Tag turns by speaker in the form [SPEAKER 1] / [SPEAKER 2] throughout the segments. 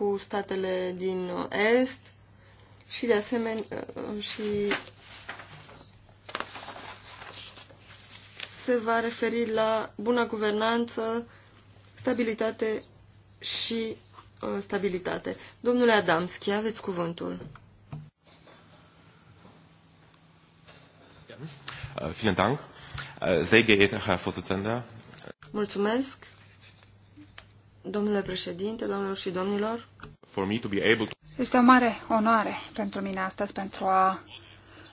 [SPEAKER 1] cu statele din Est și de asemenea și se va referi la bună guvernanță, stabilitate și uh, stabilitate. Domnule Adamski, aveți cuvântul. Vielen Dank. Äh, sehr geehrter Herr Vorsitzender. Mulțumesc. Domnule președinte, domnilor și domnilor, For me to be able to...
[SPEAKER 2] este o mare onoare pentru mine astăzi pentru a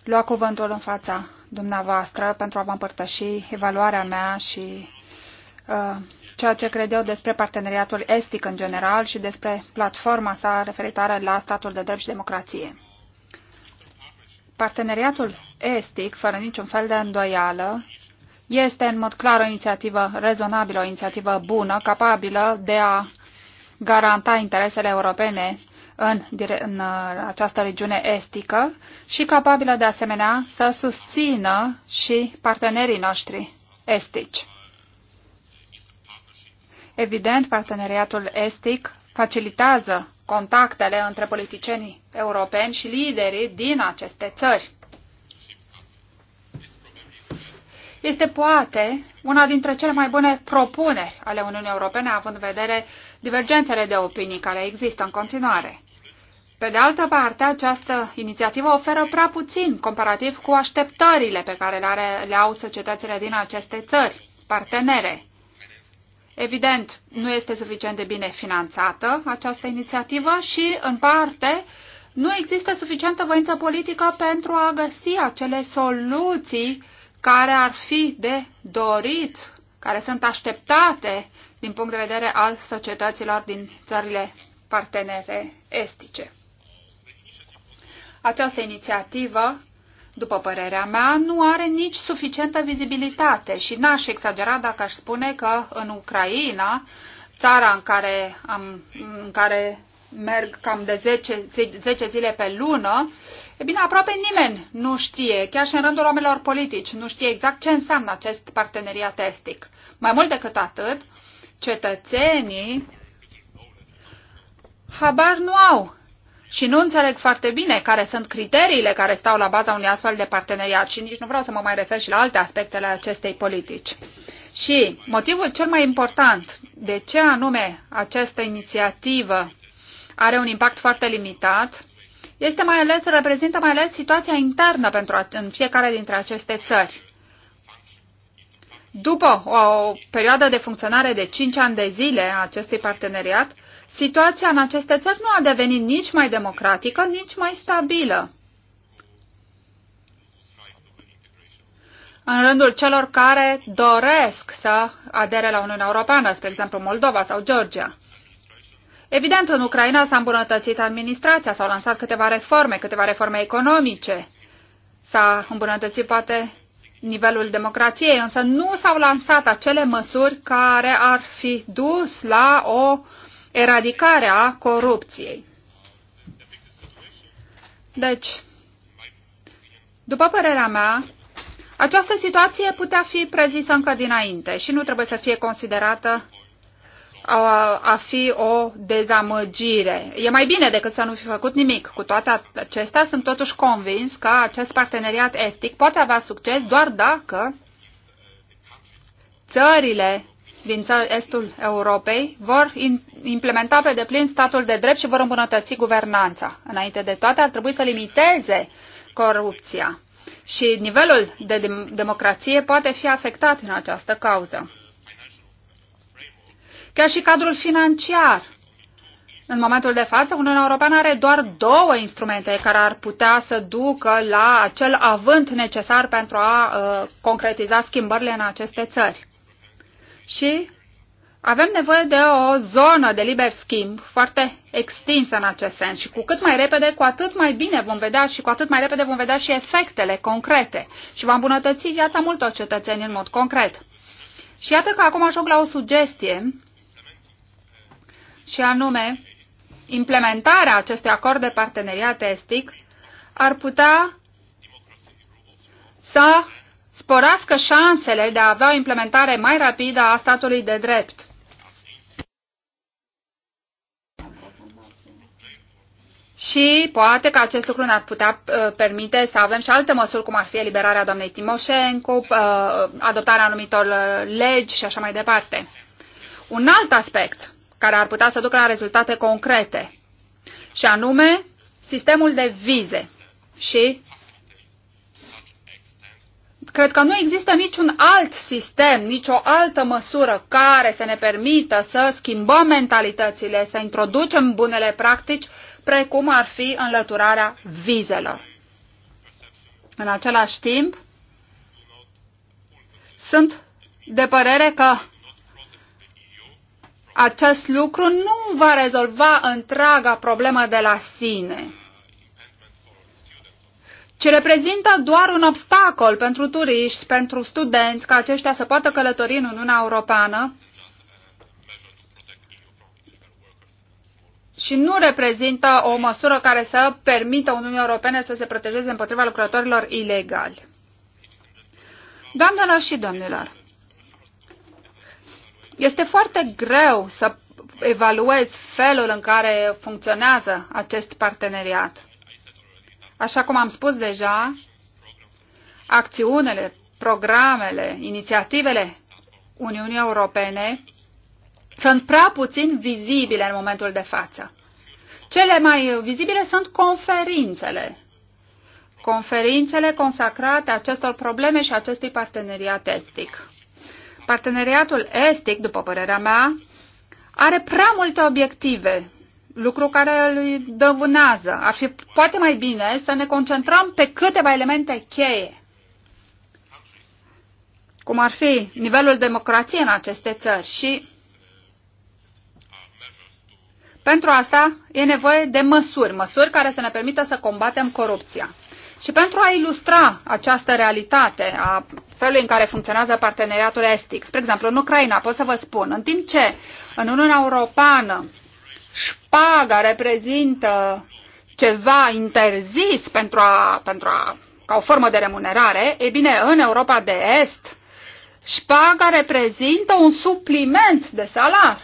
[SPEAKER 2] lua cuvântul în fața dumneavoastră, pentru a vă împărtăși evaluarea mea și uh, ceea ce cred eu despre parteneriatul estic în general și despre platforma sa referitoare la statul de drept și democrație. Parteneriatul estic, fără niciun fel de îndoială, este în mod clar o inițiativă rezonabilă, o inițiativă bună, capabilă de a garanta interesele europene în, în uh, această regiune estică și capabilă de asemenea să susțină și partenerii noștri estici. Evident, parteneriatul estic facilitează contactele între politicienii europeni și liderii din aceste țări. este poate una dintre cele mai bune propuneri ale Uniunii Europene, având în vedere divergențele de opinii care există în continuare. Pe de altă parte, această inițiativă oferă prea puțin comparativ cu așteptările pe care le, are, le au societățile din aceste țări, partenere. Evident, nu este suficient de bine finanțată această inițiativă și, în parte, nu există suficientă voință politică pentru a găsi acele soluții uh, care ar fi de dorit, care sunt așteptate din punct de vedere al societăților din țările partenere estice. Această inițiativă, după părerea mea, nu are nici suficientă vizibilitate și n-aș exagera dacă aș spune că în Ucraina, țara în care, am, în care merg cam de 10, 10 zile pe lună, e bine, aproape nimeni nu știe, chiar și în rândul oamenilor politici, nu știe exact ce înseamnă acest parteneriat estic. Mai mult decât atât, cetățenii habar nu au și nu înțeleg foarte bine care sunt criteriile care stau la baza unui astfel de parteneriat și nici nu vreau să mă mai refer și la alte aspectele acestei politici. Și motivul cel mai important de ce anume această inițiativă are un impact foarte limitat, este mai ales, reprezintă mai ales situația internă pentru, în fiecare dintre aceste țări. După o perioadă de funcționare de 5 ani de zile a acestui parteneriat, situația în aceste țări nu a devenit nici mai democratică, nici mai stabilă. În rândul celor care doresc să adere la Uniunea Europeană, spre exemplu Moldova sau Georgia. Evident, în Ucraina s-a îmbunătățit administrația, s-au lansat câteva reforme, câteva reforme economice, s-a îmbunătățit poate nivelul democrației, însă nu s-au lansat acele măsuri care ar fi dus la o eradicare a corupției. Deci, după părerea mea, această situație putea fi prezisă încă dinainte și nu trebuie să fie considerată a, a fi o dezamăgire. E mai bine decât să nu fi făcut nimic. Cu toate acestea, sunt totuși convins că acest parteneriat estic poate avea succes doar dacă țările din estul Europei vor implementa pe deplin statul de drept și vor îmbunătăți guvernanța. Înainte de toate, ar trebui să limiteze corupția. Și nivelul de democrație poate fi afectat în această cauză. Chiar și cadrul financiar. În momentul de față, Uniunea Europeană are doar două instrumente care ar putea să ducă la acel avânt necesar pentru a uh, concretiza schimbările în aceste țări. Și avem nevoie de o zonă de liber schimb foarte extinsă în acest sens și cu cât mai repede, cu atât mai bine vom vedea și cu atât mai repede vom vedea și efectele concrete și va îmbunătăți viața multor cetățeni în mod concret. Și iată că acum ajung la o sugestie și anume implementarea acestui acord de parteneriat estic ar putea să sporească șansele de a avea o implementare mai rapidă a statului de drept. Și poate că acest lucru ne-ar putea uh, permite să avem și alte măsuri, cum ar fi eliberarea doamnei Timoșencu, uh, adoptarea anumitor uh, legi și așa mai departe. Un alt aspect care ar putea să ducă la rezultate concrete, și anume sistemul de vize. Și cred că nu există niciun alt sistem, nicio altă măsură care să ne permită să schimbăm mentalitățile, să introducem bunele practici, precum ar fi înlăturarea vizelor. În același timp, sunt de părere că acest lucru nu va rezolva întreaga problemă de la sine, ci reprezintă doar un obstacol pentru turiști, pentru studenți, ca aceștia să poată călători în Uniunea Europeană și nu reprezintă o măsură care să permită Uniunii Europene să se protejeze împotriva lucrătorilor ilegali. Doamnelor și domnilor, este foarte greu să evaluez felul în care funcționează acest parteneriat. Așa cum am spus deja, acțiunile, programele, inițiativele Uniunii Europene sunt prea puțin vizibile în momentul de față. Cele mai vizibile sunt conferințele. Conferințele consacrate acestor probleme și acestui parteneriat estic. Parteneriatul estic, după părerea mea, are prea multe obiective, lucru care îl dăvânează. Ar fi poate mai bine să ne concentrăm pe câteva elemente cheie, cum ar fi nivelul democrației în aceste țări și pentru asta e nevoie de măsuri, măsuri care să ne permită să combatem corupția. Și pentru a ilustra această realitate a felul în care funcționează parteneriatul estic. Spre exemplu, în Ucraina, pot să vă spun, în timp ce în Uniunea Europeană șpaga reprezintă ceva interzis pentru a, pentru a, ca o formă de remunerare, e bine, în Europa de Est, șpaga reprezintă un supliment de salar.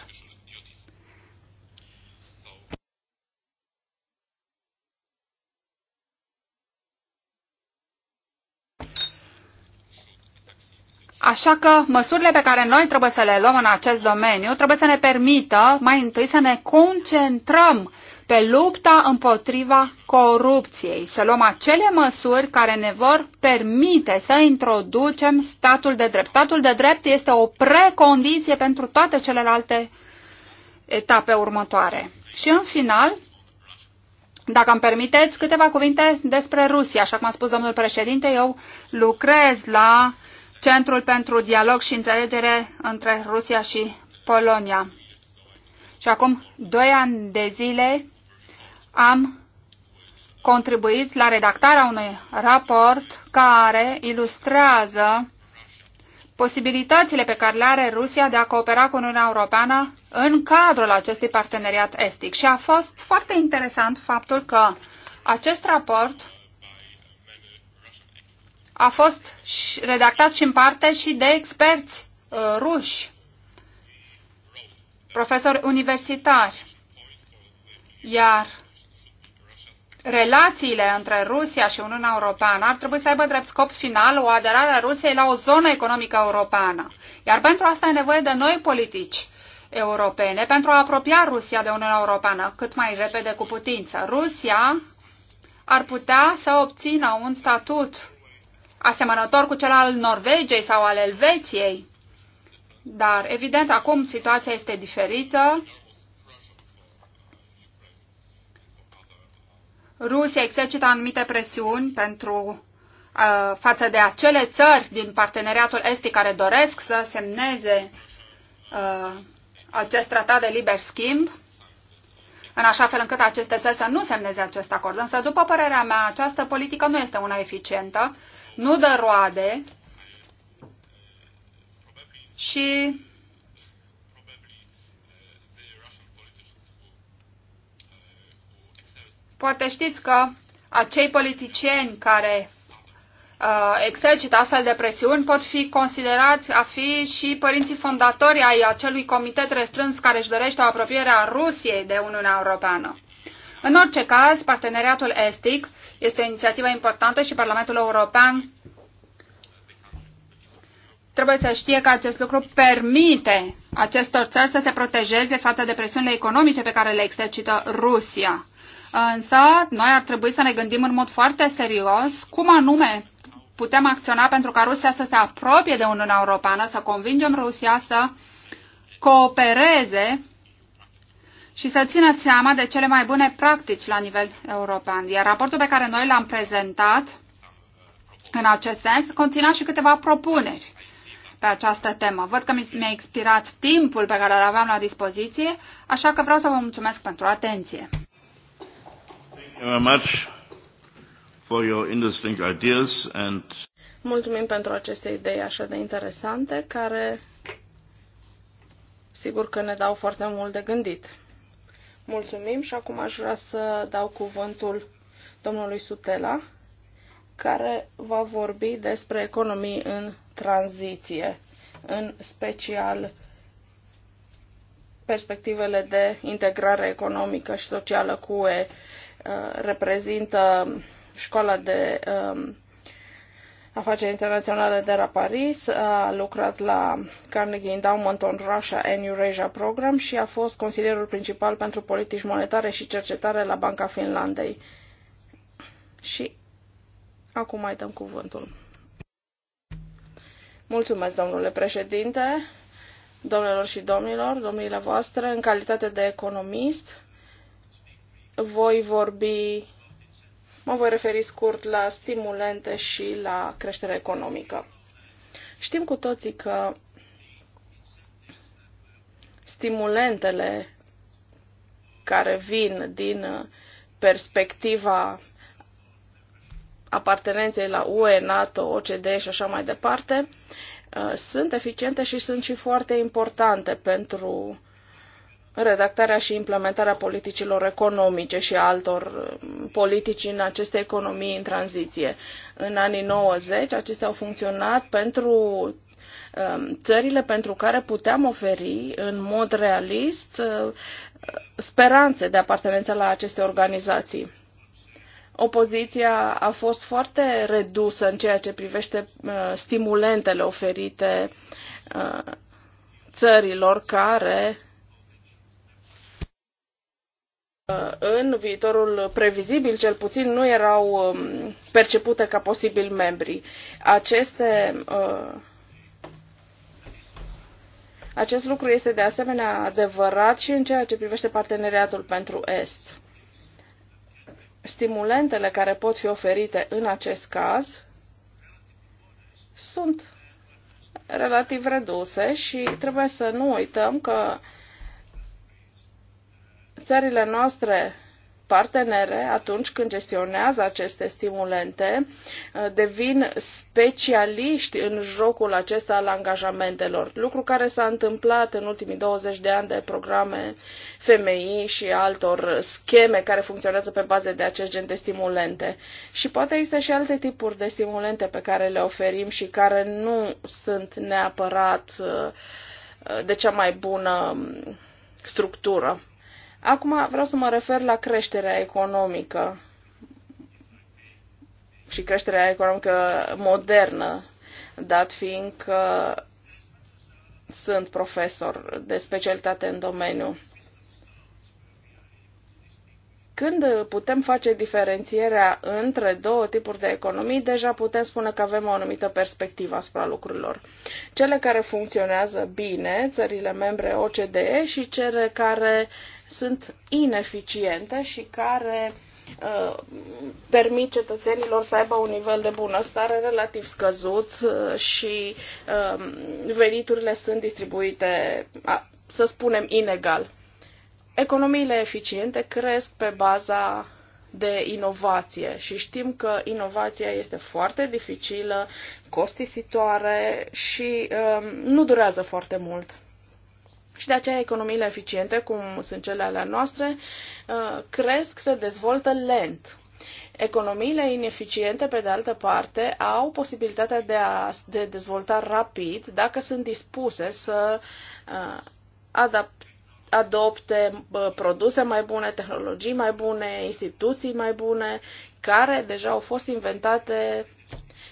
[SPEAKER 2] Așa că măsurile pe care noi trebuie să le luăm în acest domeniu trebuie să ne permită mai întâi să ne concentrăm pe lupta împotriva corupției, să luăm acele măsuri care ne vor permite să introducem statul de drept. Statul de drept este o precondiție pentru toate celelalte etape următoare. Și în final, dacă îmi permiteți câteva cuvinte despre Rusia, așa cum a spus domnul președinte, eu lucrez la Centrul pentru Dialog și Înțelegere între Rusia și Polonia. Și acum doi ani de zile am contribuit la redactarea unui raport care ilustrează posibilitățile pe care le are Rusia de a coopera cu Uniunea Europeană în cadrul acestui parteneriat estic. Și a fost foarte interesant faptul că acest raport a fost redactat și în parte și de experți uh, ruși, profesori universitari. Iar relațiile între Rusia și Uniunea Europeană ar trebui să aibă drept scop final o aderare a Rusiei la o zonă economică europeană. Iar pentru asta e nevoie de noi politici europene pentru a apropia Rusia de Uniunea Europeană cât mai repede cu putință. Rusia ar putea să obțină un statut asemănător cu cel al Norvegiei sau al Elveției. Dar, evident, acum situația este diferită. Rusia exercită anumite presiuni pentru uh, față de acele țări din parteneriatul estic care doresc să semneze uh, acest tratat de liber schimb, în așa fel încât aceste țări să nu semneze acest acord. Însă, după părerea mea, această politică nu este una eficientă nu dă roade și poate știți că acei politicieni care uh, exercită astfel de presiuni pot fi considerați a fi și părinții fondatori ai acelui comitet restrâns care își dorește o apropiere a Rusiei de Uniunea Europeană. În orice caz, parteneriatul estic este o inițiativă importantă și Parlamentul European trebuie să știe că acest lucru permite acestor țări să se protejeze față de presiunile economice pe care le exercită Rusia. Însă, noi ar trebui să ne gândim în mod foarte serios cum anume putem acționa pentru ca Rusia să se apropie de Uniunea Europeană, să convingem Rusia să coopereze și să țină seama de cele mai bune practici la nivel european. Iar raportul pe care noi l-am prezentat în acest sens conținea și câteva propuneri pe această temă. Văd că mi-a expirat timpul pe care îl aveam la dispoziție, așa că vreau să vă mulțumesc pentru atenție.
[SPEAKER 3] Mulțumim pentru aceste idei așa de interesante, care sigur că ne dau foarte mult de gândit. Mulțumim și acum aș vrea să dau cuvântul domnului Sutela, care va vorbi despre economii în tranziție, în special perspectivele de integrare economică și socială cu UE uh, reprezintă școala de um, afaceri internaționale de la Paris, a lucrat la Carnegie Endowment on Russia and Eurasia Program și a fost consilierul principal pentru politici monetare și cercetare la Banca Finlandei. Și acum mai dăm cuvântul. Mulțumesc, domnule președinte, domnilor și domnilor, domnile voastre, în calitate de economist, voi vorbi Mă voi referi scurt la stimulente și la creștere economică. Știm cu toții că stimulentele care vin din perspectiva apartenenței la UE, NATO, OCDE și așa mai departe, uh, sunt eficiente și sunt și foarte importante pentru redactarea și implementarea politicilor economice și altor um, politici în aceste economii în tranziție. În anii 90 acestea au funcționat pentru um, țările pentru care puteam oferi în mod realist uh, speranțe de apartenență la aceste organizații. Opoziția a fost foarte redusă în ceea ce privește uh, stimulentele oferite uh, țărilor care în viitorul previzibil, cel puțin, nu erau um, percepute ca posibil membri. Aceste, uh, acest lucru este de asemenea adevărat și în ceea ce privește parteneriatul pentru Est. Stimulentele care pot fi oferite în acest caz sunt relativ reduse și trebuie să nu uităm că Țările noastre partenere, atunci când gestionează aceste stimulente, uh, devin specialiști în jocul acesta al angajamentelor, lucru care s-a întâmplat în ultimii 20 de ani de programe FMI și altor scheme care funcționează pe bază de acest gen de stimulente. Și poate există și alte tipuri de stimulente pe care le oferim și care nu sunt neapărat uh, de cea mai bună um, structură. Acum vreau să mă refer la creșterea economică și creșterea economică modernă, dat fiind că sunt profesor de specialitate în domeniu. Când putem face diferențierea între două tipuri de economii, deja putem spune că avem o anumită perspectivă asupra lucrurilor. Cele care funcționează bine, țările membre OCDE, și cele care sunt ineficiente și care uh, permit cetățenilor să aibă un nivel de bunăstare relativ scăzut uh, și uh, veniturile sunt distribuite, să spunem, inegal. Economiile eficiente cresc pe baza de inovație și știm că inovația este foarte dificilă, costisitoare și nu durează foarte mult. Și de aceea economiile eficiente, cum sunt cele ale noastre, uh, cresc, se dezvoltă lent. Economiile ineficiente, pe de altă parte, au posibilitatea de a de dezvolta rapid dacă sunt dispuse să uh, adopte produse mai bune, tehnologii mai bune, instituții mai bune, care deja au fost inventate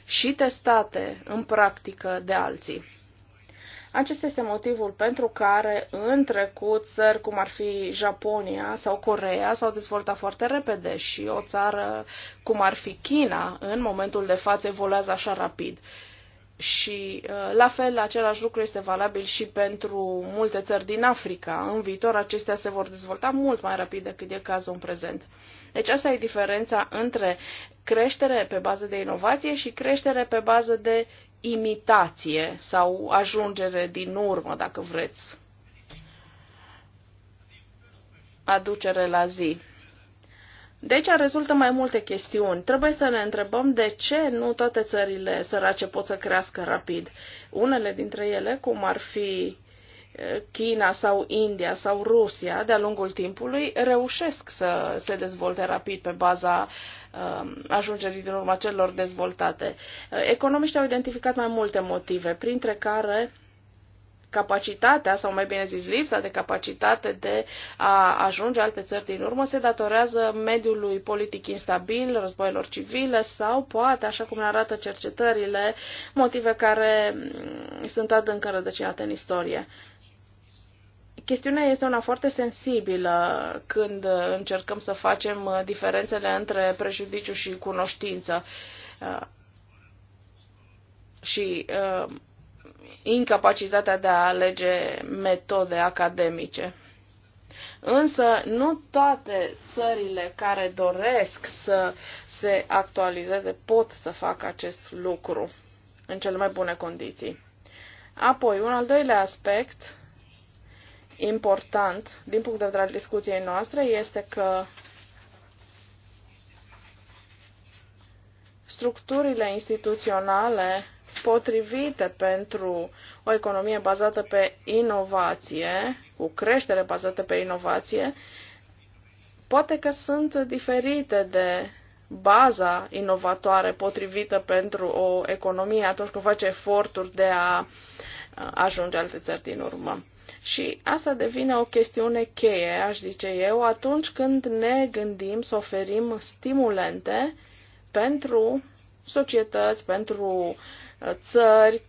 [SPEAKER 3] și testate în practică de alții. Acesta este motivul pentru care în trecut țări cum ar fi Japonia sau Corea s-au dezvoltat foarte repede și o țară cum ar fi China în momentul de față evoluează așa rapid. Și uh, la fel, același lucru este valabil și pentru multe țări din Africa. În viitor, acestea se vor dezvolta mult mai rapid decât e cazul în prezent. Deci asta e diferența între creștere pe bază de inovație și creștere pe bază de imitație sau ajungere din urmă, dacă vreți. Aducere la zi. De deci, aici rezultă mai multe chestiuni. Trebuie să ne întrebăm de ce nu toate țările sărace pot să crească rapid. Unele dintre ele, cum ar fi China sau India sau Rusia, de-a lungul timpului, reușesc să se dezvolte rapid pe baza Um, ajungerii din urma celor dezvoltate. Uh, economiștii au identificat mai multe motive, printre care capacitatea, sau mai bine zis lipsa de capacitate de a ajunge alte țări din urmă se datorează mediului politic instabil, războiilor civile sau poate, așa cum ne arată cercetările, motive care mm, sunt adânc înrădăcinate în istorie. Chestiunea este una foarte sensibilă când încercăm să facem uh, diferențele între prejudiciu și cunoștință uh, și uh, incapacitatea de a alege metode academice. Însă nu toate țările care doresc să se actualizeze pot să facă acest lucru în cele mai bune condiții. Apoi, un al doilea aspect important din punct de vedere al discuției noastre este că structurile instituționale potrivite pentru o economie bazată pe inovație, cu creștere bazată pe inovație, poate că sunt diferite de baza inovatoare potrivită pentru o economie atunci când face eforturi de a ajunge alte țări din urmă. Și asta devine o chestiune cheie, aș zice eu, atunci când ne gândim să oferim stimulente pentru societăți, pentru uh, țări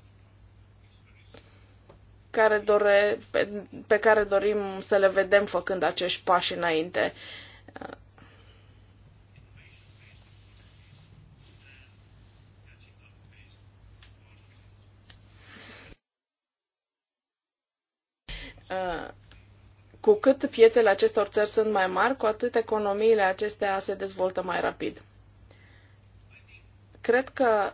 [SPEAKER 3] care dore, pe, pe care dorim să le vedem făcând acești pași înainte. Uh, Uh, cu cât piețele acestor țări sunt mai mari, cu atât economiile acestea se dezvoltă mai rapid. Cred că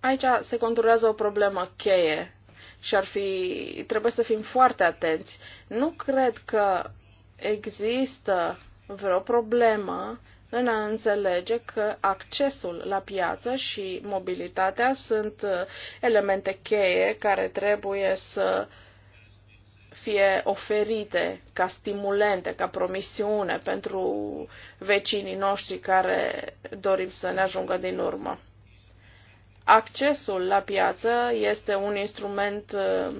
[SPEAKER 3] aici se conturează o problemă cheie și ar fi, trebuie să fim foarte atenți. Nu cred că există vreo problemă în a înțelege că accesul la piață și mobilitatea sunt uh, elemente cheie care trebuie să fie oferite ca stimulente, ca promisiune pentru vecinii noștri care dorim să ne ajungă din urmă. Accesul la piață este un instrument uh,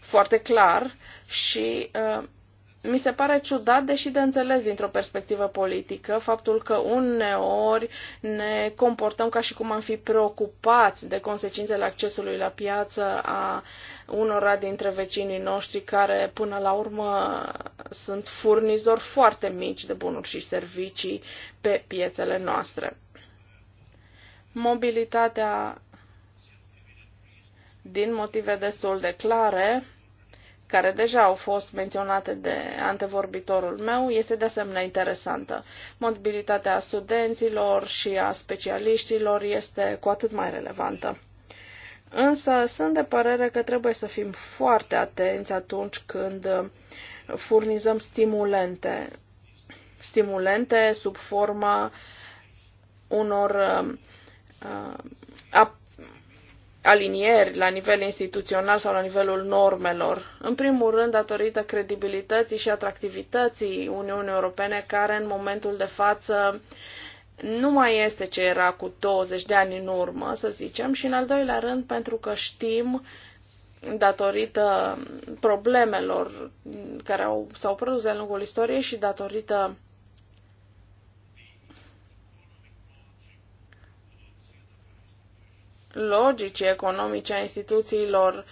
[SPEAKER 3] foarte clar și uh, mi se pare ciudat, deși de înțeles dintr-o perspectivă politică, faptul că uneori ne comportăm ca și cum am fi preocupați de consecințele accesului la piață a unora dintre vecinii noștri care până la urmă sunt furnizori foarte mici de bunuri și servicii pe piețele noastre. Mobilitatea din motive destul de clare, care deja au fost menționate de antevorbitorul meu, este de asemenea interesantă. Mobilitatea studenților și a specialiștilor este cu atât mai relevantă. Însă sunt de părere că trebuie să fim foarte atenți atunci când furnizăm stimulente, stimulente sub forma unor uh, uh alinieri la nivel instituțional sau la nivelul normelor. În primul rând, datorită credibilității și atractivității Uniunii Europene, care în momentul de față nu mai este ce era cu 20 de ani în urmă, să zicem, și în al doilea rând pentru că știm datorită problemelor care au, s-au produs de-a lungul istoriei și datorită logice economice a instituțiilor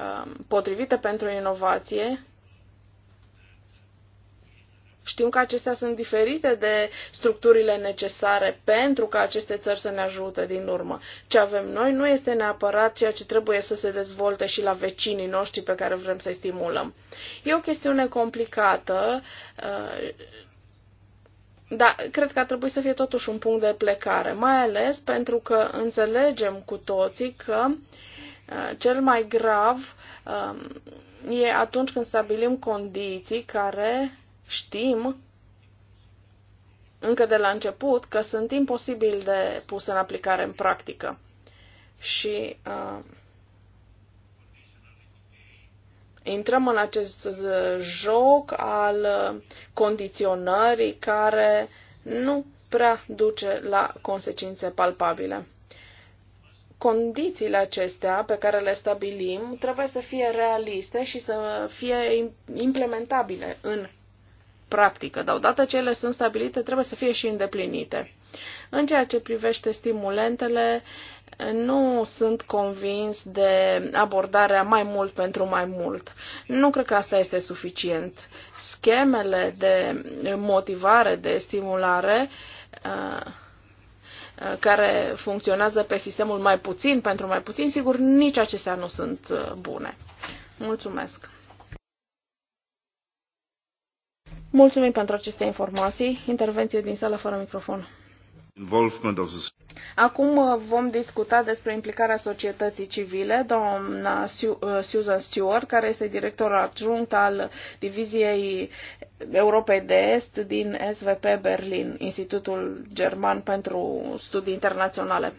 [SPEAKER 3] um, potrivite pentru inovație, Știm că acestea sunt diferite de structurile necesare pentru ca aceste țări să ne ajute din urmă. Ce avem noi nu este neapărat ceea ce trebuie să se dezvolte și la vecinii noștri pe care vrem să-i stimulăm. E o chestiune complicată uh, dar cred că ar trebui să fie totuși un punct de plecare, mai ales pentru că înțelegem cu toții că uh, cel mai grav um, e atunci când stabilim condiții care știm încă de la început că sunt imposibil de pus în aplicare în practică. Și uh, intrăm în acest joc al condiționării care nu prea duce la consecințe palpabile. Condițiile acestea pe care le stabilim trebuie să fie realiste și să fie implementabile în practică, dar odată ce ele sunt stabilite, trebuie să fie și îndeplinite. În ceea ce privește stimulentele, nu sunt convins de abordarea mai mult pentru mai mult. Nu cred că asta este suficient. Schemele de motivare, de stimulare, uh, uh, care funcționează pe sistemul mai puțin pentru mai puțin, sigur, nici acestea nu sunt uh, bune. Mulțumesc! Mulțumim pentru aceste informații. Intervenție din sală fără microfon. Acum uh, vom discuta despre implicarea societății civile. Doamna uh, Susan Stewart, care este director adjunct al Diviziei Europei de Est din SVP Berlin, Institutul German pentru Studii Internaționale.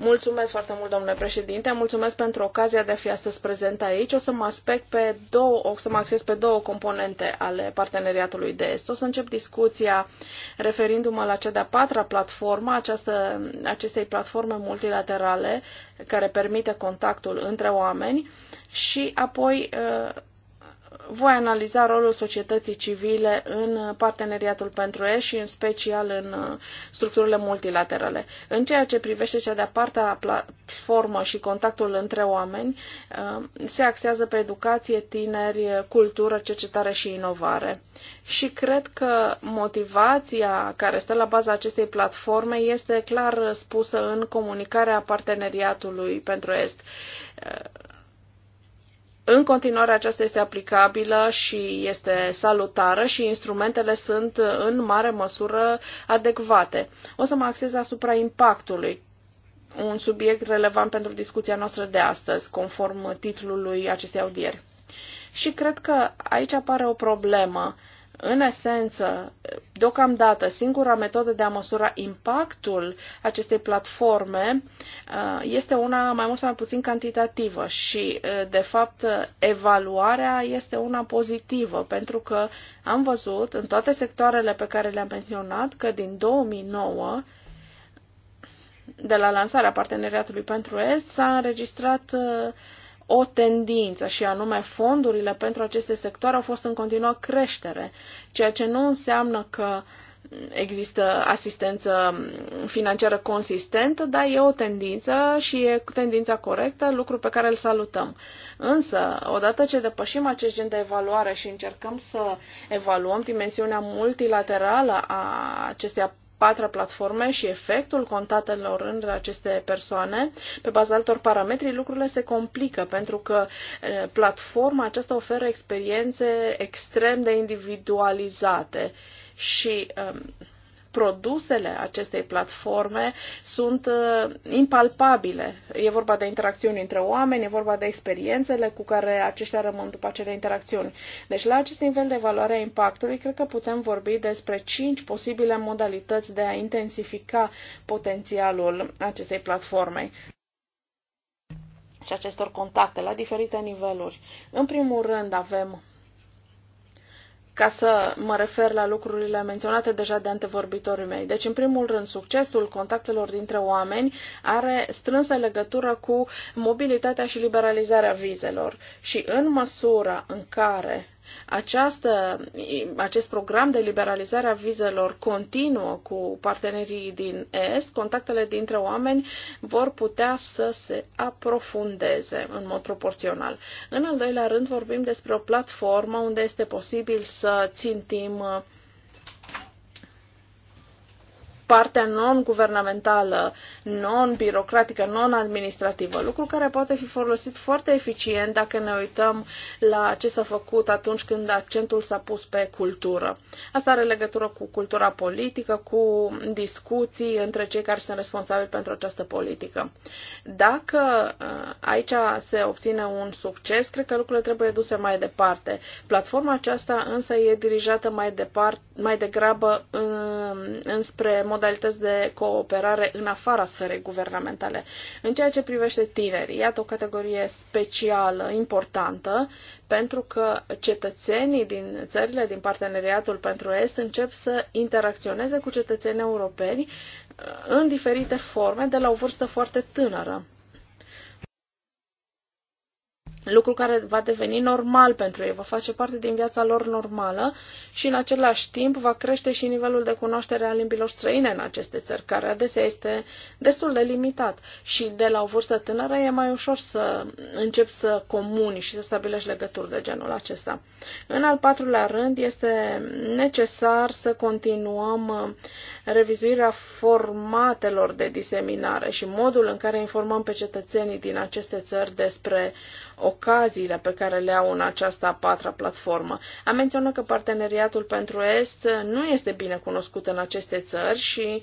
[SPEAKER 3] Mulțumesc foarte mult, domnule președinte. Mulțumesc pentru ocazia de a fi astăzi prezent aici. O să mă, aspect pe două, o să mă acces pe două componente ale parteneriatului de est. O să încep discuția referindu-mă la cea de-a patra platformă, această, acestei platforme multilaterale care permite contactul între oameni și apoi uh, voi analiza rolul societății civile în parteneriatul pentru E și în special în uh, structurile multilaterale. În ceea ce privește cea de-a partea platformă și contactul între oameni, uh, se axează pe educație, tineri, cultură, cercetare și inovare. Și cred că motivația care stă la baza acestei platforme este clar spusă în comunicarea parteneriatului pentru Est uh, în continuare, aceasta este aplicabilă și este salutară și instrumentele sunt în mare măsură adecvate. O să mă axez asupra impactului un subiect relevant pentru discuția noastră de astăzi, conform titlului acestei audieri. Și cred că aici apare o problemă. Uh, în esență, deocamdată, singura metodă de a măsura impactul acestei platforme uh, este una mai mult sau mai puțin cantitativă și, uh, de fapt, evaluarea este una pozitivă, pentru că am văzut în toate sectoarele pe care le-am menționat că din 2009 de la lansarea parteneriatului pentru Est s-a înregistrat uh, o tendință și anume fondurile pentru aceste sectoare au fost în continuă creștere, ceea ce nu înseamnă că există asistență financiară consistentă, dar e o tendință și e tendința corectă, lucru pe care îl salutăm. Însă, odată ce depășim acest gen de evaluare și încercăm să evaluăm dimensiunea multilaterală a acestei patra platforme și efectul contatelor între aceste persoane, pe baza altor parametri, lucrurile se complică pentru că platforma aceasta oferă experiențe extrem de individualizate și um, produsele acestei platforme sunt uh, impalpabile. E vorba de interacțiuni între oameni, e vorba de experiențele cu care aceștia rămân după acele interacțiuni. Deci, la acest nivel de valoare, a impactului, cred că putem vorbi despre cinci posibile modalități de a intensifica potențialul acestei platforme și acestor contacte la diferite niveluri. În primul rând avem ca să mă refer la lucrurile menționate deja de antevorbitorii mei. Deci, în primul rând, succesul contactelor dintre oameni are strânsă legătură cu mobilitatea și liberalizarea vizelor. Și în măsura în care această, acest program de liberalizare a vizelor continuă cu partenerii din Est, contactele dintre oameni vor putea să se aprofundeze în mod proporțional. În al doilea rând vorbim despre o platformă unde este posibil să țintim partea non-guvernamentală, non-birocratică, non-administrativă, lucru care poate fi folosit foarte eficient dacă ne uităm la ce s-a făcut atunci când accentul s-a pus pe cultură. Asta are legătură cu cultura politică, cu discuții între cei care sunt responsabili pentru această politică. Dacă uh, aici se obține un succes, cred că lucrurile trebuie duse mai departe. Platforma aceasta însă e dirijată mai, departe, mai degrabă uh, înspre modalități de cooperare în afara sferei guvernamentale. În ceea ce privește tinerii, iată o categorie specială, importantă, pentru că cetățenii din țările din parteneriatul pentru Est încep să interacționeze cu cetățenii europeni uh, în diferite forme de la o vârstă foarte tânără lucru care va deveni normal pentru ei, va face parte din viața lor normală și în același timp va crește și nivelul de cunoaștere a limbilor străine în aceste țări, care adesea este destul de limitat. Și de la o vârstă tânără e mai ușor să începi să comuni și să stabilești legături de genul acesta. În al patrulea rând este necesar să continuăm uh, revizuirea formatelor de diseminare și modul în care informăm pe cetățenii din aceste țări despre ocaziile pe care le au în această a patra platformă. Am menționat că parteneriatul pentru Est nu este bine cunoscut în aceste țări și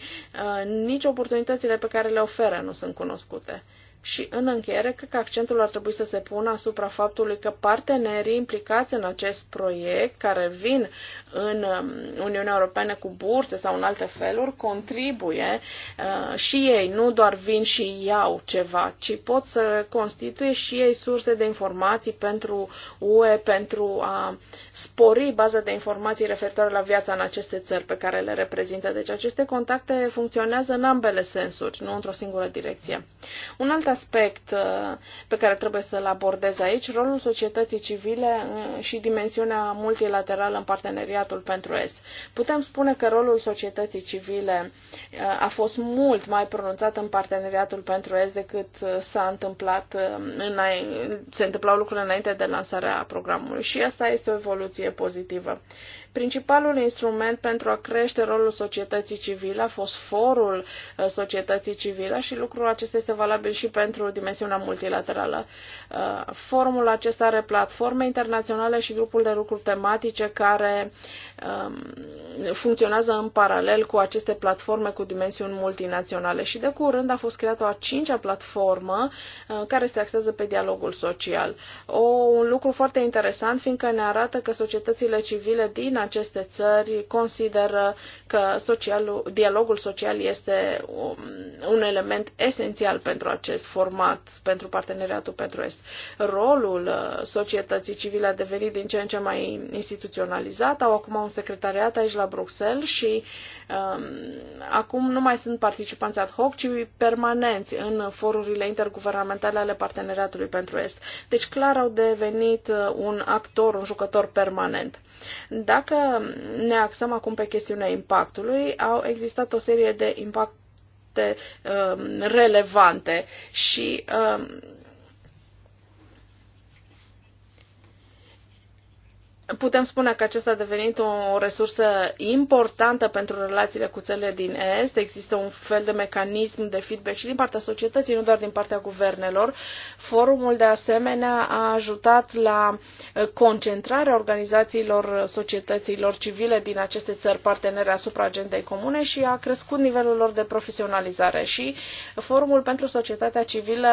[SPEAKER 3] uh, nici oportunitățile pe care le oferă nu sunt cunoscute. Și în încheiere, cred că accentul ar trebui să se pună asupra faptului că partenerii implicați în acest proiect, care vin în um, Uniunea Europeană cu burse sau în alte feluri, contribuie uh, și ei, nu doar vin și iau ceva, ci pot să constituie și ei surse de informații pentru UE, pentru a spori baza de informații referitoare la viața în aceste țări pe care le reprezintă. Deci aceste contacte funcționează în ambele sensuri, nu într-o singură direcție. Un alt aspect uh, pe care trebuie să-l abordez aici, rolul societății civile uh, și dimensiunea multilaterală în parteneriatul pentru Est. Putem spune că rolul societății civile uh, a fost mult mai pronunțat în parteneriatul pentru Est decât s-a întâmplat, în, se întâmplau lucrurile înainte de lansarea programului și asta este o evoluție pozitivă. Principalul instrument pentru a crește rolul societății civile a fost forul uh, societății civile și lucrul acesta este valabil și pentru dimensiunea multilaterală. Uh, Forumul acesta are platforme internaționale și grupuri de lucruri tematice care Um, funcționează în paralel cu aceste platforme cu dimensiuni multinaționale și de curând a fost creată o a cincea platformă uh, care se axează pe dialogul social. O, un lucru foarte interesant fiindcă ne arată că societățile civile din aceste țări consideră că social, dialogul social este um, un element esențial pentru acest format, pentru parteneriatul pentru Est. Rolul uh, societății civile a devenit din ce în ce mai instituționalizat, au acum un secretariat aici la Bruxelles și um, acum nu mai sunt participanți ad hoc, ci permanenți în forurile interguvernamentale ale Parteneriatului pentru Est. Deci clar au devenit uh, un actor, un jucător permanent. Dacă ne axăm acum pe chestiunea impactului, au existat o serie de impacte um, relevante și um, putem spune că acesta a devenit o resursă importantă pentru relațiile cu țările din Est. Există un fel de mecanism de feedback și din partea societății, nu doar din partea guvernelor. Forumul, de asemenea, a ajutat la eh, concentrarea organizațiilor societăților civile din aceste țări partenere asupra agendei comune și a crescut nivelul lor de profesionalizare. Și forumul pentru societatea civilă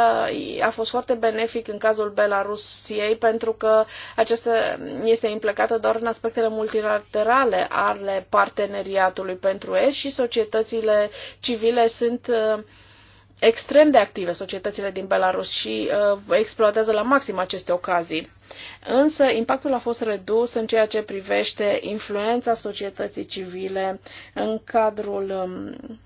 [SPEAKER 3] a fost foarte benefic în cazul Belarusiei pentru că acesta este implicată doar în aspectele multilaterale ale parteneriatului pentru est și societățile civile sunt uh, extrem de active societățile din Belarus și uh, exploatează la maxim aceste ocazii. Însă impactul a fost redus în ceea ce privește influența societății civile în cadrul um,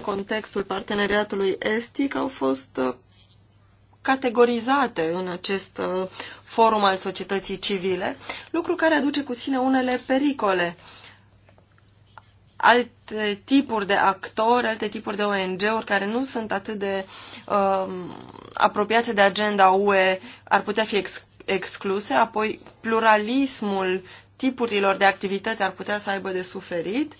[SPEAKER 1] în contextul parteneriatului estic au fost uh, categorizate în acest uh, forum al societății civile, lucru care aduce cu sine unele pericole. Alte tipuri de actori, alte tipuri de ONG-uri care nu sunt atât de um, apropiate de agenda UE ar putea fi ex- excluse, apoi pluralismul tipurilor de activități ar putea să aibă de suferit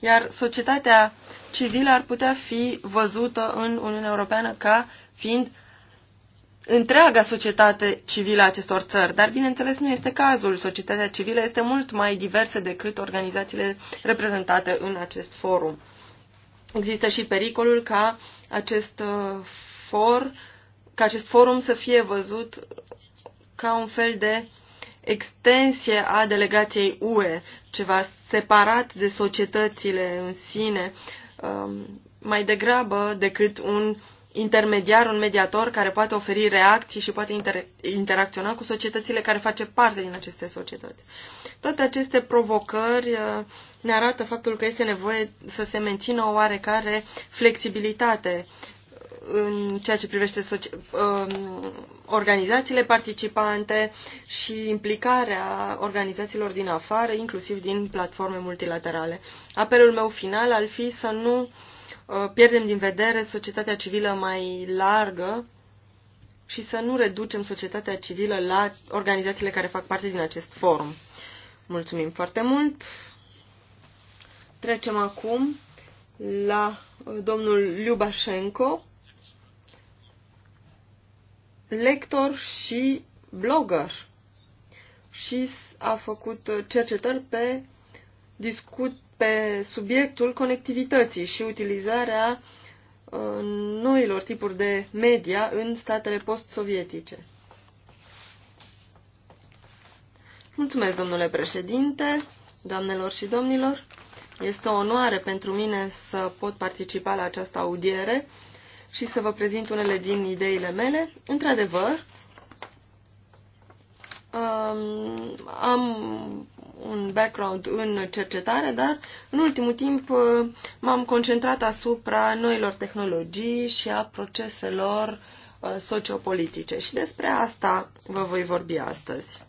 [SPEAKER 1] iar societatea civilă ar putea fi văzută în Uniunea Europeană ca fiind întreaga societate civilă a acestor țări, dar bineînțeles nu este cazul. Societatea civilă este mult mai diversă decât organizațiile reprezentate în acest forum. Există și pericolul ca acest uh, for, ca acest forum să fie văzut ca un fel de extensie a delegației UE, ceva separat de societățile în sine, um, mai degrabă decât un intermediar, un mediator care poate oferi reacții și poate inter interacționa cu societățile care face parte din aceste societăți. Toate aceste provocări uh, ne arată faptul că este nevoie să se mențină o oarecare flexibilitate în ceea ce privește um, organizațiile participante și implicarea organizațiilor din afară, inclusiv din platforme multilaterale. Apelul meu final ar fi să nu uh, pierdem din vedere societatea civilă mai largă și să nu reducem societatea civilă la organizațiile care fac parte din acest forum. Mulțumim foarte mult! Trecem acum la uh, domnul Lyubashenko, lector și blogger și a făcut cercetări pe, discut, pe subiectul conectivității și utilizarea uh, noilor tipuri de media în statele post-sovietice. Mulțumesc, domnule președinte, doamnelor și domnilor. Este o onoare pentru mine să pot participa la această audiere și să vă prezint unele din ideile mele. Într-adevăr, am un background în cercetare, dar în ultimul timp uh, m-am concentrat asupra noilor tehnologii și a proceselor uh, sociopolitice și despre asta vă voi vorbi astăzi.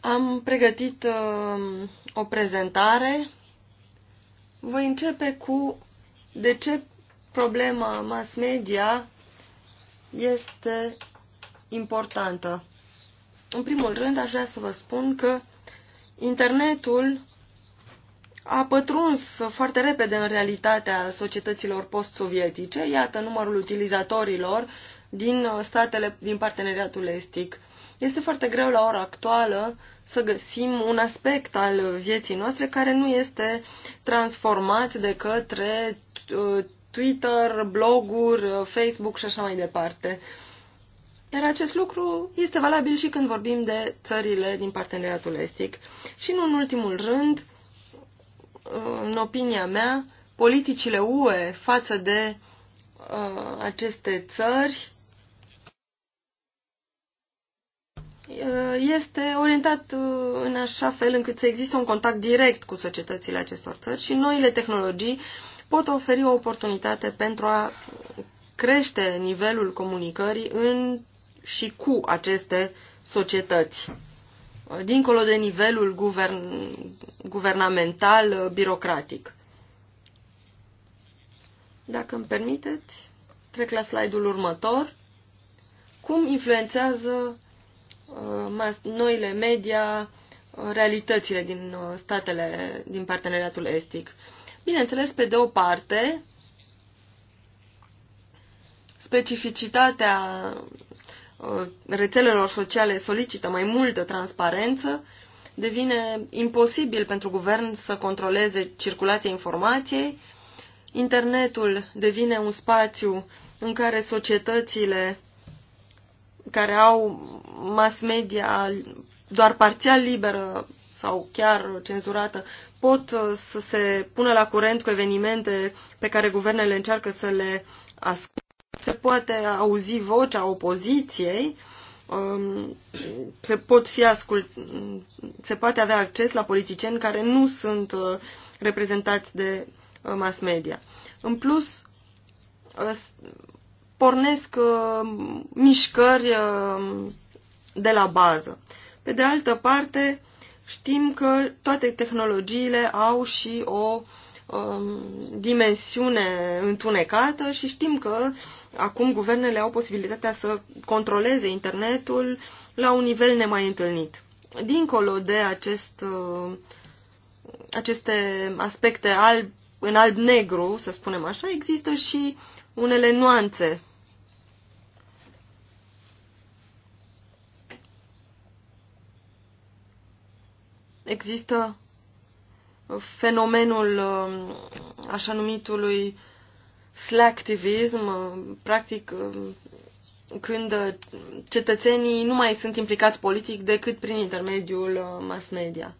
[SPEAKER 1] Am pregătit uh, o prezentare. Voi începe cu de ce problema mass media este importantă. În primul rând, aș vrea să vă spun că internetul a pătruns foarte repede în realitatea societăților post-sovietice. Iată numărul utilizatorilor din statele din parteneriatul estic. Este foarte greu la ora actuală să găsim un aspect al vieții noastre care nu este transformat de către uh, Twitter, bloguri, uh, Facebook și așa mai departe. Iar acest lucru este valabil și când vorbim de țările din parteneriatul estic. Și nu în ultimul rând, uh, în opinia mea, politicile UE față de uh, aceste țări Uh, este orientat uh, în așa fel încât să existe un contact direct cu societățile acestor țări și noile tehnologii pot oferi o oportunitate pentru a crește nivelul comunicării în și cu aceste societăți, dincolo de nivelul guvern, guvernamental, uh, birocratic. Dacă îmi permiteți, trec la slide-ul următor. Cum influențează Uh, mass, noile media, uh, realitățile din uh, statele din parteneriatul estic. Bineînțeles, pe de o parte, specificitatea rețelelor sociale solicită mai multă transparență, devine imposibil pentru guvern să controleze circulația informației, internetul devine un spațiu în care societățile care au mass media doar parțial liberă sau chiar cenzurată, pot uh, să se pună la curent cu evenimente pe care guvernele încearcă să le ascundă. Se poate auzi vocea opoziției, um, se, pot fi ascult, se poate avea acces la politicieni care nu sunt uh, reprezentați de uh, mass media. În plus, pornesc uh, mișcări uh, de la bază. Pe de altă parte, știm că toate tehnologiile au și o um, dimensiune întunecată și știm că acum guvernele au posibilitatea să controleze internetul la un nivel nemai întâlnit. Dincolo de acest, uh, aceste aspecte alb, în alb-negru, să spunem așa, există și unele nuanțe există fenomenul um, așa numitului slacktivism, uh, practic um, când cetățenii nu mai sunt implicați politic decât prin intermediul uh, mass media.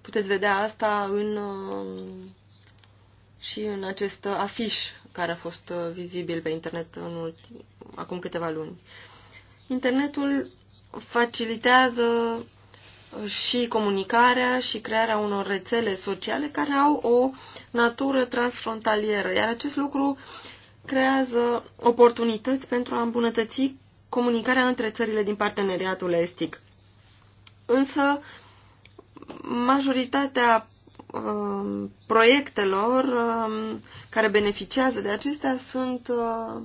[SPEAKER 1] Puteți vedea asta în, um, și în acest afiș care a fost uh, vizibil pe internet în ultim, acum câteva luni. Internetul facilitează și comunicarea și crearea unor rețele sociale care au o natură transfrontalieră, iar acest lucru creează oportunități pentru a îmbunătăți comunicarea între țările din parteneriatul estic. Însă, majoritatea um, proiectelor um, care beneficiază de acestea sunt uh,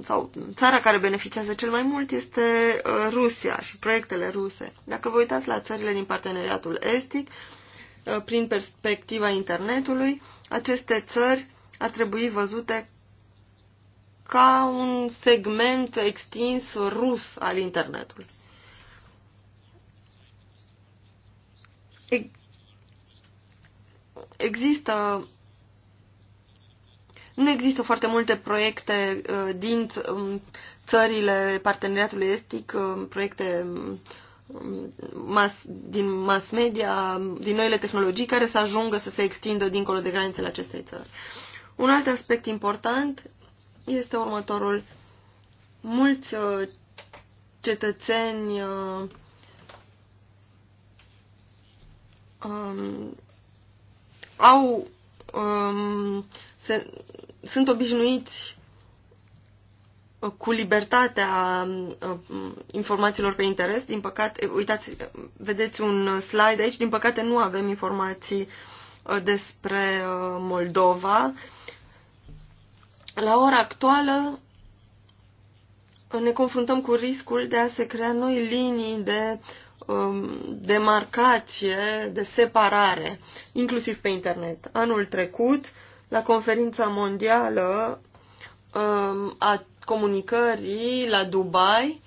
[SPEAKER 1] sau țara care beneficiază cel mai mult este uh, Rusia și proiectele ruse. Dacă vă uitați la țările din parteneriatul estic, uh, prin perspectiva internetului, aceste țări ar trebui văzute ca un segment extins rus al internetului. Există nu există foarte multe proiecte uh, din um, țările parteneriatului estic, uh, proiecte um, mas, din mass media, din noile tehnologii care să ajungă să se extindă dincolo de granițele acestei țări. Un alt aspect important este următorul. Mulți uh, cetățeni um, au um, se, sunt obișnuiți uh, cu libertatea uh, informațiilor pe interes. Din păcate, uh, uitați, vedeți un slide aici, din păcate nu avem informații despre Moldova. La ora actuală ne confruntăm cu riscul de a se crea noi linii de um, demarcație, de separare, inclusiv pe internet. Anul trecut, la conferința mondială um, a comunicării la Dubai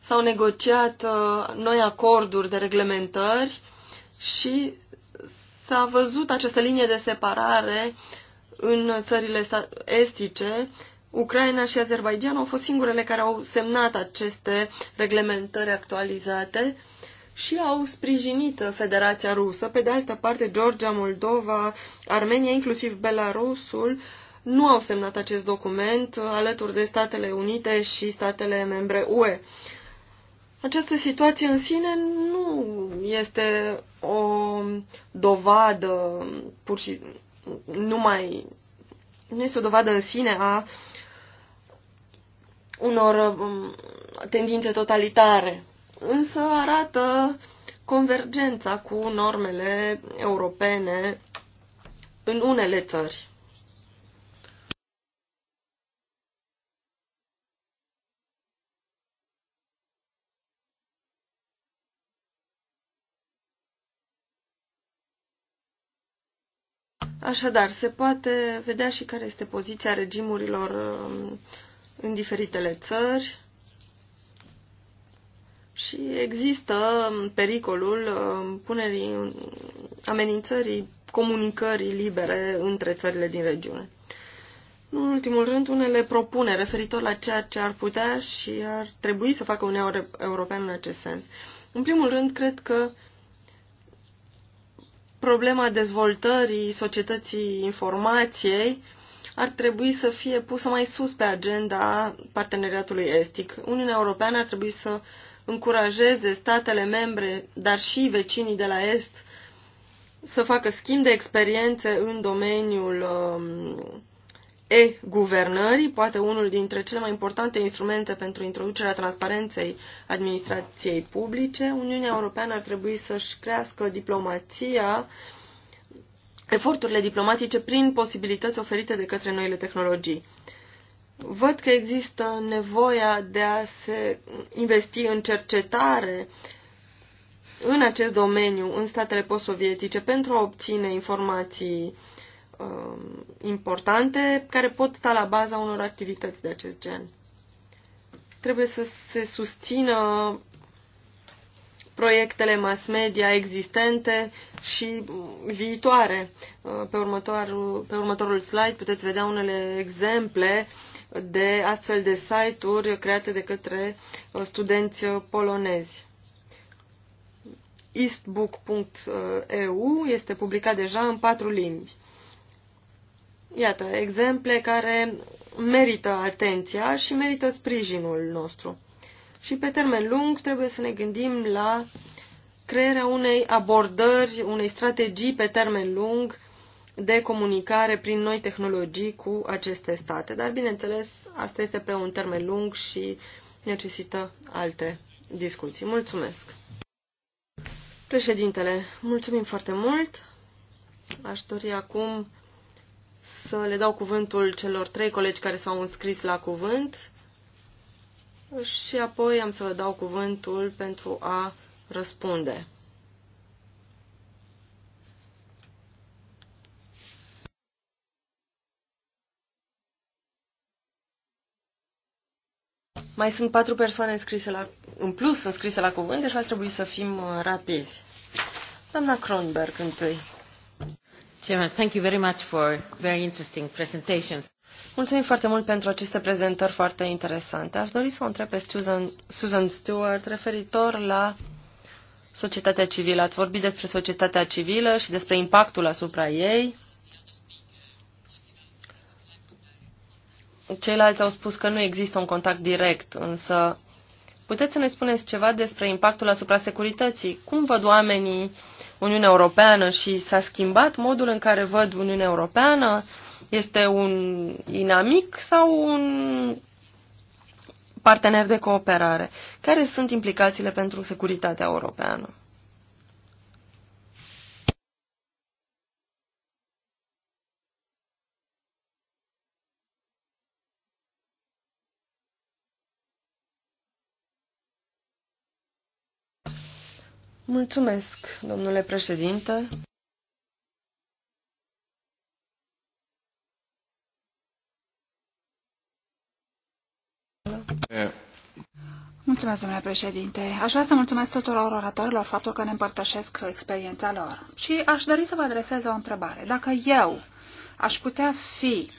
[SPEAKER 1] s-au negociat uh, noi acorduri de reglementări și s-a văzut această linie de separare în țările estice. Ucraina și Azerbaijan au fost singurele care au semnat aceste reglementări actualizate și au sprijinit Federația Rusă. Pe de altă parte, Georgia, Moldova, Armenia, inclusiv Belarusul, nu au semnat acest document alături de Statele Unite și statele membre UE. Această situație în sine nu este o dovadă pur și numai nu este o dovadă în sine a unor um, tendințe totalitare însă arată convergența cu normele europene în unele țări. Așadar, se poate vedea și care este poziția regimurilor um, în diferitele țări și există um, pericolul um, punerii amenințării comunicării libere între țările din regiune. În ultimul rând, unele propune referitor la ceea ce ar putea și ar trebui să facă Uniunea Europeană în acest sens. În primul rând, cred că problema dezvoltării societății informației ar trebui să fie pusă mai sus pe agenda parteneriatului estic. Uniunea Europeană ar trebui să uh, încurajeze statele membre, dar și vecinii de la Est, să facă schimb de experiențe în domeniul um, e-guvernării, poate unul dintre cele mai importante instrumente pentru introducerea transparenței administrației publice, Uniunea Europeană ar trebui să-și crească diplomația, eforturile diplomatice prin posibilități oferite de către noile tehnologii văd că există nevoia de a se investi în cercetare în acest domeniu, în statele postsovietice, pentru a obține informații uh, importante care pot sta la baza unor activități de acest gen. Trebuie să se susțină proiectele mass media existente și viitoare. Uh, pe următorul, pe următorul slide puteți vedea unele exemple uh, de astfel de site-uri create de către uh, studenți uh, polonezi. eastbook.eu uh, este publicat deja în patru limbi. Iată, exemple care merită atenția și merită sprijinul nostru. Și pe termen lung trebuie să ne gândim la crearea unei abordări, unei strategii pe termen lung de comunicare prin noi tehnologii cu aceste state. Dar, bineînțeles, asta este pe un termen lung și necesită alte discuții. Mulțumesc! Președintele, mulțumim foarte mult! Aș dori acum să le dau cuvântul celor trei colegi care s-au înscris la cuvânt și apoi am să vă dau cuvântul pentru a răspunde. Mai sunt patru persoane înscrise la, în plus înscrise la cuvânt, deci ar trebui să fim uh, rapizi. Doamna Kronberg întâi. Chairman, thank you very much for very
[SPEAKER 3] interesting presentations.
[SPEAKER 1] Mulțumim foarte mult pentru aceste prezentări foarte interesante. Aș dori să o întreb pe Susan, Susan Stewart referitor la societatea civilă. Ați vorbit despre societatea civilă și despre impactul asupra ei. Ceilalți au spus că nu există un contact direct, însă puteți să ne spuneți ceva despre impactul asupra securității? Cum văd oamenii Uniunea Europeană și s-a schimbat modul în care văd Uniunea Europeană? Este un inamic sau un partener de cooperare? Care sunt implicațiile pentru securitatea europeană? Mulțumesc, domnule președinte.
[SPEAKER 2] Mulțumesc, domnule președinte. Aș vrea să mulțumesc tuturor oratorilor faptul că ne împărtășesc experiența lor. Și aș dori să vă adresez o întrebare. Dacă eu aș putea fi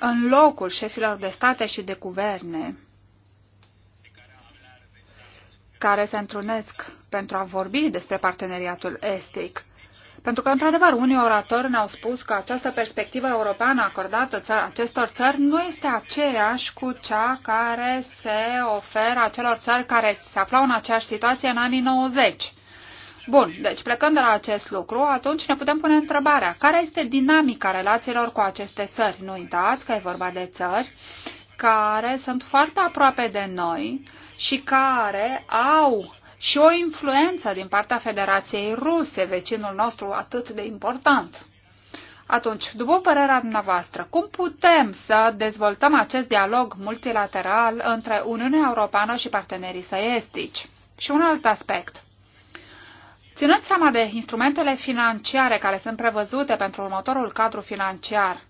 [SPEAKER 2] în locul șefilor de state și de guverne care se întrunesc pentru a vorbi despre parteneriatul estic. Pentru că, într-adevăr, unii oratori ne-au spus că această perspectivă europeană acordată țări, acestor țări nu este aceeași cu cea care se oferă acelor țări care se aflau în aceeași situație în anii 90. Bun, deci plecând de la acest lucru, atunci ne putem pune întrebarea, care este dinamica relațiilor cu aceste țări? Nu uitați că e vorba de țări care sunt foarte aproape de noi, și care au și o influență din partea Federației Ruse, vecinul nostru atât de important. Atunci, după părerea dumneavoastră, cum putem să dezvoltăm acest dialog multilateral între Uniunea Europeană și partenerii săi estici? Și un alt aspect. Ținând seama de instrumentele financiare care sunt prevăzute pentru următorul cadru financiar,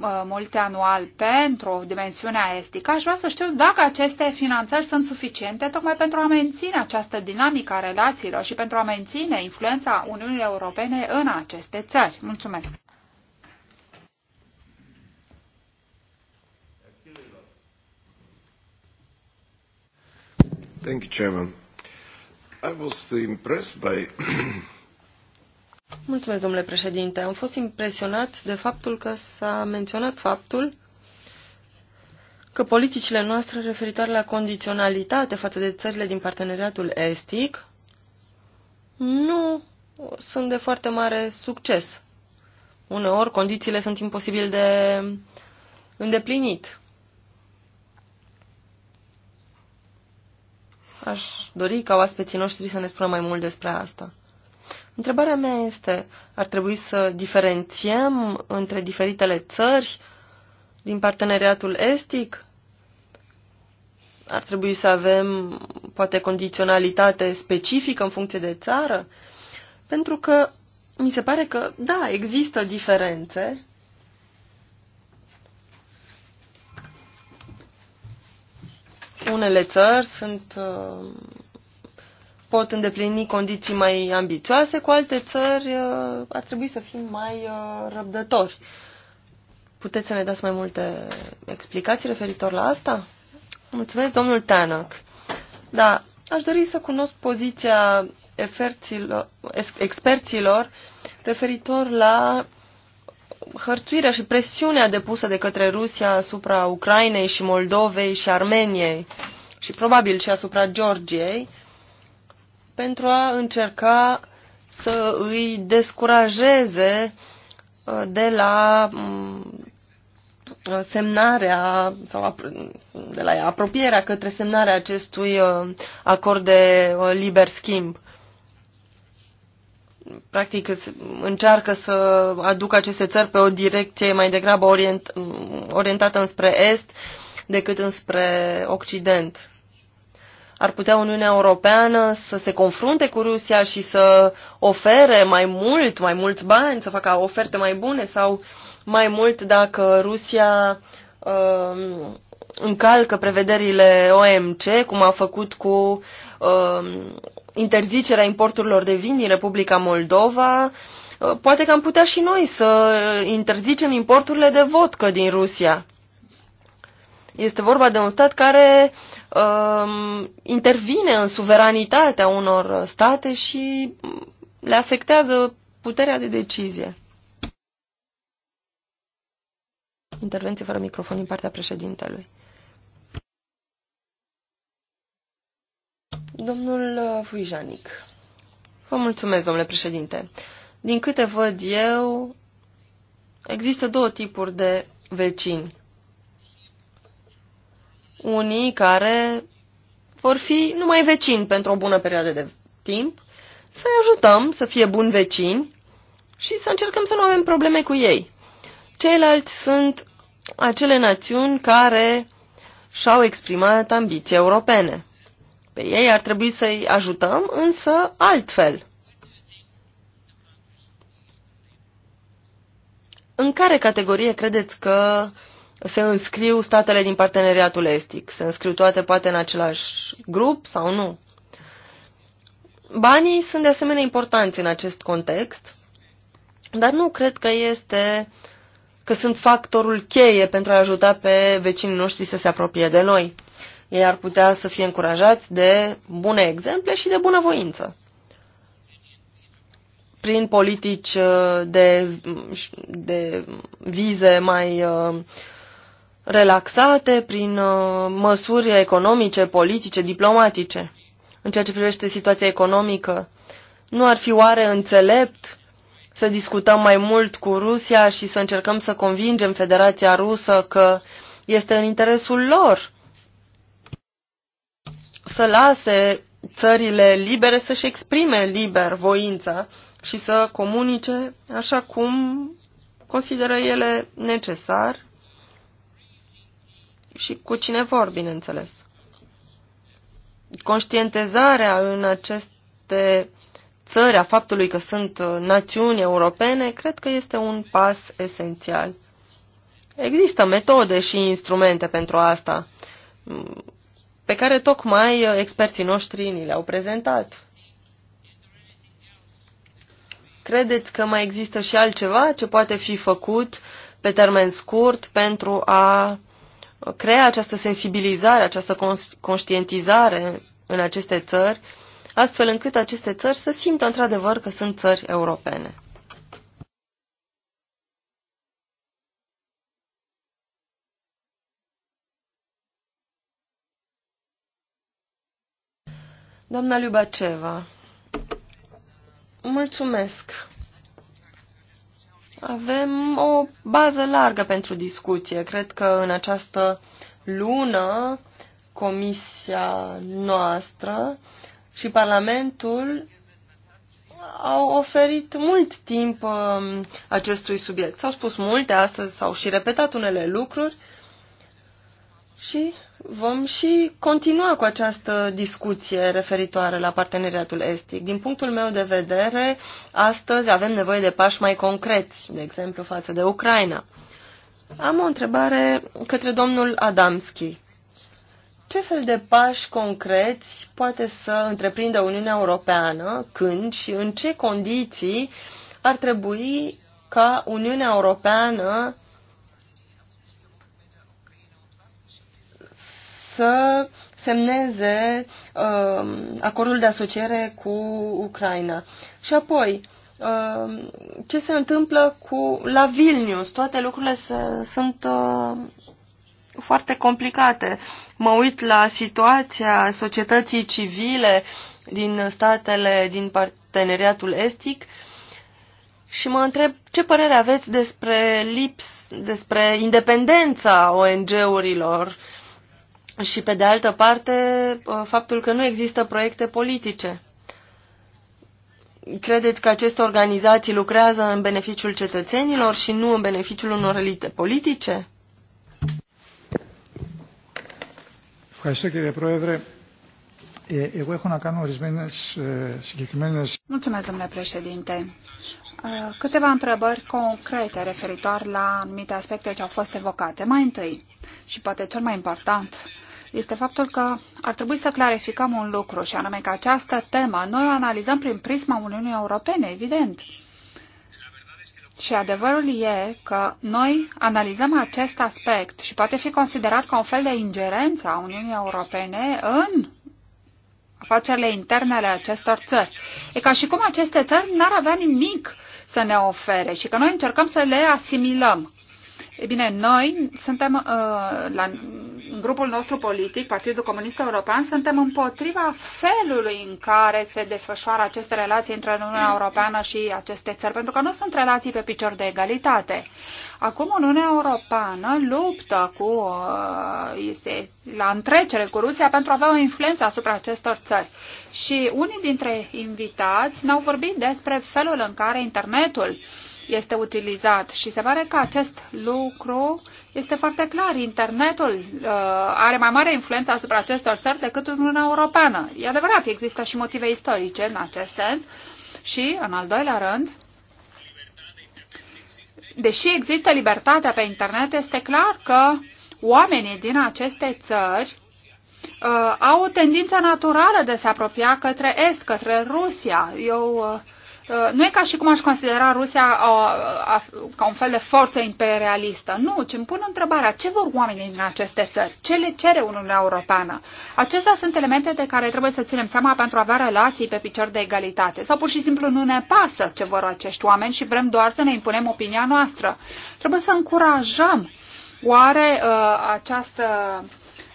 [SPEAKER 2] Uh, multianual pentru dimensiunea estică, aș vrea să știu dacă aceste finanțări sunt suficiente tocmai pentru a menține această dinamică a relațiilor și pentru a menține influența Uniunii Europene în aceste țări. Mulțumesc!
[SPEAKER 1] Thank you, Chairman. I was impressed by Mulțumesc, domnule președinte. Am fost impresionat de faptul că s-a menționat faptul că politicile noastre referitoare la condiționalitate față de țările din parteneriatul estic nu sunt de foarte mare succes. Uneori condițiile sunt imposibil de îndeplinit. Aș dori ca oaspeții noștri să ne spună mai mult despre asta. Întrebarea mea este, ar trebui să diferențiem între diferitele țări din parteneriatul estic? Ar trebui să avem, poate, condiționalitate specifică în funcție de țară? Pentru că mi se pare că, da, există diferențe. Unele țări sunt uh, pot îndeplini condiții mai ambițioase, cu alte țări uh, ar trebui să fim mai uh, răbdători. Puteți să ne dați mai multe explicații referitor la asta? Mulțumesc, domnul Tanak. Da, aș dori să cunosc poziția experților referitor la hărțuirea și presiunea depusă de către Rusia asupra Ucrainei și Moldovei și Armeniei și probabil și asupra Georgiei, pentru a încerca să îi descurajeze uh, de la mm, semnarea sau de la apropierea către semnarea acestui uh, acord de uh, liber schimb. Practic încearcă să aducă aceste țări pe o direcție mai degrabă orient, orientată înspre est decât înspre occident. Ar putea Uniunea Europeană să se confrunte cu Rusia și să ofere mai mult, mai mulți bani, să facă oferte mai bune sau mai mult dacă Rusia uh, încalcă prevederile OMC, cum a făcut cu uh, interzicerea importurilor de vin din Republica Moldova, uh, poate că am putea și noi să interzicem importurile de vodcă din Rusia. Este vorba de un stat care Um, intervine în suveranitatea unor state și le afectează puterea de decizie. Intervenție fără microfon din partea președintelui. Domnul Fuijanic. Uh, Vă mulțumesc, domnule președinte. Din câte văd eu, există două tipuri de vecini unii care vor fi numai vecini pentru o bună perioadă de timp, să-i ajutăm să fie buni vecini și să încercăm să nu avem probleme cu ei. Ceilalți sunt acele națiuni care și-au exprimat ambiții europene. Pe ei ar trebui să-i ajutăm, însă altfel. În care categorie credeți că se înscriu statele din parteneriatul estic? Se înscriu toate poate în același grup sau nu? Banii sunt de asemenea importanți în acest context, dar nu cred că este că sunt factorul cheie pentru a ajuta pe vecinii noștri să se apropie de noi. Ei ar putea să fie încurajați de bune exemple și de bunăvoință. Prin politici uh, de, de vize mai uh, relaxate prin uh, măsuri economice, politice, diplomatice. În ceea ce privește situația economică, nu ar fi oare înțelept să discutăm mai mult cu Rusia și să încercăm să convingem Federația Rusă că este în interesul lor să lase țările libere să-și exprime liber voința și să comunice așa cum consideră ele necesar și cu cine vor, bineînțeles. Conștientizarea în aceste țări a faptului că sunt uh, națiuni europene, cred că este un pas esențial. Există metode și instrumente pentru asta, mm, pe care tocmai uh, experții noștri ni le-au prezentat. Credeți că mai există și altceva ce poate fi făcut pe termen scurt pentru a crea această sensibilizare, această conștientizare în aceste țări, astfel încât aceste țări să simtă într-adevăr că sunt țări europene. Doamna Liubaceva, mulțumesc. Avem o bază largă pentru discuție. Cred că în această lună comisia noastră și Parlamentul au oferit mult timp um, acestui subiect. S-au spus multe astăzi, s-au și repetat unele lucruri și vom și continua cu această discuție referitoare la parteneriatul estic. Din punctul meu de vedere, astăzi avem nevoie de pași mai concreți, de exemplu față de Ucraina. Am o întrebare către domnul Adamski. Ce fel de pași concreți poate să întreprindă Uniunea Europeană când și în ce condiții ar trebui ca Uniunea Europeană să semneze uh, acordul de asociere cu Ucraina. Și apoi, uh, ce se întâmplă cu la Vilnius? Toate lucrurile se, sunt uh, foarte complicate. Mă uit la situația societății civile din statele din parteneriatul estic și mă întreb ce părere aveți despre lips, despre independența ONG-urilor uh, și pe de altă parte uh, faptul că nu există proiecte politice. Credeți că aceste organizații lucrează în beneficiul cetățenilor și nu în beneficiul unor elite
[SPEAKER 2] politice? Mulțumesc, domnule președinte. Câteva întrebări concrete referitor la anumite aspecte ce au fost evocate. Mai întâi, și poate cel mai important, este faptul că ar trebui să clarificăm un lucru, și anume că această temă noi o analizăm prin prisma Uniunii Europene, evident. Și adevărul e că noi analizăm acest aspect și poate fi considerat ca un fel de ingerență a Uniunii Europene în afacerile interne ale acestor țări. E ca și cum aceste țări n-ar avea nimic să ne ofere și că noi încercăm să le asimilăm. E bine, noi suntem uh, la în grupul nostru politic, Partidul Comunist European, suntem împotriva felului în care se desfășoară aceste relații între Uniunea Europeană și aceste țări, pentru că nu sunt relații pe picior de egalitate. Acum Uniunea Europeană luptă cu, uh, este la întrecere cu Rusia pentru a avea o influență asupra acestor țări. Și unii dintre invitați ne-au vorbit despre felul în care internetul este utilizat și se pare că acest lucru este foarte clar, internetul uh, are mai mare influență asupra acestor țări decât Uniunea Europeană. E adevărat, există și motive istorice în acest sens. Și, în al doilea rând, deși există libertatea pe internet, este clar că oamenii din aceste țări uh, au o tendință naturală de a se apropia către Est, către Rusia. Eu uh, Uh, nu e ca și cum aș considera Rusia a, uh, a, ca un fel de forță imperialistă. Nu, ci îmi pun întrebarea, ce vor oamenii din aceste țări? Ce le cere Uniunea Europeană? Acestea sunt elemente de care trebuie să ținem seama pentru a avea relații pe picior de egalitate. Sau pur și simplu nu ne pasă ce vor acești oameni și vrem doar să ne impunem opinia noastră. Trebuie să încurajăm oare uh, această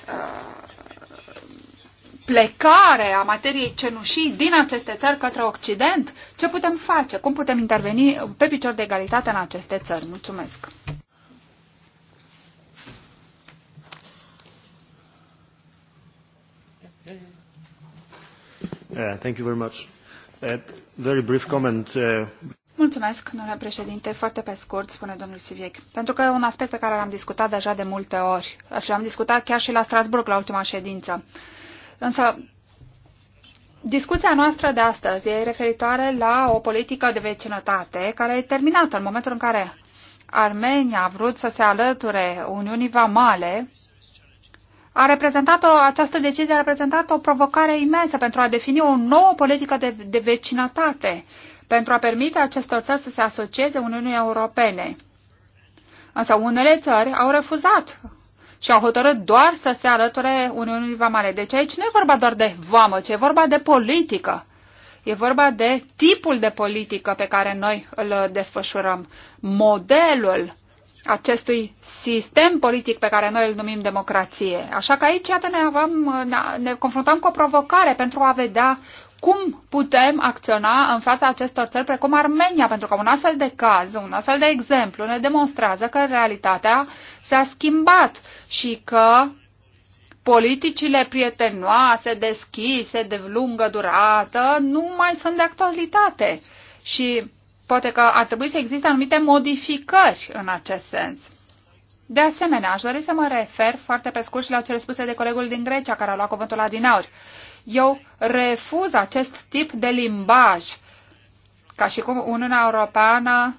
[SPEAKER 2] uh, plecare a materiei cenușii din aceste țări către Occident? Ce putem face? Cum putem interveni pe picior de egalitate în aceste țări? Mulțumesc!
[SPEAKER 3] Uh, thank you very much. Uh, very brief comment. Uh...
[SPEAKER 2] Mulțumesc, domnule președinte. Foarte pe scurt, spune domnul Siviec. Pentru că e un aspect pe care l-am discutat deja de multe ori și l-am discutat chiar și la Strasburg la ultima ședință. Uh, Însă, discuția noastră de astăzi e referitoare la o politică de vecinătate care e terminată în momentul în care Armenia a vrut să se alăture Uniunii Vamale, a reprezentat o, această decizie a reprezentat o provocare imensă pentru a defini o nouă politică de, de vecinătate, pentru a permite acestor țări să se asocieze Uniunii Europene. Însă unele țări au refuzat și au hotărât doar să se alăture Uniunii Vamale. Deci aici nu e vorba doar de vamă, ci e vorba de politică. E vorba de tipul de politică pe care noi îl desfășurăm, modelul acestui sistem politic pe care noi îl numim democrație. Așa că aici, iată, ne, avem, ne confruntăm cu o provocare pentru a vedea cum putem acționa în fața acestor țări precum Armenia, pentru că un astfel de caz, un astfel de exemplu ne demonstrează că realitatea s-a schimbat și că politicile prietenoase, deschise, de lungă durată, nu mai sunt de actualitate și poate că ar trebui să existe anumite modificări în acest sens. De asemenea, aș dori să mă refer foarte pe scurt și la cele spuse de colegul din Grecia, care a luat cuvântul la dinauri. Eu refuz acest tip de limbaj, ca și cum Uniunea Europeană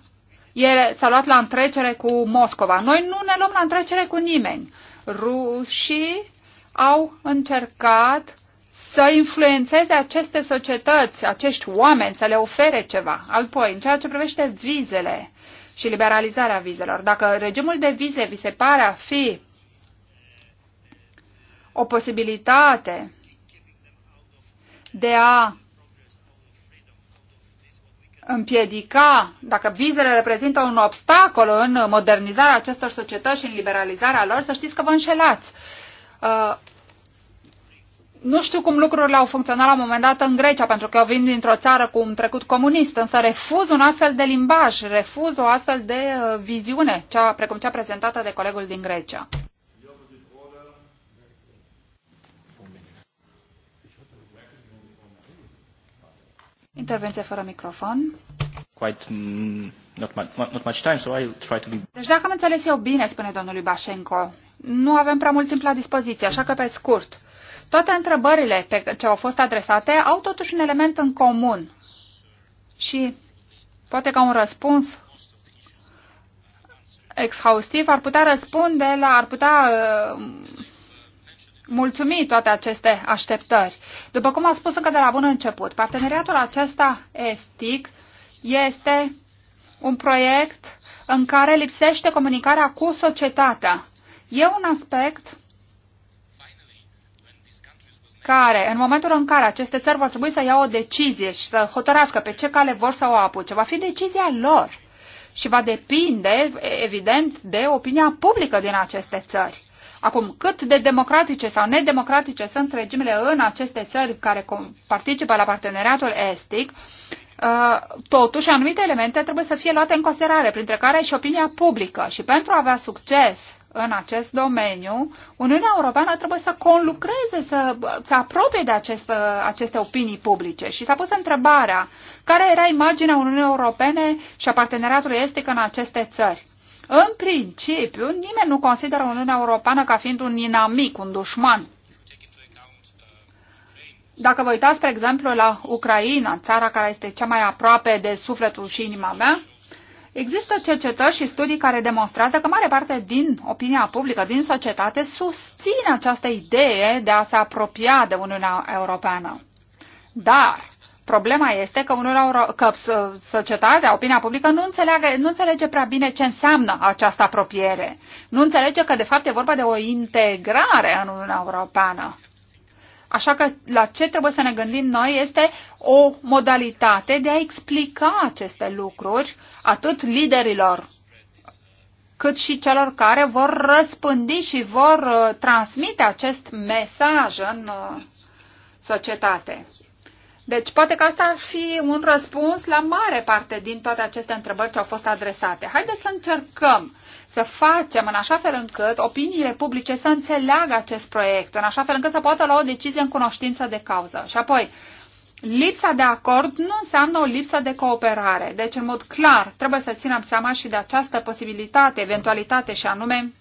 [SPEAKER 2] s-a luat la întrecere cu Moscova. Noi nu ne luăm la întrecere cu nimeni. Rușii au încercat să influențeze aceste societăți, acești oameni, să le ofere ceva. Apoi, în ceea ce privește vizele și liberalizarea vizelor, dacă regimul de vize vi se pare a fi o posibilitate de a împiedica, dacă vizele reprezintă un obstacol în modernizarea acestor societăți și în liberalizarea lor, să știți că vă înșelați. Uh, nu știu cum lucrurile au funcționat la un moment dat în Grecia, pentru că eu vin dintr-o țară cu un trecut comunist, însă refuz un astfel de limbaj, refuz o astfel de uh, viziune, cea, precum cea prezentată de colegul din Grecia. Intervenție fără microfon.
[SPEAKER 1] Quite mm, not, much, not much time, so I'll try to be...
[SPEAKER 2] Deci dacă am înțeles eu bine, spune domnul Bașenko, nu avem prea mult timp la dispoziție, așa că pe scurt. Toate întrebările pe ce au fost adresate au totuși un element în comun. Și poate ca un răspuns exhaustiv ar putea răspunde la, ar putea uh, mulțumi toate aceste așteptări. După cum am spus încă de la bun început, parteneriatul acesta estic este un proiect în care lipsește comunicarea cu societatea. E un aspect care, în momentul în care aceste țări vor trebui să ia o decizie și să hotărască pe ce cale vor să o apuce, va fi decizia lor și va depinde, evident, de opinia publică din aceste țări. Acum, cât de democratice sau nedemocratice sunt regimele în aceste țări care participă la parteneriatul estic, uh, totuși anumite elemente trebuie să fie luate în considerare, printre care și opinia publică. Și pentru a avea succes în acest domeniu, Uniunea Europeană trebuie să conlucreze, să se apropie de acest, uh, aceste opinii publice. Și s-a pus întrebarea, care era imaginea Uniunii Europene și a parteneriatului estic în aceste țări? În principiu, nimeni nu consideră Uniunea Europeană ca fiind un inamic, un dușman. Dacă vă uitați, spre exemplu, la Ucraina, țara care este cea mai aproape de sufletul și inima mea, Există cercetări și studii care demonstrează că mare parte din opinia publică, din societate, susține această idee de a se apropia de Uniunea Europeană. Dar Problema este că, unul, că societatea, opinia publică nu înțelege, nu înțelege prea bine ce înseamnă această apropiere. Nu înțelege că, de fapt, e vorba de o integrare în Uniunea Europeană. Așa că la ce trebuie să ne gândim noi este o modalitate de a explica aceste lucruri atât liderilor cât și celor care vor răspândi și vor uh, transmite acest mesaj în uh, societate. Deci poate că asta ar fi un răspuns la mare parte din toate aceste întrebări ce au fost adresate. Haideți să încercăm să facem în așa fel încât opiniile publice să înțeleagă acest proiect, în așa fel încât să poată lua o decizie în cunoștință de cauză. Și apoi, lipsa de acord nu înseamnă o lipsă de cooperare. Deci, în mod clar, trebuie să ținem seama și de această posibilitate, eventualitate și anume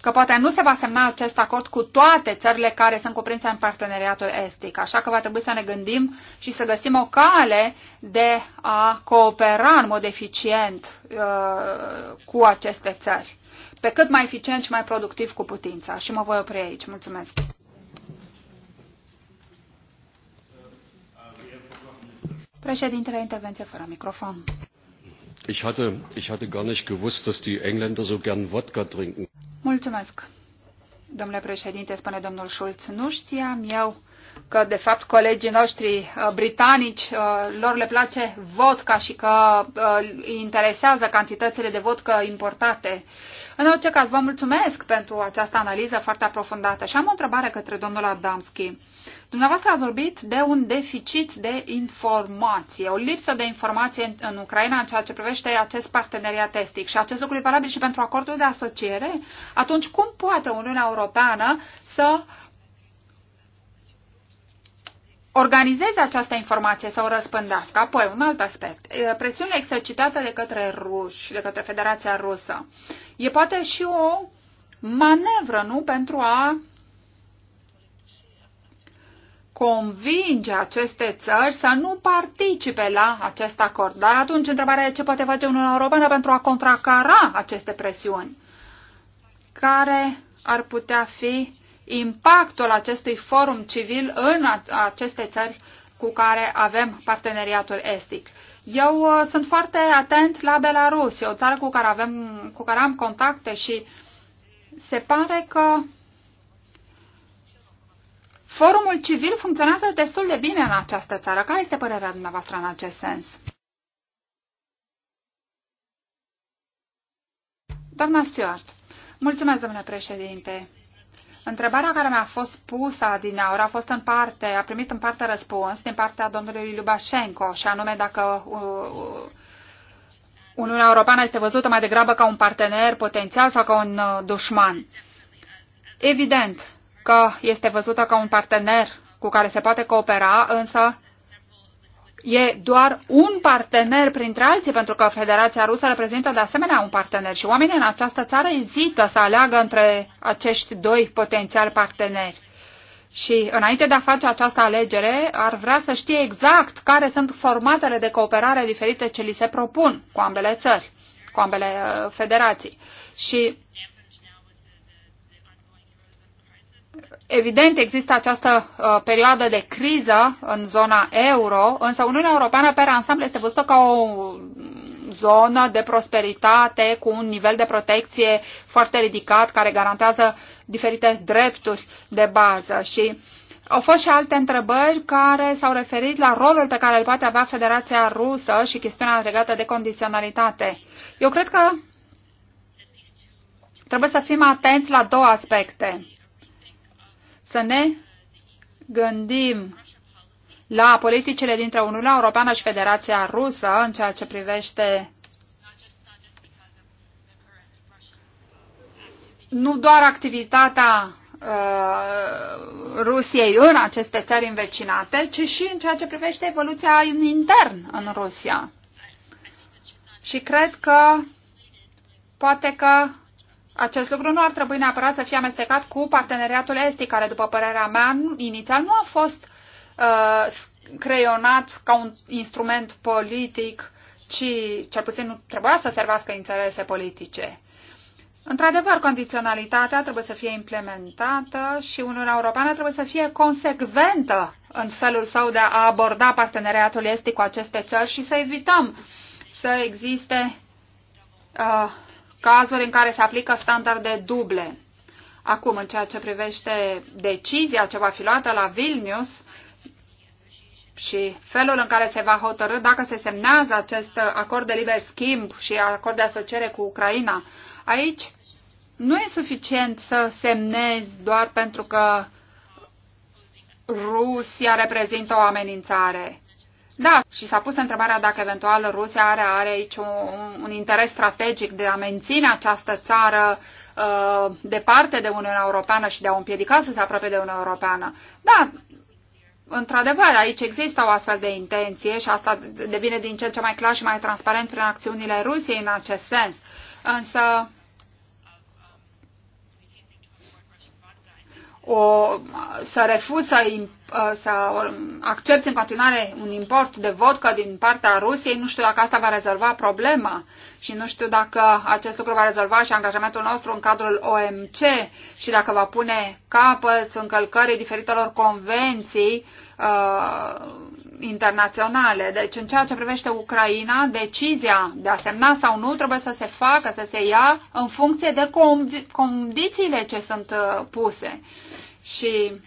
[SPEAKER 2] că poate nu se va semna acest acord cu toate țările care sunt cuprinse în parteneriatul estic, așa că va trebui să ne gândim și să găsim o cale de a coopera în mod eficient uh, cu aceste țări, pe cât mai eficient și mai productiv cu putința. Și mă voi opri aici. Mulțumesc! Președintele, intervenție fără microfon.
[SPEAKER 1] Ich hatte, ich hatte gar nicht
[SPEAKER 3] gewusst, dass die Engländer so gern Wodka trinken.
[SPEAKER 2] Mulțumesc, domnule președinte, spune domnul Schulz. Nu știam eu că, de fapt, colegii noștri uh, britanici, uh, lor le place vodka și că uh, îi interesează cantitățile de vodka importate. În orice caz, vă mulțumesc pentru această analiză foarte aprofundată și am o întrebare către domnul Adamski. Dumneavoastră ați vorbit de un deficit de informație, o lipsă de informație în, în Ucraina în ceea ce privește acest parteneriat estic și acest lucru e valabil și pentru acordul de asociere. Atunci, cum poate Uniunea Europeană să organizeze această informație sau răspândească. Apoi, un alt aspect, presiunile exercitate de către ruși, de către Federația Rusă, e poate și o manevră, nu, pentru a convinge aceste țări să nu participe la acest acord. Dar atunci întrebarea e ce poate face Uniunea Europeană pentru a contracara aceste presiuni. Care ar putea fi impactul acestui forum civil în aceste țări cu care avem parteneriatul estic? Eu uh, sunt foarte atent la Belarus, e o țară cu care, avem, cu care am contacte și se pare că Forumul civil funcționează destul de bine în această țară. Care este părerea dumneavoastră în acest sens? Doamna Stewart, mulțumesc, domnule președinte. Întrebarea care mi-a fost pusă din aur a fost în parte, a primit în parte răspuns din partea domnului Lubașenko, și anume dacă uh, uh, Uniunea Europeană este văzută mai degrabă ca un partener potențial sau ca un uh, dușman. Evident, că este văzută ca un partener cu care se poate coopera, însă e doar un partener printre alții, pentru că Federația Rusă reprezintă de asemenea un partener și oamenii în această țară ezită să aleagă între acești doi potențiali parteneri. Și înainte de a face această alegere, ar vrea să știe exact care sunt formatele de cooperare diferite ce li se propun cu ambele țări, cu ambele uh, federații. Și Evident, există această uh, perioadă de criză în zona euro, însă Uniunea Europeană, pe ansamblu, este văzută ca o zonă de prosperitate cu un nivel de protecție foarte ridicat, care garantează diferite drepturi de bază. Și au fost și alte întrebări care s-au referit la rolul pe care îl poate avea Federația Rusă și chestiunea legată de condiționalitate. Eu cred că trebuie să fim atenți la două aspecte să ne gândim la politicile dintre Uniunea Europeană și Federația Rusă în ceea ce privește nu doar activitatea uh, Rusiei în aceste țări învecinate, ci și în ceea ce privește evoluția în intern în Rusia. Și cred că poate că acest lucru nu ar trebui neapărat să fie amestecat cu parteneriatul estic, care, după părerea mea, inițial nu a fost uh, creionat ca un instrument politic, ci cel puțin nu trebuia să servească interese politice. Într-adevăr, condiționalitatea trebuie să fie implementată și Uniunea Europeană trebuie să fie consecventă în felul său de a aborda parteneriatul estic cu aceste țări și să evităm să existe uh, cazuri în care se aplică standarde duble. Acum, în ceea ce privește decizia ce va fi luată la Vilnius și felul în care se va hotărâ dacă se semnează acest acord de liber schimb și acord de asociere cu Ucraina, aici nu e suficient să semnezi doar pentru că Rusia reprezintă o amenințare. Da, și s-a pus întrebarea dacă eventual Rusia are, are aici un, un interes strategic de a menține această țară uh, departe de Uniunea Europeană și de a o împiedica să se apropie de Uniunea Europeană. Da, într-adevăr, aici există o astfel de intenție și asta devine din ce în ce mai clar și mai transparent prin acțiunile Rusiei în acest sens. Însă, o, să refuz să, ă, să accepte în continuare un import de vodka din partea Rusiei, nu știu dacă asta va rezolva problema și nu știu dacă acest lucru va rezolva și angajamentul nostru în cadrul OMC și dacă va pune capăt încălcării diferitelor convenții uh, internaționale. Deci în ceea ce privește Ucraina, decizia de a semna sau nu trebuie să se facă, să se ia în funcție de condițiile ce sunt ă, puse și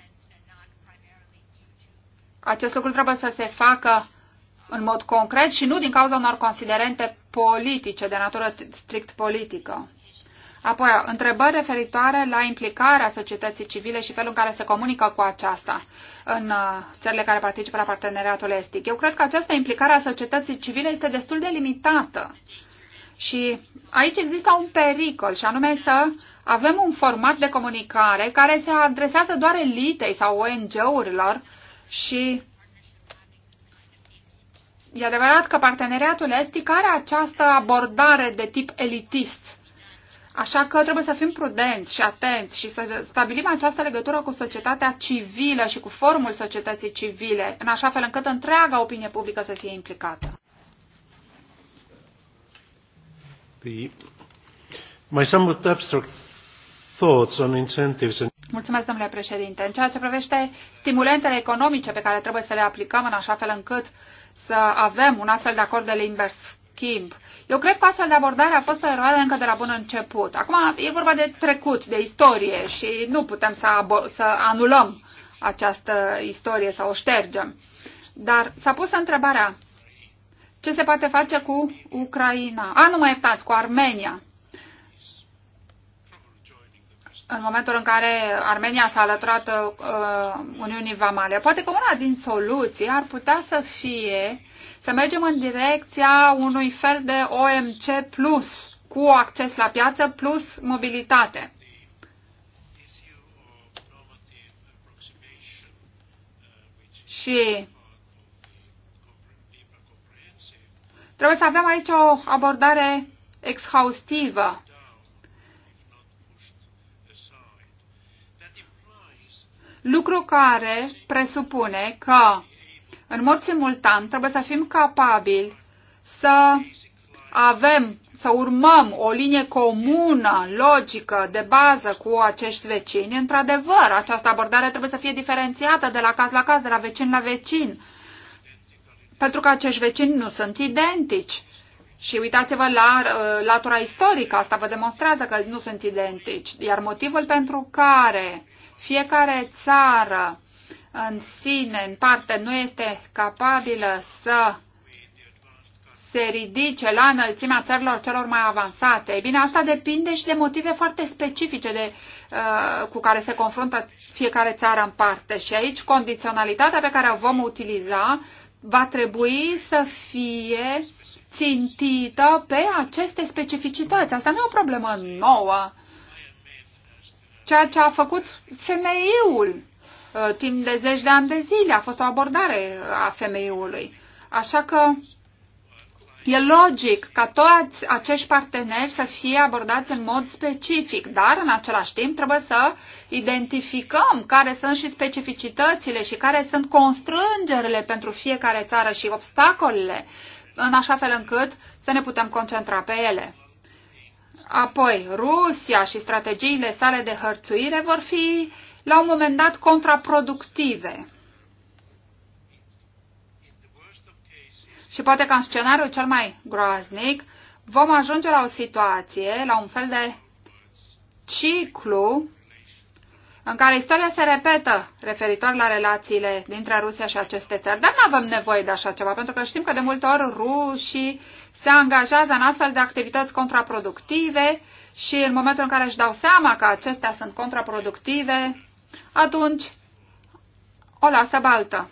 [SPEAKER 2] acest lucru trebuie să se facă în mod concret și nu din cauza unor considerente politice, de natură strict politică. Apoi, întrebări referitoare la implicarea societății civile și felul în care se comunică cu aceasta în uh, țările care participă la parteneriatul estic. Eu cred că această implicare a societății civile este destul de limitată și aici există un pericol, și anume să avem un format de comunicare care se adresează doar elitei sau ONG-urilor și e adevărat că parteneriatul estic are această abordare de tip elitist. Așa că trebuie să fim prudenți și atenți și să stabilim această legătură cu societatea civilă și cu formul societății civile, în așa fel încât întreaga opinie publică să fie implicată. The, my somewhat abstract thoughts on incentives and Mulțumesc, domnule președinte. În ceea ce privește stimulentele economice pe care trebuie să le aplicăm în așa fel încât să avem un astfel de acord de liber schimb, eu cred că astfel de abordare a fost o eroare încă de la bun început. Acum e vorba de trecut, de istorie și nu putem să, să anulăm această istorie sau o ștergem. Dar s-a pus întrebarea ce se poate face cu Ucraina. A, nu mă iertați, cu Armenia. În momentul în care Armenia s-a alăturat uh, Uniunii Vamale. Poate că una din soluții ar putea să fie să mergem în direcția unui fel de OMC plus, cu acces la piață plus mobilitate. Și Trebuie să avem aici o abordare exhaustivă. Lucru care presupune că, în mod simultan, trebuie să fim capabili să avem, să urmăm o linie comună, logică, de bază cu acești vecini. Într-adevăr, această abordare trebuie să fie diferențiată de la caz la caz, de la vecin la vecin pentru că acești vecini nu sunt identici. Și uitați-vă la uh, latura istorică, asta vă demonstrează că nu sunt identici. Iar motivul pentru care fiecare țară în sine, în parte, nu este capabilă să se ridice la înălțimea țărilor celor mai avansate. Ei bine, asta depinde și de motive foarte specifice de, uh, cu care se confruntă fiecare țară în parte. Și aici condiționalitatea pe care o vom utiliza uh, va trebui să fie țintită pe aceste specificități. Asta nu e o problemă nouă. Ceea ce a făcut femeiul uh, timp de zeci de ani de zile a fost o abordare a femeiului. Așa că E logic ca toți acești parteneri să fie abordați în mod specific, dar în același timp trebuie să identificăm care sunt și specificitățile și care sunt constrângerile pentru fiecare țară și obstacolele, în așa fel încât să ne putem concentra pe ele. Apoi, Rusia și strategiile sale de hărțuire vor fi la un moment dat contraproductive. Și poate că în scenariul cel mai groaznic vom ajunge la o situație, la un fel de ciclu în care istoria se repetă referitor la relațiile dintre Rusia și aceste țări. Dar nu avem nevoie de așa ceva, pentru că știm că de multe ori rușii se angajează în astfel de activități contraproductive și în momentul în care își dau seama că acestea sunt contraproductive, atunci o lasă baltă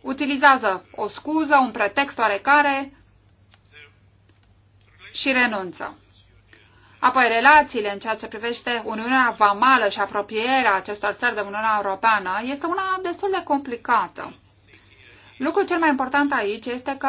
[SPEAKER 2] utilizează o scuză, un pretext oarecare și renunță. Apoi relațiile în ceea ce privește Uniunea Vamală și apropierea acestor țări de Uniunea Europeană este una destul de complicată. Lucrul cel mai important aici este că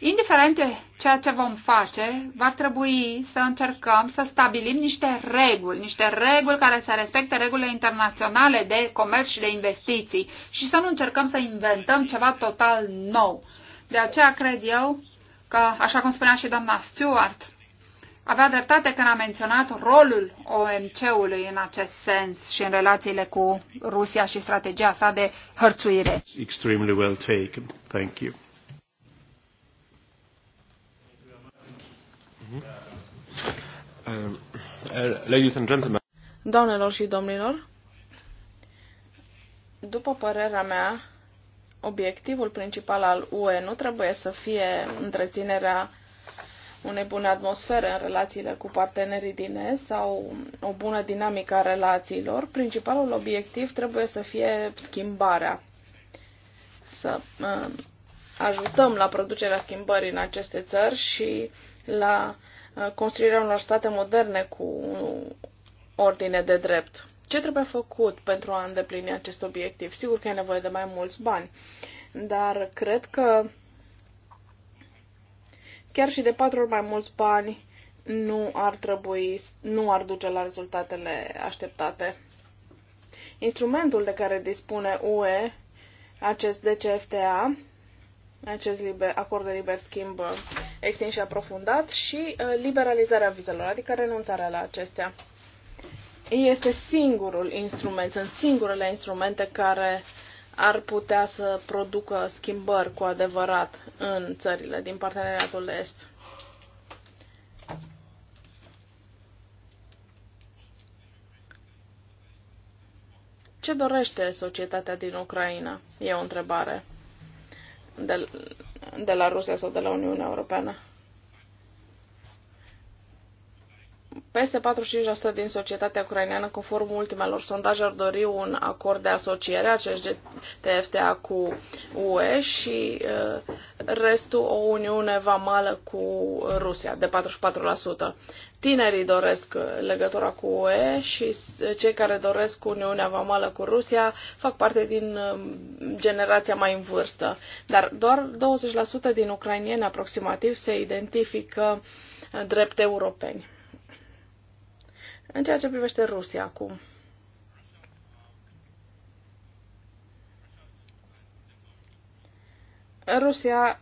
[SPEAKER 2] Indiferent de ceea ce vom face, va trebui să încercăm să stabilim niște reguli, niște reguli care să respecte regulile internaționale de comerț și de investiții și să nu încercăm să inventăm ceva total nou. De aceea cred eu că, așa cum spunea și doamna Stewart, avea dreptate când a menționat rolul OMC-ului în acest sens și în relațiile cu Rusia și strategia sa de hărțuire.
[SPEAKER 1] Extremely well
[SPEAKER 2] taken. Thank you. Uh, ladies and gentlemen.
[SPEAKER 3] Doamnelor și domnilor, după părerea mea, obiectivul principal al UE nu trebuie să fie întreținerea unei bune atmosfere în relațiile cu partenerii din Est sau o bună dinamică a relațiilor. Principalul obiectiv trebuie să fie schimbarea, să uh, ajutăm la producerea schimbării în aceste țări și uh, la uh, construirea unor state moderne cu ordine de drept. Ce trebuie făcut pentru a îndeplini acest obiectiv? Sigur că e nevoie de mai mulți bani, dar cred că chiar și de patru ori mai mulți bani nu ar trebui, nu ar duce la rezultatele așteptate. Instrumentul de care dispune UE, acest DCFTA, acest liber, acord de liber schimb uh, extins și aprofundat și uh, liberalizarea vizelor, adică renunțarea la acestea. Este singurul instrument, sunt singurele instrumente care ar putea să producă schimbări cu adevărat în țările din parteneriatul de est. Ce dorește societatea din Ucraina? E o întrebare de, de la Rusia sau de la Uniunea Europeană. peste 45% din societatea ucraineană, conform ultimelor sondaje, ar dori un acord de asociere, acest TFTA cu UE și uh, restul o uniune vamală cu Rusia, de 44%. Tinerii doresc legătura cu UE și cei care doresc uniunea vamală cu Rusia fac parte din um, generația mai în vârstă. Dar doar 20% din ucrainieni aproximativ se identifică uh, drept europeni. În ceea ce privește Rusia acum. Rusia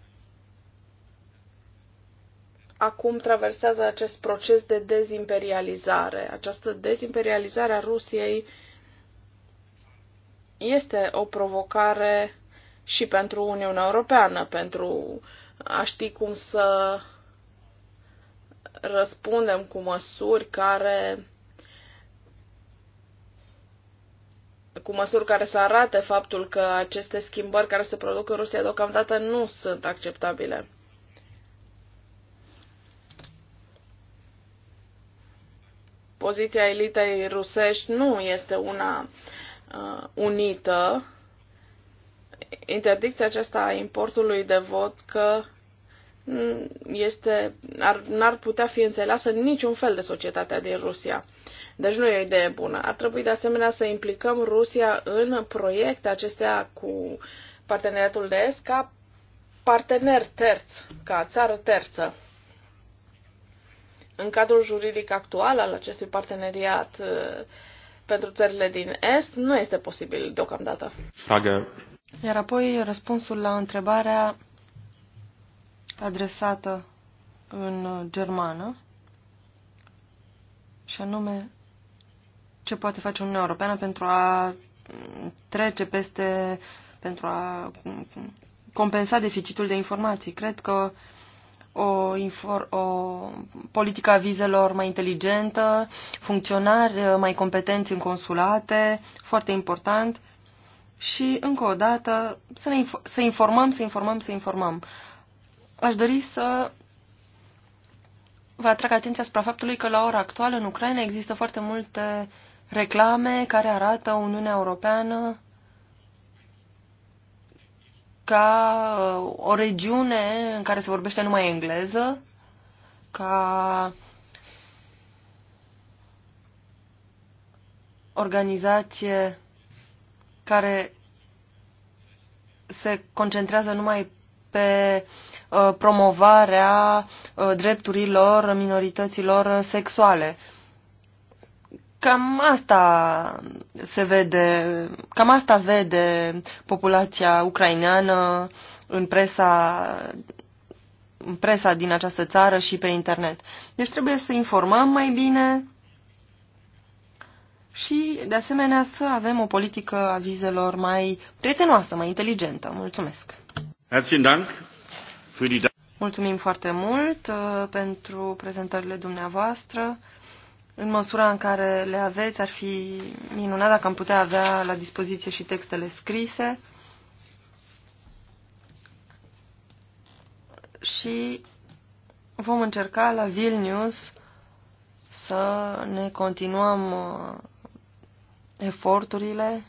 [SPEAKER 3] acum traversează acest proces de dezimperializare. Această dezimperializare a Rusiei este o provocare și pentru Uniunea Europeană, pentru a ști cum să răspundem cu măsuri care cu măsuri care să arate faptul că aceste schimbări care se produc în Rusia deocamdată nu sunt acceptabile. Poziția elitei rusești nu este una uh, unită. Interdicția aceasta a importului de vodcă este, ar, n-ar putea fi înțeleasă în niciun fel de societatea din Rusia. Deci nu e o idee bună. Ar trebui de asemenea să implicăm Rusia în proiecte acestea cu parteneriatul de est ca partener terț, ca țară terță. În cadrul juridic actual al acestui parteneriat uh, pentru țările din Est nu este posibil deocamdată.
[SPEAKER 2] Frage.
[SPEAKER 1] Iar apoi răspunsul la întrebarea adresată în germană, și anume ce poate face Uniunea Europeană pentru a trece peste, pentru a compensa deficitul de informații. Cred că o, infor, o politică a vizelor mai inteligentă, funcționari mai competenți în consulate, foarte important. Și, încă o dată, să, ne inf- să informăm, să informăm, să informăm. Aș dori să vă atrag atenția asupra faptului că la ora actuală în Ucraina există foarte multe reclame care arată Uniunea Europeană ca uh, o regiune în care se vorbește numai engleză, ca organizație care se concentrează numai pe uh, promovarea uh, drepturilor minorităților sexuale. Cam asta se vede, cam asta vede populația ucraineană în presa, în presa din această țară și pe internet. Deci trebuie să informăm mai bine și, de asemenea, să avem o politică a vizelor mai prietenoasă, mai inteligentă. Mulțumesc! Mulțumim foarte mult uh, pentru prezentările dumneavoastră. În măsura în care le aveți, ar fi minunat dacă am putea avea la dispoziție și textele scrise. Și vom încerca la Vilnius să ne continuăm uh, eforturile.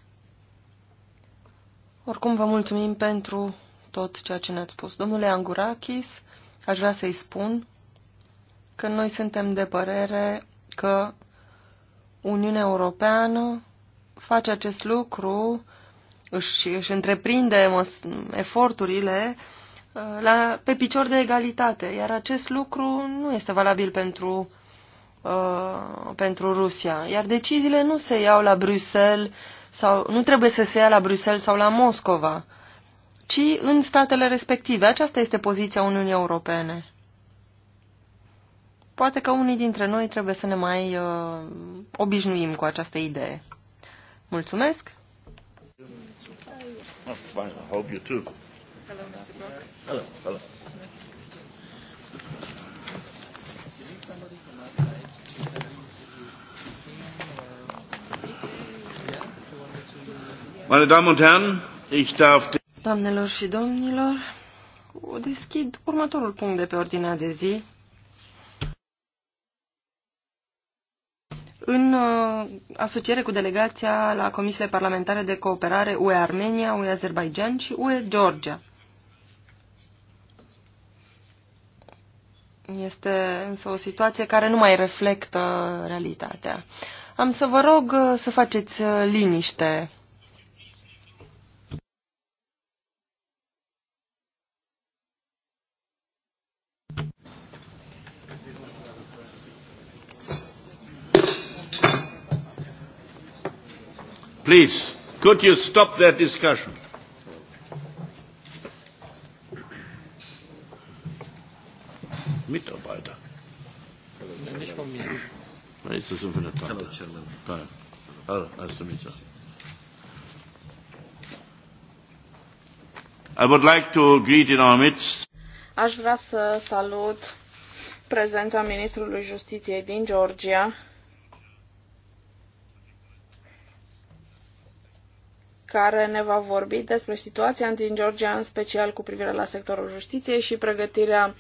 [SPEAKER 1] Oricum, vă mulțumim pentru tot ceea ce ne-ați spus. Domnule Angurakis, aș vrea să-i spun că noi suntem de părere că Uniunea Europeană face acest lucru, își, își întreprinde eforturile uh, la, pe picior de egalitate, iar acest lucru nu este valabil pentru, uh, pentru Rusia. Iar deciziile nu se iau la Bruxelles sau nu trebuie să se ia la Bruxelles sau la Moscova, ci în statele respective. Aceasta este poziția Uniunii Europene. Poate că unii dintre noi trebuie să ne mai uh, obișnuim cu această idee. Mulțumesc! Doamnelor și domnilor, deschid următorul punct de pe ordinea de zi, în uh, asociere cu delegația la comisiile parlamentare de cooperare UE Armenia, UE Azerbaijan și UE Georgia. Este însă o situație care nu mai reflectă realitatea. Am să vă rog uh, să faceți uh, liniște
[SPEAKER 3] Please, could you stop that discussion? Mitarbeiter. Nicht von mir. Na, ist das für eine Tante? Nein. Also, hast du mich I would
[SPEAKER 2] like to greet in our midst.
[SPEAKER 3] Aș vrea să salut prezența ministrului justiției din Georgia, care ne va vorbi despre situația din Georgia, în special cu privire la sectorul justiției și pregătirea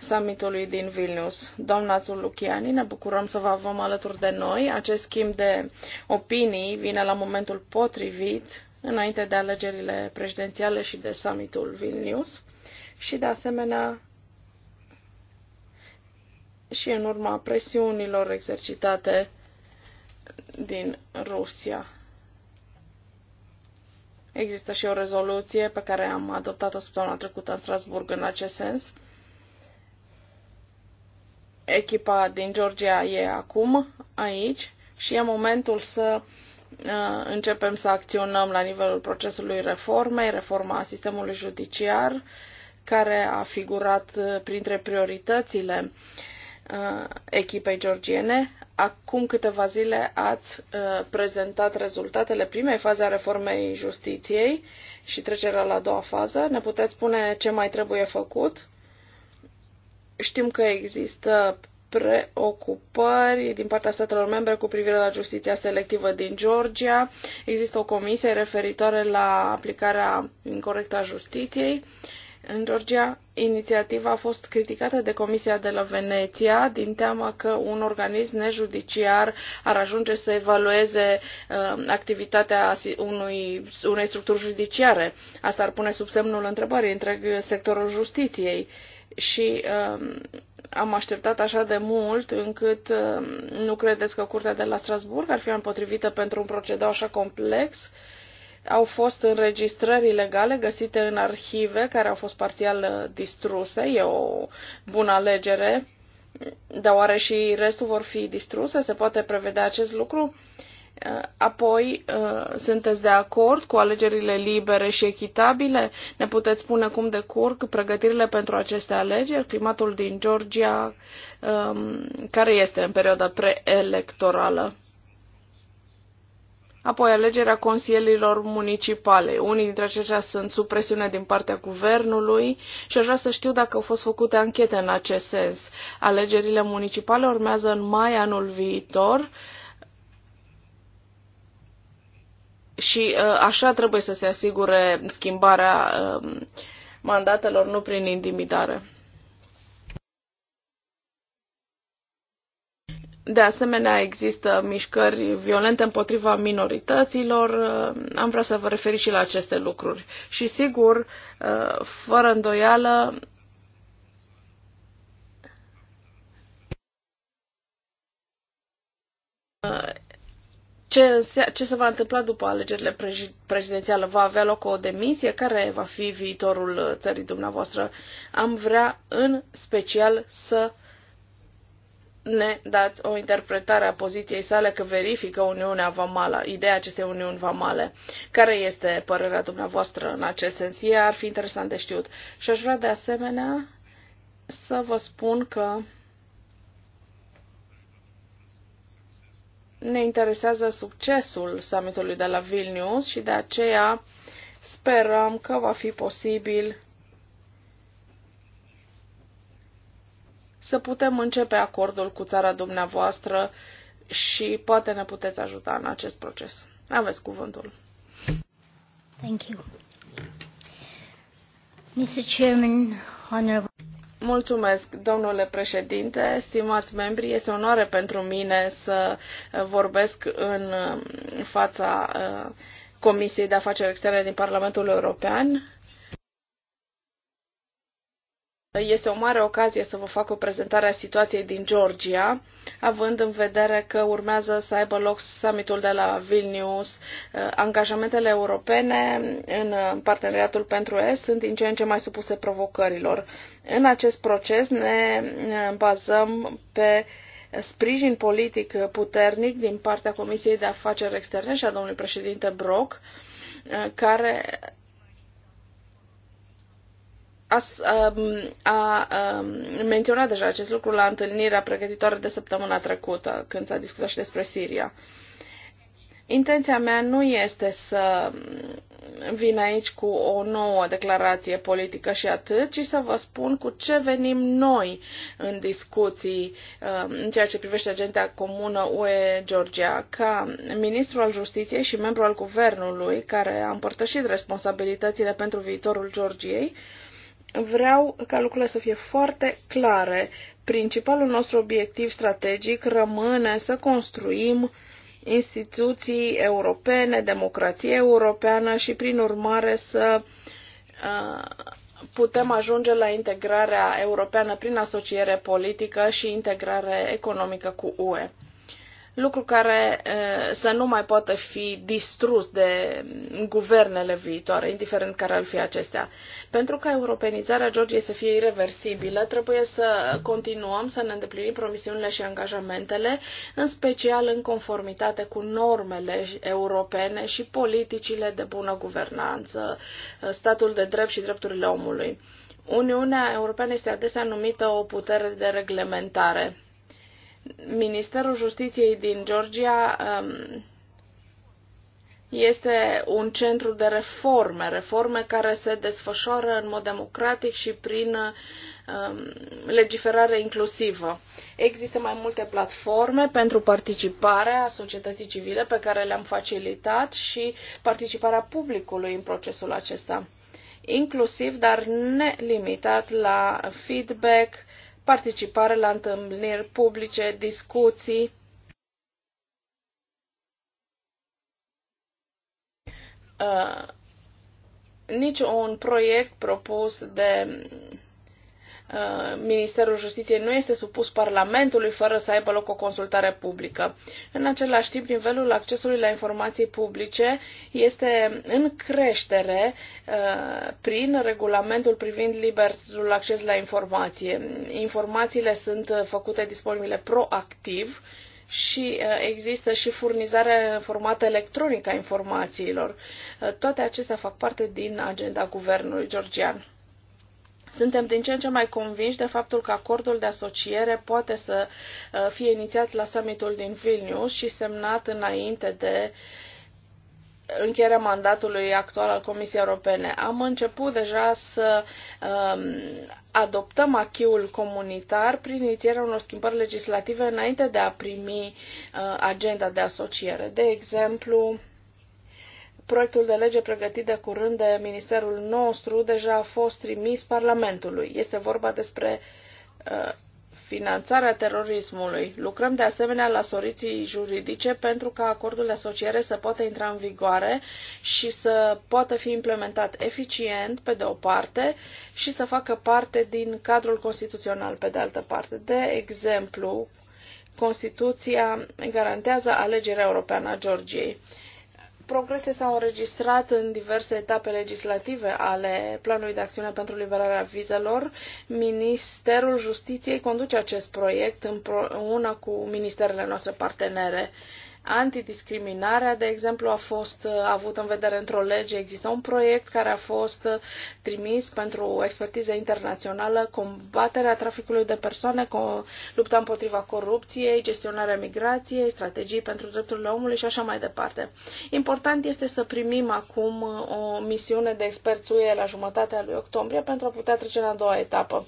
[SPEAKER 3] summitului din Vilnius. Domnațul Luciani, ne bucurăm să vă avem alături de noi. Acest schimb de opinii vine la momentul potrivit, înainte de alegerile prezidențiale și de summitul Vilnius. Și, de asemenea, și în urma presiunilor exercitate din Rusia Există și o rezoluție pe care am adoptat-o săptămâna trecută în Strasburg în acest sens. Echipa din Georgia e acum aici și e momentul să uh, începem să acționăm la nivelul procesului reformei, reforma sistemului judiciar, care a figurat uh, printre prioritățile uh, uh, echipei georgiene. Acum câteva zile ați uh, prezentat rezultatele primei faze a reformei justiției și trecerea la a doua fază. Ne puteți spune ce mai trebuie făcut? Știm că există preocupări din partea statelor membre cu privire la justiția selectivă din Georgia. Există o comisie referitoare la aplicarea incorrectă a justiției. Uh, în Georgia, inițiativa a fost criticată de Comisia de la Veneția din teama că un organism nejudiciar ar ajunge să evalueze uh, activitatea unui, unei structuri judiciare. Asta ar pune sub semnul întrebării întreg sectorul justiției. Și uh, am așteptat așa de mult încât uh, nu credeți că Curtea de la Strasburg ar fi împotrivită pentru un procedeu așa complex? Uh, au fost înregistrări legale găsite în arhive care au fost parțial uh, distruse. E o bună alegere. Dar oare și restul vor fi distruse? Se poate prevedea acest lucru? Uh, apoi, uh, sunteți de acord cu alegerile libere și echitabile? Ne puteți spune cum decurg pregătirile pentru aceste alegeri? Climatul din Georgia, um, care este în perioada preelectorală? Apoi alegerea consilierilor municipale. Unii dintre aceștia sunt sub presiune din partea guvernului și aș vrea să știu dacă au fost făcute anchete în acest sens. Alegerile municipale urmează în mai anul viitor și uh, așa trebuie să se asigure schimbarea um, mandatelor, nu prin intimidare. De asemenea, există mișcări violente împotriva minorităților. Uh, am vrea să vă referi și la aceste lucruri. Și sigur, uh, fără îndoială, ce, ce se va întâmpla după alegerile prezidențiale? Va avea loc o demisie? Care va fi viitorul țării dumneavoastră? Am vrea în special să uh, ne dați o interpretare a poziției sale că verifică Uniunea Vamală, ideea acestei Uniuni Vamale. Care este părerea dumneavoastră în acest sens? Ea ar fi interesant de știut. Și aș vrea de asemenea să vă spun că ne interesează succesul summitului de la Vilnius și de aceea sperăm că va fi posibil să putem începe acordul cu țara dumneavoastră și poate ne puteți ajuta în acest proces. Aveți cuvântul.
[SPEAKER 2] Thank you. Mr. Chairman, honorable...
[SPEAKER 3] Mulțumesc, domnule președinte, stimați membri. Este onoare pentru mine să uh, vorbesc în uh, fața uh, Comisiei de Afaceri Externe din Parlamentul European este o mare ocazie să vă fac o prezentare a situației din Georgia, având în vedere că urmează să aibă loc summitul de la Vilnius. Uh, angajamentele europene în uh, parteneriatul pentru S sunt din ce în ce mai supuse provocărilor. În acest proces ne bazăm pe sprijin politic puternic din partea Comisiei de Afaceri Externe și a domnului președinte Brock, uh, care Um, a, a, um, a menționat deja acest lucru la întâlnirea pregătitoare de săptămâna trecută, când s-a discutat și despre Siria. Intenția mea nu este să vin aici cu o nouă declarație politică și atât, ci să vă spun cu ce venim noi în discuții um, în ceea ce privește agenția comună UE-Georgia. Ca ministru al justiției și membru al guvernului, care a împărtășit responsabilitățile pentru viitorul Georgiei, vreau ca lucrurile să fie foarte clare. Principalul nostru obiectiv strategic rămâne să construim instituții europene, democrație europeană și, prin urmare, să putem ajunge la integrarea europeană prin asociere politică și integrare economică cu UE lucru care să nu mai poată fi distrus de guvernele viitoare, indiferent care ar fi acestea. Pentru ca europenizarea Georgiei să fie irreversibilă, trebuie să continuăm să ne îndeplinim promisiunile și angajamentele, în special în conformitate cu normele europene și politicile de bună guvernanță, statul de drept și drepturile omului. Uniunea Europeană este adesea numită o putere de reglementare Ministerul Justiției din Georgia um, este un centru de reforme, reforme care se desfășoară în mod democratic și prin um, legiferare inclusivă. Există mai multe platforme pentru participarea societății civile pe care le-am facilitat și participarea publicului în procesul acesta, inclusiv, dar nelimitat, la feedback, participare la întâlniri publice, discuții. Uh, nici un proiect propus de Uh, Ministerul Justiției nu este supus Parlamentului fără să aibă loc o consultare publică. În același timp, nivelul accesului la informații publice este în creștere uh, prin regulamentul privind liberul acces la informație. Informațiile sunt uh, făcute disponibile proactiv și există și furnizarea în format electronic a informațiilor. Toate acestea fac parte din agenda guvernului georgian. Suntem din ce în ce mai convinși de faptul că acordul de asociere poate să uh, fie inițiat la summitul din Vilnius și semnat înainte de încheierea mandatului actual al Comisiei Europene. Am început deja să um, adoptăm achiul comunitar prin inițierea unor schimbări legislative înainte de a primi uh, agenda de asociere. De exemplu, proiectul de lege pregătit de curând de ministerul nostru deja a fost trimis Parlamentului. Este vorba despre uh, finanțarea terorismului. Lucrăm de asemenea la soluții juridice pentru ca acordul de asociere să poată intra în vigoare și să poată fi implementat eficient pe de o parte și să facă parte din cadrul constituțional pe de altă parte. De exemplu, Constituția garantează alegerea europeană a Georgiei. Progrese s-au înregistrat în diverse etape legislative ale Planului de Acțiune pentru Liberarea Vizelor. Ministerul Justiției conduce acest proiect împreună cu ministerele noastre partenere. Antidiscriminarea, de exemplu, a fost uh, avută în vedere într-o lege. Există un proiect care a fost uh, trimis pentru expertiză internațională, combaterea traficului de persoane, lupta împotriva corupției, gestionarea migrației, strategii pentru drepturile omului și așa mai departe. Important este să primim acum uh, o misiune de experți UE la jumătatea lui octombrie pentru a putea trece la a doua etapă.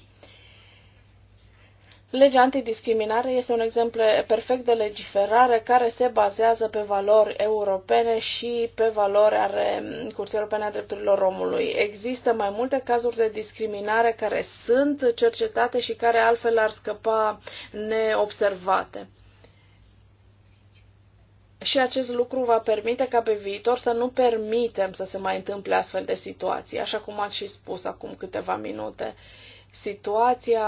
[SPEAKER 3] Legea antidiscriminare este un exemplu perfect de legiferare care se bazează pe valori europene și pe valori ale mm, Curții Europene a Drepturilor Omului. Există mai multe cazuri de discriminare care sunt cercetate și care altfel ar scăpa neobservate. Și acest lucru va permite ca pe viitor să nu permitem să se mai întâmple astfel de situații, așa cum ați și spus acum câteva minute situația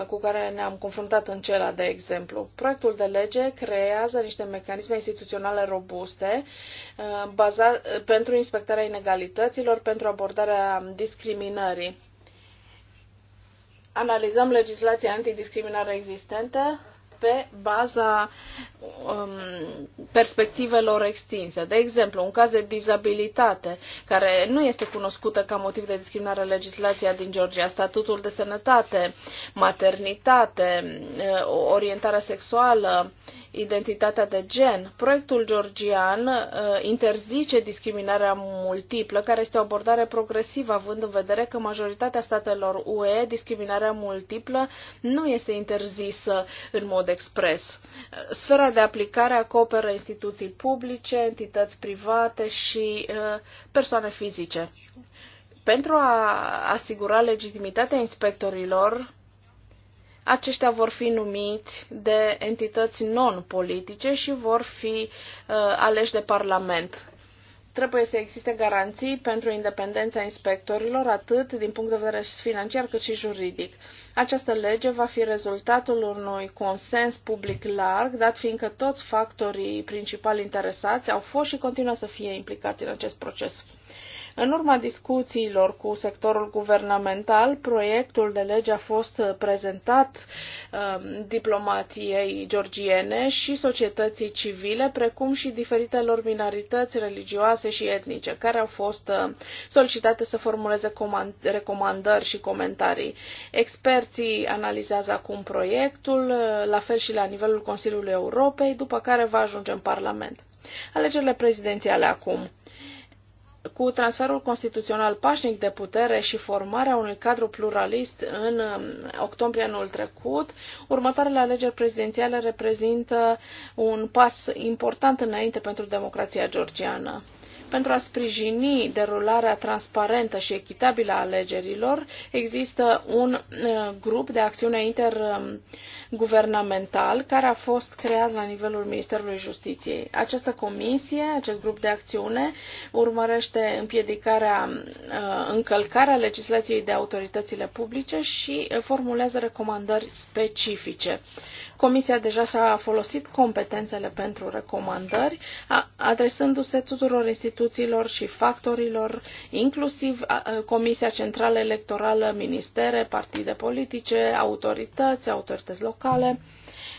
[SPEAKER 3] uh, cu care ne-am confruntat în CELA, de exemplu. Proiectul de lege creează niște mecanisme instituționale robuste uh, baza, uh, pentru inspectarea inegalităților, pentru abordarea discriminării. Analizăm legislația antidiscriminare existentă, pe baza um, perspectivelor extinse. De exemplu, un caz de dizabilitate, care nu este cunoscută ca motiv de discriminare legislația din Georgia, statutul de sănătate, maternitate, uh, orientarea sexuală, identitatea de gen. Proiectul georgian uh, interzice discriminarea multiplă, care este o abordare progresivă, având în vedere că majoritatea statelor UE discriminarea multiplă nu este interzisă în mod expres. Sfera de aplicare acoperă instituții publice, entități private și uh, persoane fizice. Pentru a asigura legitimitatea inspectorilor, aceștia vor fi numiți de entități non-politice și vor fi uh, aleși de Parlament trebuie să existe garanții pentru independența inspectorilor, atât din punct de vedere financiar cât și juridic. Această lege va fi rezultatul unui consens public larg, dat fiindcă toți factorii principali interesați au fost și continuă să fie implicați în acest proces. În urma discuțiilor cu sectorul guvernamental, proiectul de lege a fost prezentat um, diplomației georgiene și societății civile, precum și diferitelor minorități religioase și etnice, care au fost uh, solicitate să formuleze recomandări și comentarii. Experții analizează acum proiectul, uh, la fel și la nivelul Consiliului Europei, după care va ajunge în Parlament. Alegerile prezidențiale acum cu transferul constituțional pașnic de putere și formarea unui cadru pluralist în um, octombrie anul trecut, următoarele alegeri prezidențiale reprezintă un pas important înainte pentru democrația georgiană. Pentru a sprijini derularea transparentă și echitabilă a alegerilor, există un uh, grup de acțiune interguvernamental care a fost creat la nivelul Ministerului Justiției. Această comisie, acest grup de acțiune, urmărește împiedicarea, uh, încălcarea legislației de autoritățile publice și formulează recomandări specifice. Comisia deja s a folosit competențele pentru recomandări, adresându-se tuturor instituțiilor instituțiilor și factorilor, inclusiv Comisia Centrală Electorală, ministere, partide politice, autorități, autorități locale.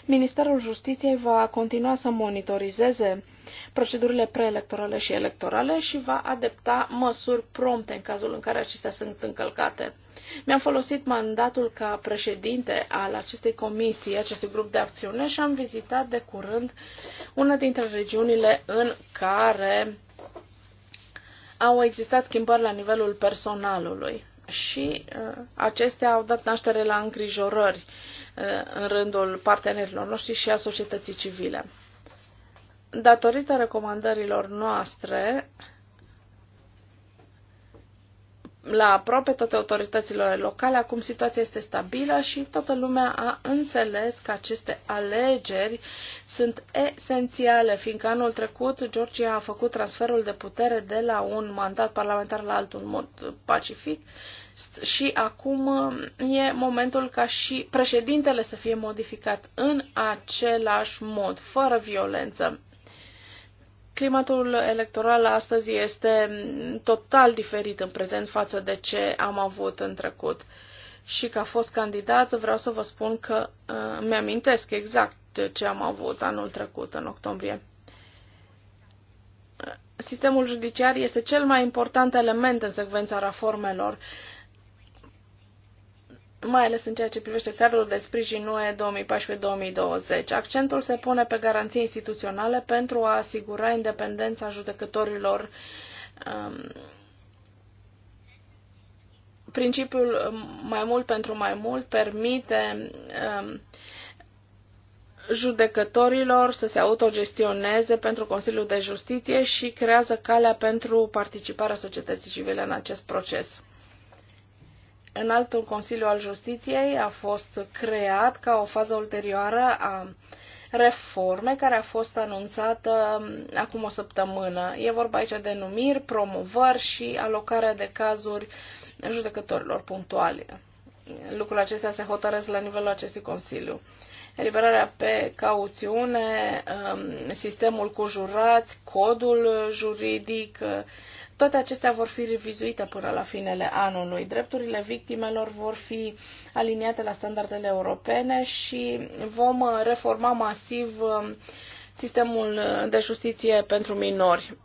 [SPEAKER 3] Ministerul Justiției va continua să monitorizeze procedurile preelectorale și electorale și va adepta măsuri prompte în cazul în care acestea sunt încălcate. Mi-am folosit mandatul ca președinte al acestei comisii, acestui grup de acțiune și am vizitat de curând una dintre regiunile în care au existat schimbări la nivelul personalului și uh, acestea au dat naștere la îngrijorări uh, în rândul partenerilor noștri și a societății civile. Datorită recomandărilor noastre, la aproape toate autoritățile locale. Acum situația este stabilă și toată lumea a înțeles că aceste alegeri sunt esențiale, fiindcă anul trecut Georgia a făcut transferul de putere de la un mandat parlamentar la altul în mod pacific și acum e momentul ca și președintele să fie modificat în același mod, fără violență. Climatul electoral astăzi este total diferit în prezent față de ce am avut în trecut. Și ca fost candidat vreau să vă spun că uh, mi-amintesc exact ce am avut anul trecut, în octombrie. Sistemul judiciar este cel mai important element în secvența reformelor mai ales în ceea ce privește cadrul de sprijin UE 2014-2020. Accentul se pune pe garanții instituționale pentru a asigura independența judecătorilor um, principiul um, mai mult pentru mai mult permite um, judecătorilor să se autogestioneze pentru Consiliul de Justiție și creează calea pentru participarea societății civile în acest proces. În altul Consiliu al Justiției a fost creat ca o fază ulterioară a reforme care a fost anunțată um, acum o săptămână. E vorba aici de numiri, promovări și alocarea de cazuri judecătorilor punctuale. Lucrul acestea se hotărăsc la nivelul acestui Consiliu. Eliberarea pe cauțiune, um, sistemul cu jurați, codul juridic, toate acestea vor fi revizuite până la finele anului. Drepturile victimelor vor fi aliniate la standardele europene și vom reforma masiv um, sistemul de justiție pentru minori.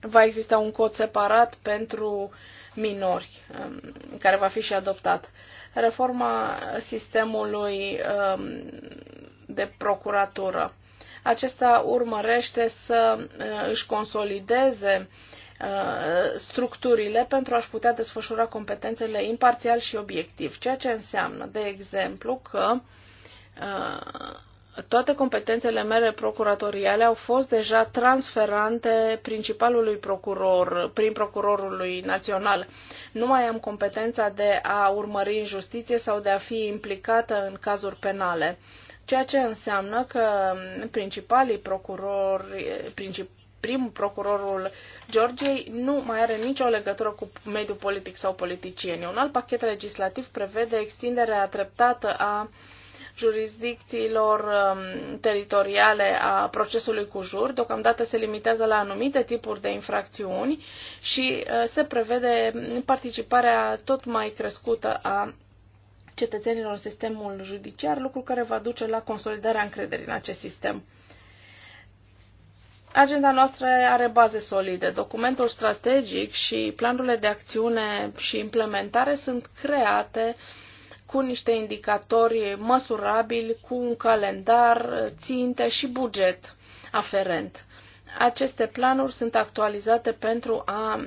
[SPEAKER 3] Va exista un cod separat pentru minori um, care va fi și adoptat. Reforma sistemului um, de procuratură. Acesta urmărește să uh, își consolideze uh, Uh, structurile pentru a-și putea desfășura competențele imparțial și obiectiv, ceea ce înseamnă, de exemplu, că uh, toate competențele mele procuratoriale au fost deja transferante principalului procuror, prin procurorului național. Nu mai am competența de a urmări în justiție sau de a fi implicată în cazuri penale ceea ce înseamnă că principalii procurori, princip, Primul procurorul Georgiei nu mai are nicio legătură cu mediul politic sau politicieni. Un alt pachet legislativ prevede extinderea treptată a jurisdicțiilor um, teritoriale a procesului cu jur. Deocamdată se limitează la anumite tipuri de infracțiuni și uh, se prevede participarea tot mai crescută a cetățenilor în sistemul judiciar, lucru care va duce la consolidarea încrederii în acest sistem. Agenda noastră are baze solide. Documentul strategic și planurile de acțiune și implementare sunt create cu niște indicatori măsurabili, cu un calendar, ținte și buget aferent. Aceste planuri sunt actualizate pentru a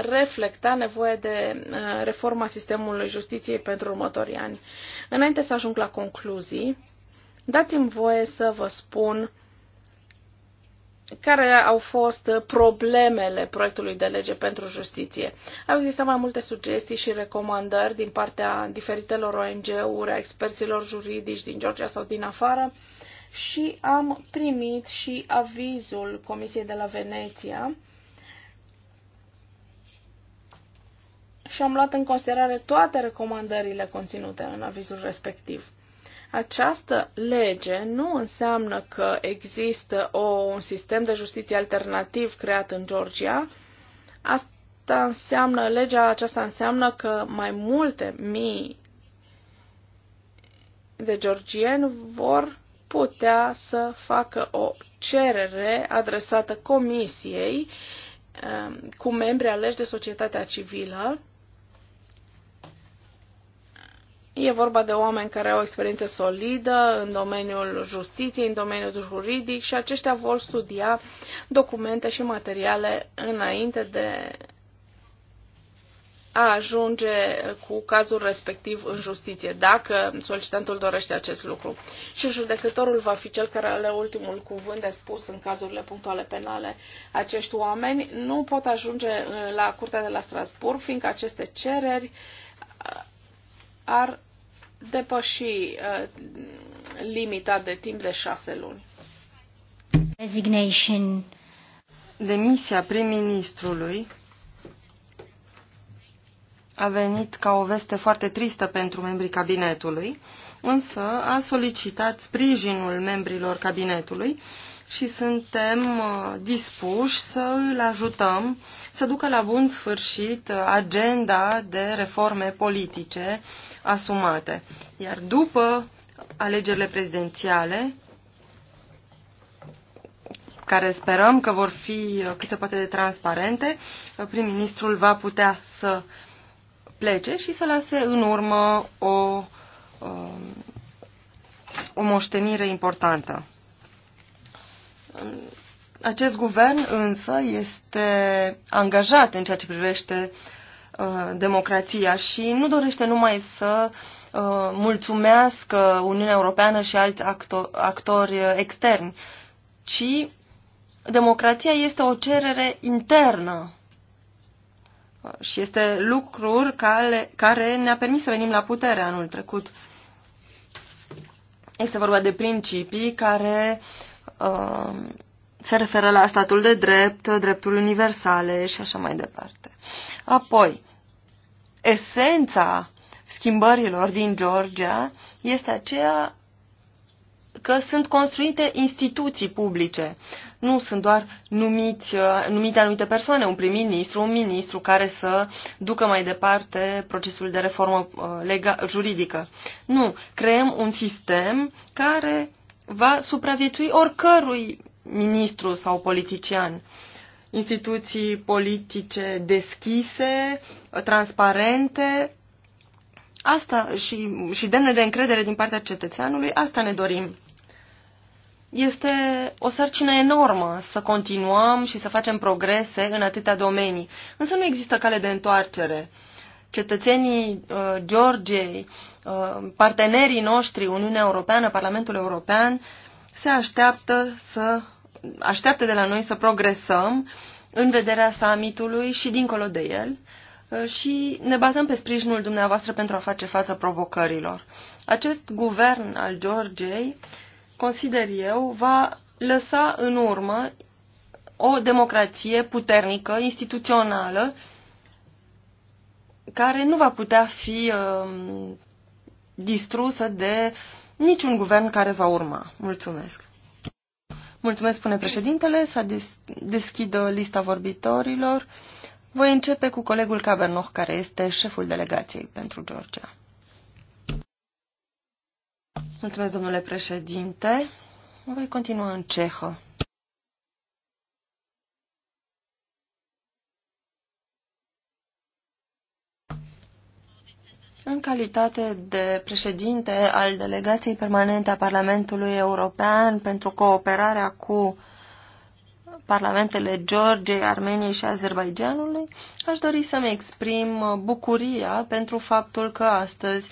[SPEAKER 3] reflecta nevoia de reforma sistemului justiției pentru următorii ani. Înainte să ajung la concluzii, dați-mi voie să vă spun care au fost problemele proiectului de lege pentru justiție. Au existat mai multe sugestii și recomandări din partea diferitelor ONG-uri, a experților juridici din Georgia sau din afară și am primit și avizul Comisiei de la Veneția și am luat în considerare toate recomandările conținute în avizul respectiv. Această lege nu înseamnă că există o, un sistem de justiție alternativ creat în Georgia. Asta înseamnă, legea aceasta înseamnă că mai multe mii de georgieni vor putea să facă o cerere adresată comisiei um, cu membri aleși de societatea civilă E vorba de oameni care au experiență solidă în domeniul justiției, în domeniul juridic și aceștia vor studia documente și materiale înainte de a ajunge cu cazul respectiv în justiție, dacă solicitantul dorește acest lucru. Și judecătorul va fi cel care are ultimul cuvânt de spus în cazurile punctuale penale. Acești oameni nu pot ajunge uh, la Curtea de la Strasburg, fiindcă aceste cereri uh, ar depăși uh, limita de timp de șase luni.
[SPEAKER 1] Resignation. Demisia prim-ministrului a venit ca o veste foarte tristă pentru membrii cabinetului, însă a solicitat sprijinul membrilor cabinetului și suntem uh, dispuși să îl ajutăm să ducă la bun sfârșit uh, agenda de reforme politice asumate. Iar după alegerile prezidențiale, care sperăm că vor fi uh, cât se poate de transparente, prim-ministrul va putea să plece și să lase în urmă o, o moștenire importantă. Acest guvern însă este angajat în ceea ce privește uh, democrația și nu dorește numai să uh, mulțumească Uniunea Europeană și alți actori externi, ci democrația este o cerere internă și este lucruri care, care ne-a permis să venim la putere anul trecut. Este vorba de principii care Um, se referă la statul de drept, dreptul universale și așa mai departe. Apoi, esența schimbărilor din Georgia este aceea că sunt construite instituții publice. Nu sunt doar numiți, numite anumite persoane, un prim-ministru, un ministru care să ducă mai departe procesul de reformă uh, legal, juridică. Nu, creăm un sistem care va supraviețui oricărui ministru sau politician. Instituții politice deschise, transparente, asta și, și demne de încredere din partea cetățeanului, asta ne dorim. Este o sarcină enormă să continuăm și să facem progrese în atâtea domenii. Însă nu există cale de întoarcere. Cetățenii uh, Georgiei, Uh, partenerii noștri, Uniunea Europeană, Parlamentul European, se așteaptă, să, așteaptă de la noi să progresăm în vederea summitului și dincolo de el uh, și ne bazăm pe sprijinul dumneavoastră pentru a face față provocărilor. Acest guvern al Georgiei, consider eu, va lăsa în urmă o democrație puternică, instituțională, care nu va putea fi um, distrusă de niciun guvern care va urma. Mulțumesc. Mulțumesc, spune președintele, să des deschidă lista vorbitorilor. Voi începe cu colegul Cabernoch, care este șeful delegației pentru Georgia. Mulțumesc, domnule președinte. Voi continua în cehă. În calitate de președinte al Delegației Permanente a Parlamentului European pentru cooperarea cu parlamentele Georgiei, Armeniei și Azerbaijanului, aș dori să-mi exprim bucuria pentru faptul că astăzi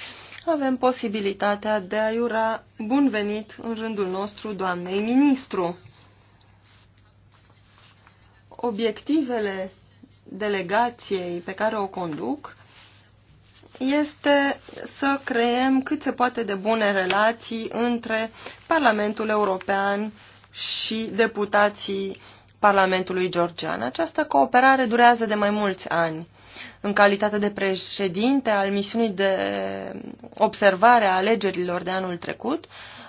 [SPEAKER 1] avem posibilitatea de a iura bun venit în rândul nostru doamnei ministru. Obiectivele delegației pe care o conduc este să creăm cât se poate de bune relații între Parlamentul European și deputații Parlamentului Georgian. Această cooperare durează de mai mulți ani. În calitate de președinte al misiunii de observare a alegerilor de anul trecut,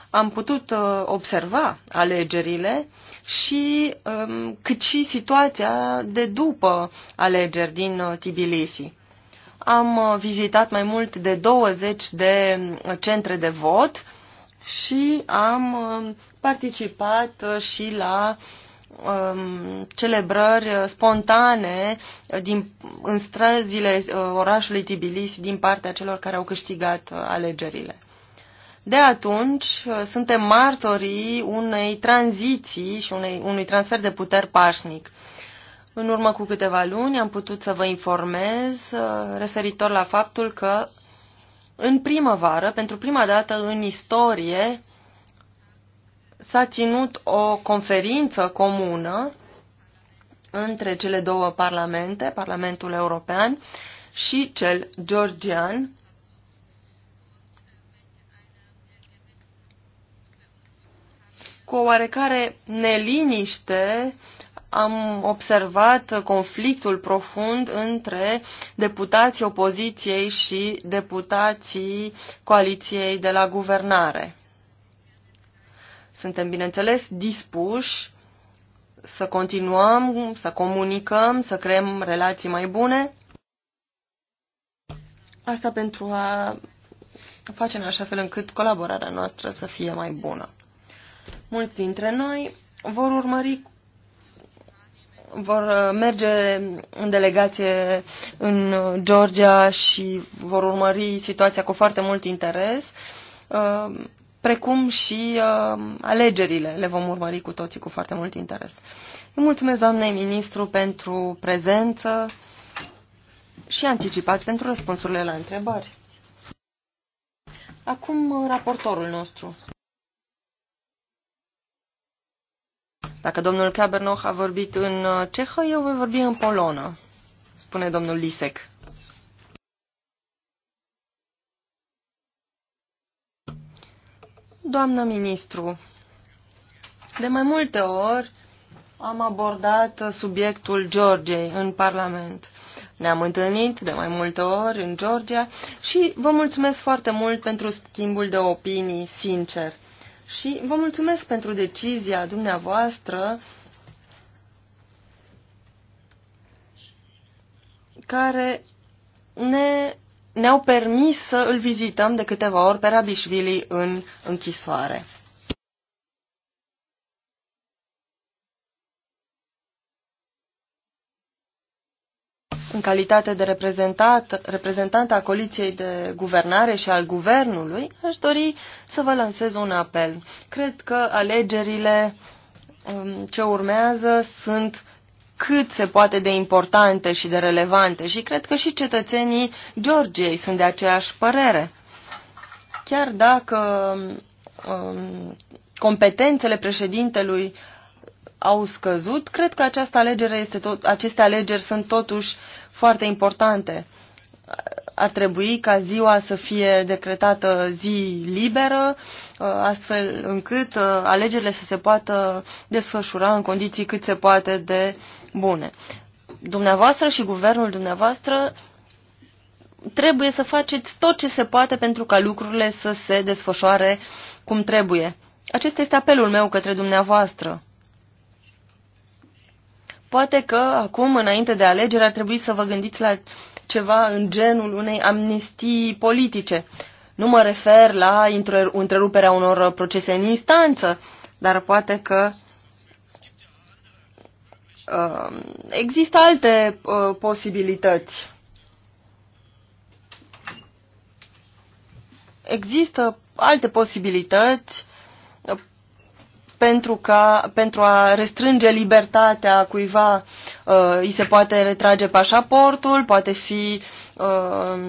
[SPEAKER 1] am putut uh, observa alegerile și um, cât și situația de după alegeri din uh, Tbilisi. Am uh, vizitat mai mult de 20 de uh, centre de vot și am uh, participat și la um, celebrări spontane din, în străzile orașului Tbilisi din partea celor care au câștigat alegerile. De atunci suntem martorii unei tranziții și unei, unui transfer de puteri pașnic. În urmă cu câteva luni am putut să vă informez uh, referitor la faptul că în primăvară, pentru prima dată în istorie, s-a ținut o conferință comună între cele două parlamente, Parlamentul European și cel georgian, cu o oarecare neliniște am observat conflictul profund între deputații opoziției și deputații coaliției de la guvernare. Suntem, bineînțeles, dispuși să continuăm, să comunicăm, să creăm relații mai bune. Asta pentru a face în așa fel încât colaborarea noastră să fie mai bună. Mulți dintre noi vor urmări vor uh, merge în delegație în uh, Georgia și vor urmări situația cu foarte mult interes, uh, precum și alegerile le vom urmări cu toții cu foarte mult interes. Îi mulțumesc doamnei ministru pentru prezență și anticipat pentru răspunsurile la întrebări. Acum raportorul nostru. Dacă domnul Cabernoch a vorbit în uh, cehă, eu voi vorbi în polonă, spune domnul Lisek. Doamnă ministru, de mai multe ori am abordat subiectul Georgiei în Parlament. Ne-am întâlnit de mai multe ori în Georgia și vă mulțumesc foarte mult pentru schimbul de opinii sincer și vă mulțumesc pentru decizia dumneavoastră care ne, ne-au permis să îl vizităm de câteva ori pe Rabișvili în închisoare. în calitate de reprezentant, reprezentant a Coliției de guvernare și al guvernului, aș dori să vă lansez un apel. Cred că alegerile um, ce urmează sunt cât se poate de importante și de relevante și cred că și cetățenii Georgiei sunt de aceeași părere. Chiar dacă um, competențele președintelui uh, au scăzut, cred că această alegere este tot, aceste alegeri sunt totuși foarte importante. Ar trebui ca ziua să fie decretată zi liberă, uh, astfel încât uh, alegerile să se poată desfășura în condiții cât se poate de bune. Dumneavoastră și guvernul dumneavoastră trebuie să faceți tot ce se poate pentru ca lucrurile să se desfășoare cum trebuie. Acesta este apelul meu către dumneavoastră. Poate că acum, înainte de alegeri, ar trebui să vă gândiți la ceva în genul unei amnistii politice. Nu mă refer la întreruperea unor procese în instanță, dar poate că uh, există alte uh, posibilități. Există alte posibilități pentru, ca, pentru a restrânge libertatea cuiva uh, îi se poate retrage pașaportul, poate fi uh,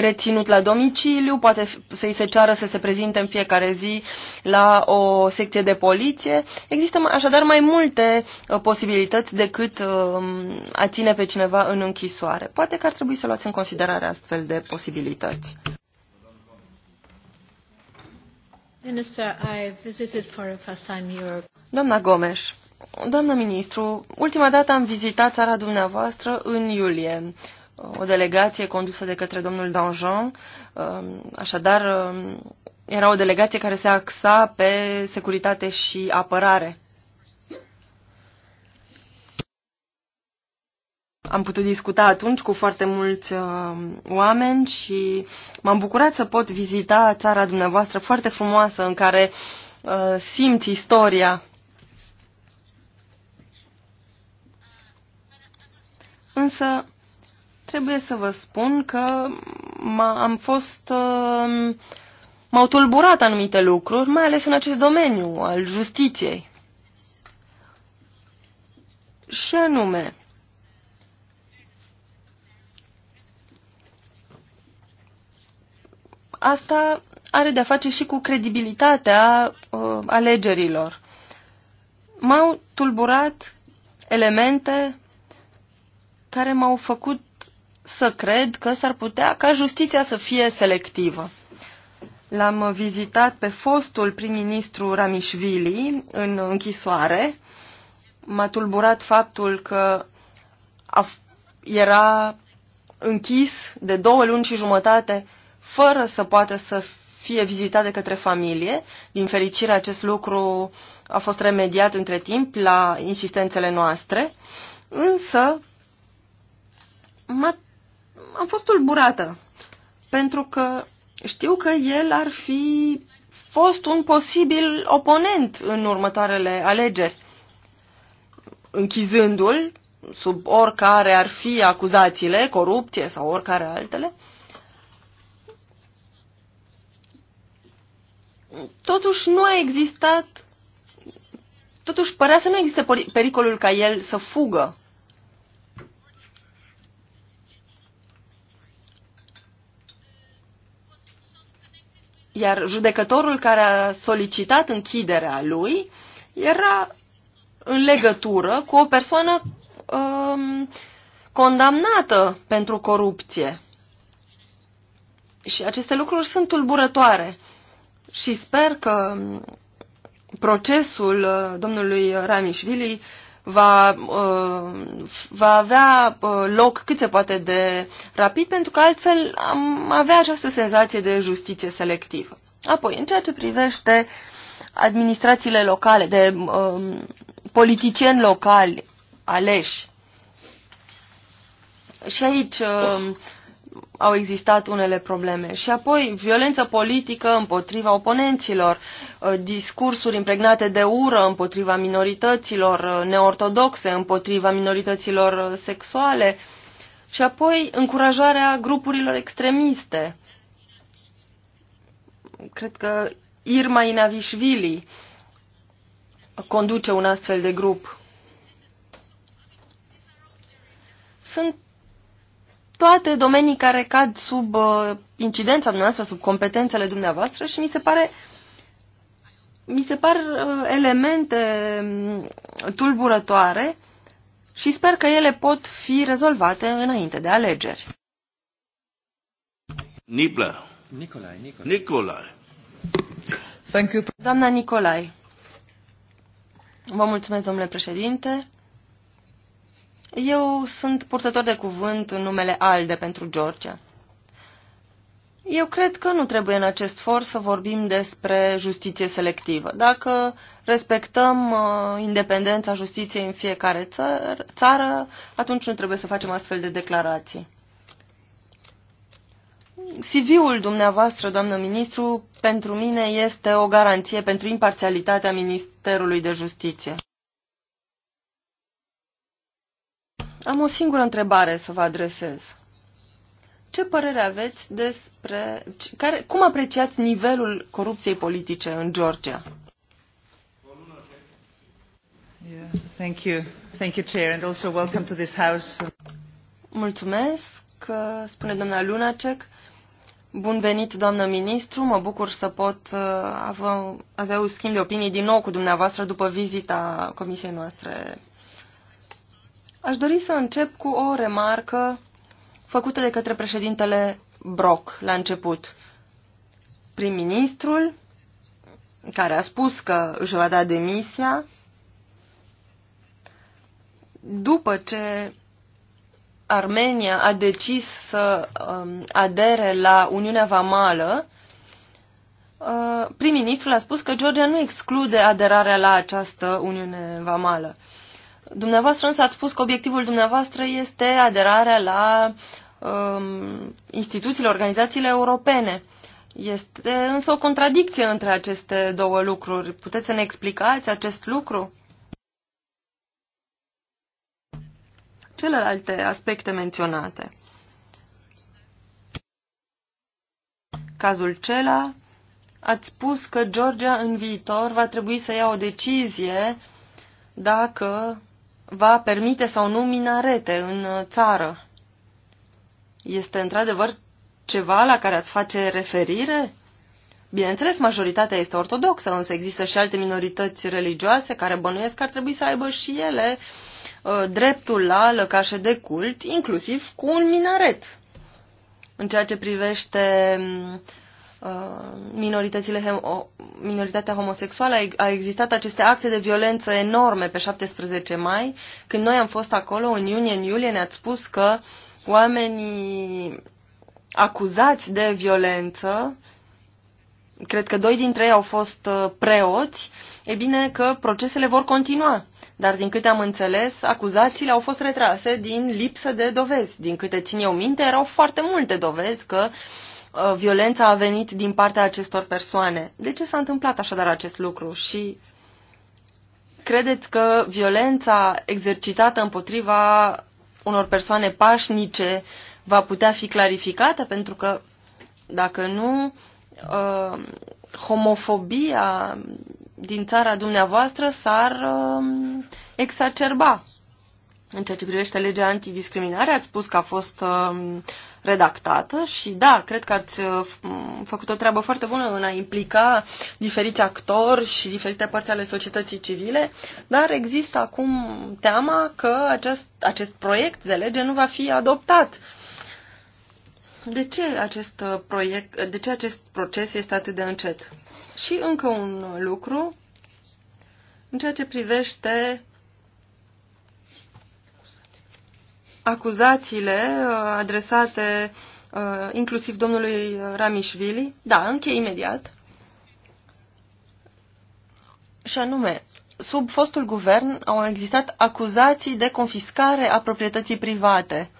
[SPEAKER 1] reținut la domiciliu, poate să i se ceară să se prezinte în fiecare zi la o secție de poliție. Există așadar mai multe uh, posibilități decât uh, a ține pe cineva în închisoare. Poate că ar trebui să luați în considerare astfel de posibilități. Doamna Gomes, doamnă ministru, ultima dată am vizitat țara dumneavoastră în iulie. O delegație condusă de către domnul Danjean, um, așadar um, era o delegație care se axa pe securitate și apărare. am putut discuta atunci cu foarte mulți uh, oameni și m-am bucurat să pot vizita țara dumneavoastră foarte frumoasă în care uh, simți istoria. Însă trebuie să vă spun că am fost uh, m-au tulburat anumite lucruri, mai ales în acest domeniu al justiției. Și anume, asta are de-a face și cu credibilitatea uh, alegerilor. M-au tulburat elemente care m-au făcut să cred că s-ar putea ca justiția să fie selectivă. L-am vizitat pe fostul prim-ministru Ramishvili în închisoare. M-a tulburat faptul că a era închis de două luni și jumătate fără să poată să fie vizitat de către familie. Din fericire, acest lucru a fost remediat între timp la insistențele noastre, însă am fost tulburată, pentru că știu că el ar fi fost un posibil oponent în următoarele alegeri, închizându-l sub oricare ar fi acuzațiile, corupție sau oricare altele, totuși nu a existat, totuși părea să nu existe pericolul ca el să fugă. Iar judecătorul care a solicitat închiderea lui era în legătură cu o persoană um, condamnată pentru corupție. Și aceste lucruri sunt tulburătoare și sper că procesul uh, domnului Ramișvili va, uh, va avea uh, loc cât se poate de rapid, pentru că altfel am avea această senzație de justiție selectivă. Apoi, în ceea ce privește administrațiile locale, de um, politicieni locali aleși, și aici Uh, au existat unele probleme. Și apoi violență politică împotriva oponenților, uh, discursuri impregnate de ură împotriva minorităților uh, neortodoxe, împotriva minorităților uh, sexuale și apoi încurajarea grupurilor extremiste. Cred că Irma Inavișvili conduce un astfel de grup. Sunt toate domenii care cad sub uh, incidența noastră, sub competențele dumneavoastră și mi se pare mi se par uh, elemente mm, tulburătoare și sper că ele pot fi rezolvate înainte de alegeri.
[SPEAKER 3] Nibla.
[SPEAKER 1] Nicolai. Nicolai. Nicolai. Thank you. Doamna Nicolai. Vă mulțumesc, domnule președinte. Eu sunt purtător de cuvânt în numele ALDE pentru Georgia. Eu cred că nu trebuie în acest for să vorbim despre justiție selectivă. Dacă respectăm uh, independența justiției în fiecare țăr, țară, atunci nu trebuie să facem astfel de declarații. CV-ul dumneavoastră, doamnă ministru, pentru mine este o garanție pentru imparțialitatea Ministerului de Justiție. Am o singură întrebare să vă adresez. Ce părere aveți despre... Care, cum apreciați nivelul corupției politice în Georgia?
[SPEAKER 2] Thank you. Thank you, Chair, and also welcome to this house.
[SPEAKER 1] Mulțumesc, spune doamna Lunacek. Bun venit, doamnă ministru. Mă bucur să pot uh, avea, avea un schimb de opinii din nou cu dumneavoastră după vizita comisiei noastre Aș dori să încep cu o remarcă făcută de către președintele Brock la început. Prim-ministrul, care a spus că își va da demisia, după ce Armenia a decis să um, adere la Uniunea Vamală, uh, prim-ministrul a spus că Georgia nu exclude aderarea la această Uniune Vamală. Dumneavoastră însă ați spus că obiectivul dumneavoastră este aderarea la um, instituțiile, organizațiile europene. Este însă o contradicție între aceste două lucruri. Puteți să ne explicați acest lucru? Celelalte aspecte menționate. Cazul Cela, ați spus că Georgia în viitor va trebui să ia o decizie dacă va permite sau nu minarete în uh, țară. Este într-adevăr ceva la care ați face referire? Bineînțeles, majoritatea este ortodoxă, însă există și alte minorități religioase care bănuiesc că ar trebui să aibă și ele uh, dreptul la lăcașe de cult, inclusiv cu un minaret. În ceea ce privește mm, Uh, minoritățile, minoritatea homosexuală, a existat aceste acte de violență enorme pe 17 mai. Când noi am fost acolo, în iunie, în iulie, ne-ați spus că oamenii acuzați de violență, cred că doi dintre ei au fost uh, preoți, e bine că procesele vor continua. Dar din câte am înțeles, acuzațiile au fost retrase din lipsă de dovezi. Din câte țin eu minte, erau foarte multe dovezi că uh, Uh, violența a venit din partea acestor persoane. De ce s-a întâmplat așadar acest lucru? Și credeți că violența exercitată împotriva unor persoane pașnice va putea fi clarificată? Pentru că, dacă nu, uh, homofobia din țara dumneavoastră s-ar um, exacerba. În ceea ce privește legea antidiscriminare, ați spus că a fost uh, redactată și da, cred că ați uh, făcut o treabă foarte bună în a implica diferiți actori și diferite părți ale societății civile, dar există acum teama că acest, acest proiect de lege nu va fi adoptat. De ce acest uh, proiect, de ce acest proces este atât de încet? Și încă un lucru în ceea ce privește acuzațiile uh, adresate uh, inclusiv domnului Ramișvili. Da, închei imediat. Și anume, sub fostul guvern au existat acuzații de confiscare a proprietății private.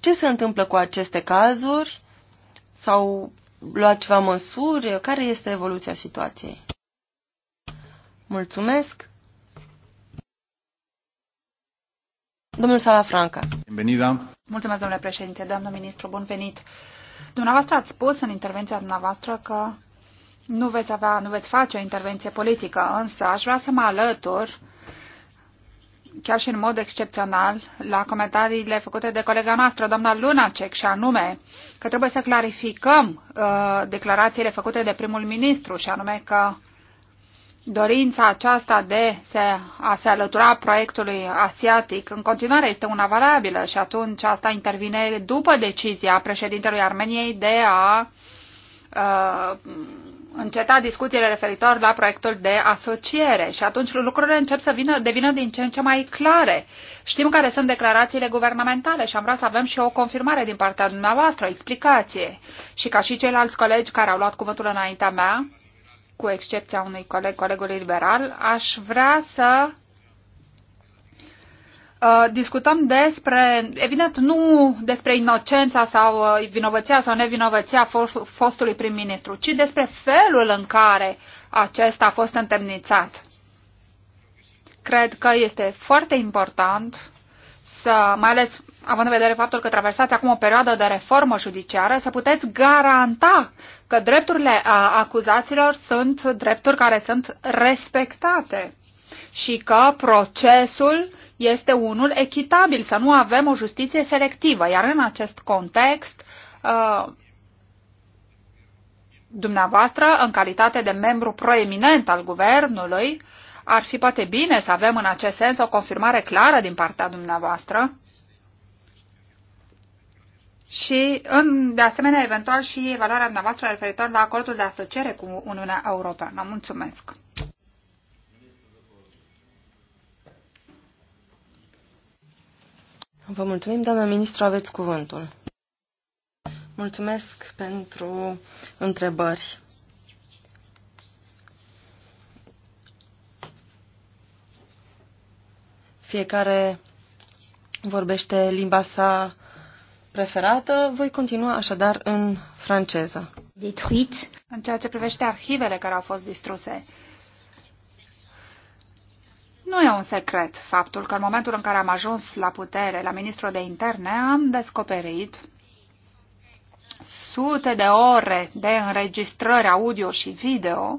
[SPEAKER 1] Ce se întâmplă cu aceste cazuri? S-au luat ceva măsuri? Care este evoluția situației? Mulțumesc! Domnul Salafranca.
[SPEAKER 3] Bienvenida.
[SPEAKER 2] Mulțumesc, domnule președinte. Doamnă ministru, bun venit. Dumneavoastră ați spus în intervenția dumneavoastră că nu veți, avea, nu veți face o intervenție politică, însă aș vrea să mă alătur chiar și în mod excepțional, la comentariile făcute de colega noastră, doamna Lunacek, și anume că trebuie să clarificăm uh, declarațiile făcute de primul ministru, și anume că Dorința aceasta de se, a se alătura proiectului asiatic în continuare este una valabilă și atunci asta intervine după decizia președintelui Armeniei de a uh, înceta discuțiile referitor la proiectul de asociere și atunci lucrurile încep să vină, devină din ce în ce mai clare. Știm care sunt declarațiile guvernamentale și am vrea să avem și o confirmare din partea dumneavoastră, o explicație. Și ca și ceilalți colegi care au luat cuvântul înaintea mea, cu excepția unui coleg, colegul liberal, aș vrea să uh, discutăm despre, evident, nu despre inocența sau uh, vinovăția sau nevinovăția fostului prim-ministru, ci despre felul în care acesta a fost întemnițat. Cred că este foarte important să, mai ales având în vedere faptul că traversați acum o perioadă de reformă judiciară, să puteți garanta că drepturile acuzaților sunt drepturi care sunt respectate și că procesul este unul echitabil, să nu avem o justiție selectivă. Iar în acest context, dumneavoastră, în calitate de membru proeminent al guvernului, ar fi poate bine să avem în acest sens o confirmare clară din partea dumneavoastră și, în, de asemenea, eventual și evaluarea noastră referitor la acordul de asociere cu Uniunea Europeană. Mulțumesc!
[SPEAKER 1] Vă mulțumim, doamnă ministru, aveți cuvântul. Mulțumesc pentru întrebări. Fiecare vorbește limba sa preferată. Voi continua așadar în franceză. Detruit.
[SPEAKER 2] În ceea ce privește arhivele care au fost distruse, nu e un secret faptul că în momentul în care am ajuns la putere, la ministrul de interne, am descoperit sute de ore de înregistrări audio și video,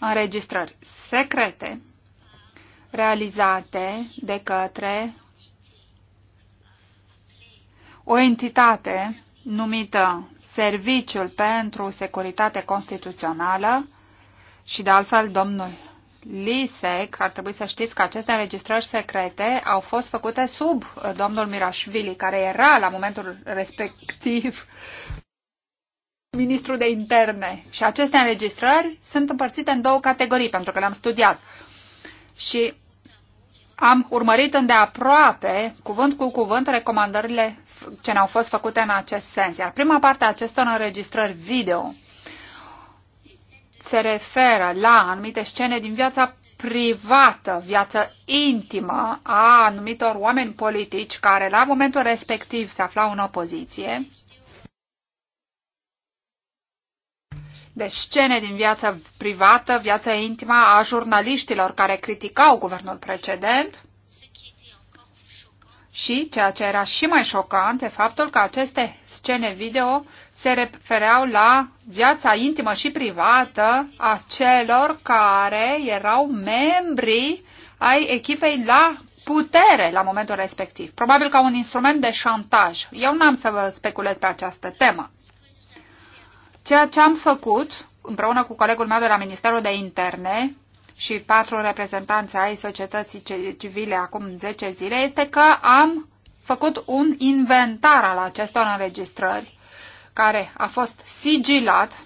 [SPEAKER 2] înregistrări secrete, realizate de către o entitate numită Serviciul pentru Securitate Constituțională și de altfel domnul LISEC, ar trebui să știți că aceste înregistrări secrete au fost făcute sub uh, domnul Mirașvili, care era la momentul respectiv ministru de interne. Și aceste înregistrări sunt împărțite în două categorii, pentru că le-am studiat. Și am urmărit îndeaproape, cuvânt cu cuvânt, recomandările ce ne-au fost făcute în acest sens. Iar prima parte a acestor înregistrări video se referă la anumite scene din viața privată, viață intimă a anumitor oameni politici care la momentul respectiv se aflau în opoziție. Deci scene din viața privată, viața intimă a jurnaliștilor care criticau guvernul precedent și ceea ce era și mai șocant e faptul că aceste scene video se refereau la viața intimă și privată a celor care erau membri ai echipei la putere la momentul respectiv, probabil ca un instrument de șantaj. Eu n-am să vă speculez pe această temă. Ceea ce am făcut împreună cu colegul meu de la Ministerul de Interne și patru reprezentanți ai societății civile acum 10 zile este că am făcut un inventar al acestor înregistrări care a fost sigilat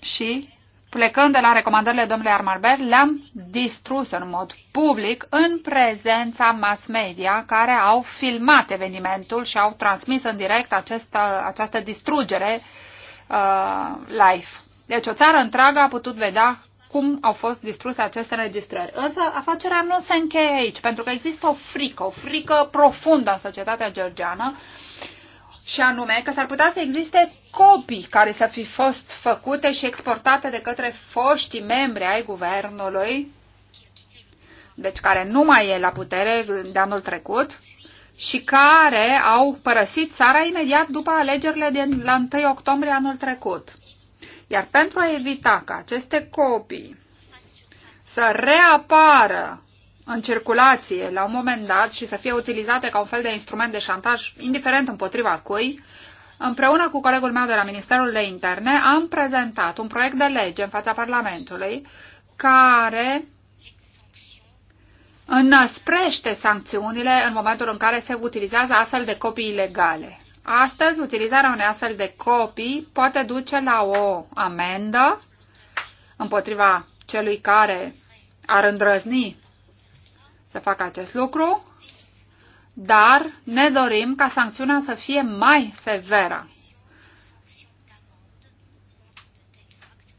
[SPEAKER 2] și plecând de la recomandările domnului Armarber, le-am distrus în mod public în prezența mass media care au filmat evenimentul și au transmis în direct această, această distrugere uh, live. Deci o țară întreagă a putut vedea cum au fost distruse aceste înregistrări. Însă afacerea nu se încheie aici, pentru că există o frică, o frică profundă în societatea georgiană, și anume că s-ar putea să existe copii care să fi fost făcute și exportate de către foștii membri ai guvernului, deci care nu mai e la putere de anul trecut, și care au părăsit țara imediat după alegerile din la 1 octombrie anul trecut. Iar pentru a evita ca aceste copii să reapară în circulație la un moment dat și să fie utilizate ca un fel de instrument de șantaj, indiferent împotriva cui, împreună cu colegul meu de la Ministerul de Interne am prezentat un proiect de lege în fața Parlamentului care înăsprește sancțiunile în momentul în care se utilizează astfel de copii ilegale. Astăzi, utilizarea unei astfel de copii poate duce la o amendă împotriva celui care ar îndrăzni să facă acest lucru, dar ne dorim ca sancțiunea să fie mai severă.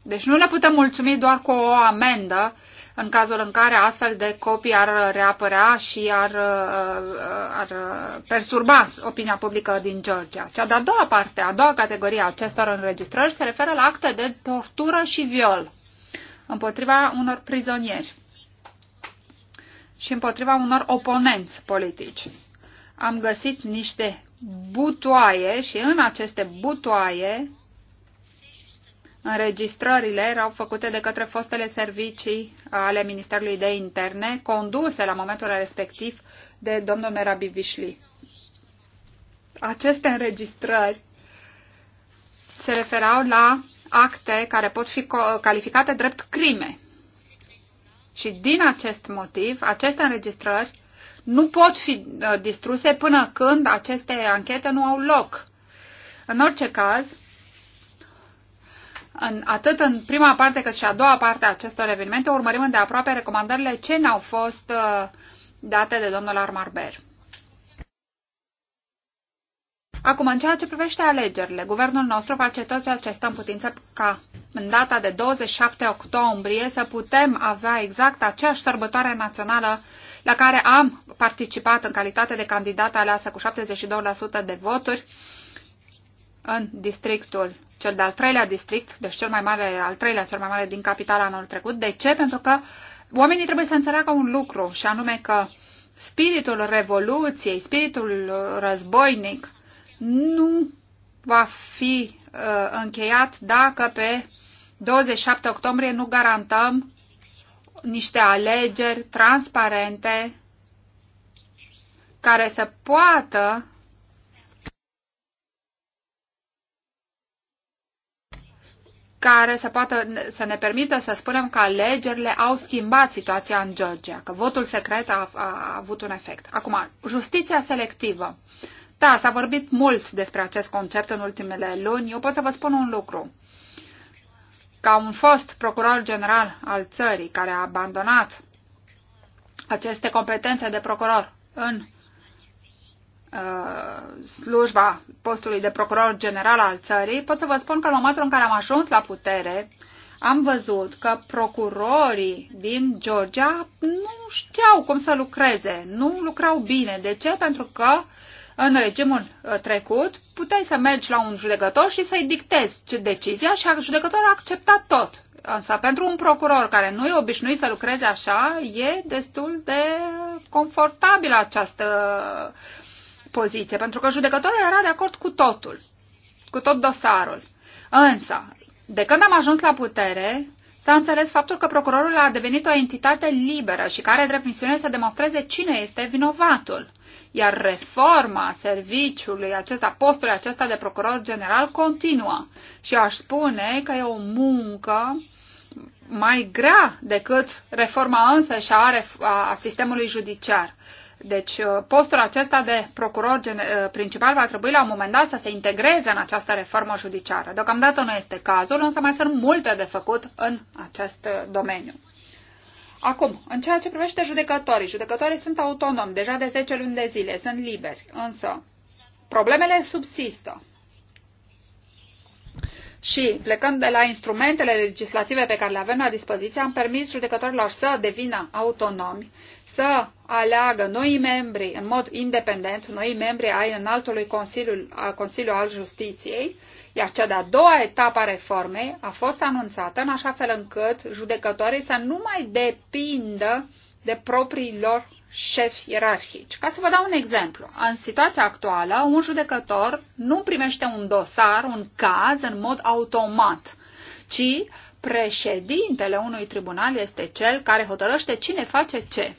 [SPEAKER 2] Deci nu ne putem mulțumi doar cu o amendă în cazul în care astfel de copii ar reapărea și ar, uh, ar perturba opinia publică din Georgia. Cea de-a doua parte, a doua categorie a acestor înregistrări se referă la acte de tortură și viol împotriva unor prizonieri și împotriva unor oponenți politici. Am găsit niște butoaie și în aceste butoaie Înregistrările erau făcute de către fostele servicii ale Ministerului de Interne, conduse la momentul respectiv de domnul Merabivișli. Aceste înregistrări se referau la acte care pot fi calificate drept crime. Și din acest motiv, aceste înregistrări nu pot fi uh, distruse până când aceste anchete nu au loc. În orice caz, în, atât în prima parte cât și a doua parte a acestor evenimente, urmărim de aproape recomandările ce ne-au fost uh, date de domnul Armarber. Acum, în ceea ce privește alegerile, guvernul nostru face tot ceea ce stă în putință ca în data de 27 octombrie să putem avea exact aceeași sărbătoare națională la care am participat în calitate de candidat aleasă cu 72% de voturi în districtul cel de-al treilea district, deci cel mai mare, al treilea, cel mai mare din capitala anul trecut. De ce? Pentru că oamenii trebuie să înțeleagă un lucru, și anume că spiritul revoluției, spiritul uh, războinic nu va fi uh, încheiat dacă pe 27 octombrie nu garantăm niște alegeri transparente care să poată care să, poată, să ne permită să spunem că alegerile au schimbat situația în Georgia, că votul secret a, a avut un efect. Acum, justiția selectivă. Da, s-a vorbit mult despre acest concept în ultimele luni. Eu pot să vă spun un lucru. Ca un fost procuror general al țării care a abandonat aceste competențe de procuror în Uh, slujba postului de procuror general al țării, pot să vă spun că în momentul în care am ajuns la putere, am văzut că procurorii din Georgia nu știau cum să lucreze, nu lucrau bine. De ce? Pentru că în regimul uh, trecut puteai să mergi la un judecător și să-i dictezi decizia și judecătorul a acceptat tot. Însă pentru un procuror care nu e obișnuit să lucreze așa, e destul de confortabil această uh, poziție, pentru că judecătorul era de acord cu totul, cu tot dosarul. Însă, de când am ajuns la putere, s-a înțeles faptul că procurorul a devenit o entitate liberă și care are drept misiune să demonstreze cine este vinovatul. Iar reforma serviciului acesta, postului acesta de procuror general continuă. Și aș spune că e o muncă mai grea decât reforma însă și a, a sistemului judiciar. Deci uh, postul acesta de procuror uh, principal va trebui la un moment dat să se integreze în această reformă judiciară. Deocamdată nu este cazul, însă mai sunt multe de făcut în acest uh, domeniu. Acum, în ceea ce privește judecătorii, judecătorii sunt autonomi deja de 10 luni de zile, sunt liberi, însă problemele subsistă. Și plecând de la instrumentele legislative pe care le avem la dispoziție, am permis judecătorilor să devină autonomi să aleagă noi membri în mod independent, noi membri ai înaltului Consiliu, Consiliu al Justiției, iar cea de-a doua etapă a reformei a fost anunțată în așa fel încât judecătorii să nu mai depindă de propriilor șefi ierarhici. Ca să vă dau un exemplu, în situația actuală, un judecător nu primește un dosar, un caz în mod automat, ci președintele unui tribunal este cel care hotărăște cine face ce.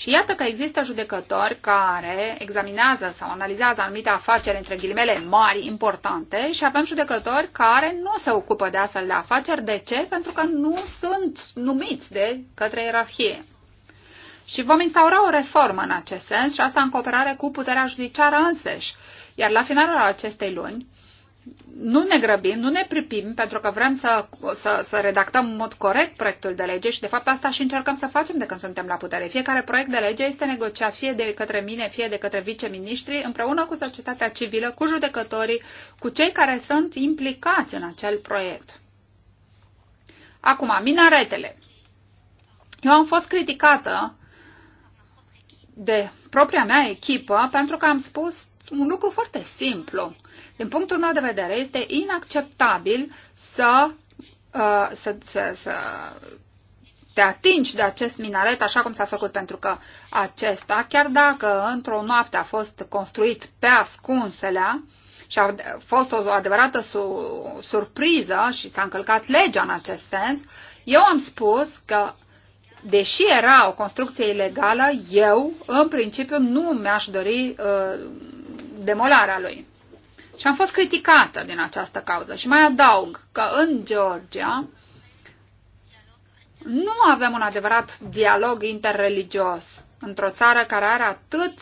[SPEAKER 2] Și iată că există judecători care examinează sau analizează anumite afaceri, între ghilimele, mari, importante și avem judecători care nu se ocupă de astfel de afaceri. De ce? Pentru că nu sunt numiți de către ierarhie. Și vom instaura o reformă în acest sens și asta în cooperare cu puterea judiciară însăși. Iar la finalul acestei luni, nu ne grăbim, nu ne pripim, pentru că vrem să, să, să redactăm în mod corect proiectul de lege și, de fapt, asta și încercăm să facem de când suntem la putere. Fiecare proiect de lege este negociat fie de către mine, fie de către viceministri, împreună cu societatea civilă, cu judecătorii, cu cei care sunt implicați în acel proiect. Acum, minaretele. Eu am fost criticată de propria mea echipă pentru că am spus un lucru foarte simplu din punctul meu de vedere, este inacceptabil să, uh, să, să, să te atingi de acest minaret așa cum s-a făcut, pentru că acesta, chiar dacă într-o noapte a fost construit pe ascunselea și a fost o adevărată su- surpriză și s-a încălcat legea în acest sens, eu am spus că deși era o construcție ilegală, eu, în principiu, nu mi-aș dori uh, demolarea lui. Și am fost criticată din această cauză. Și mai adaug că în Georgia nu avem un adevărat dialog interreligios într-o țară care are atât,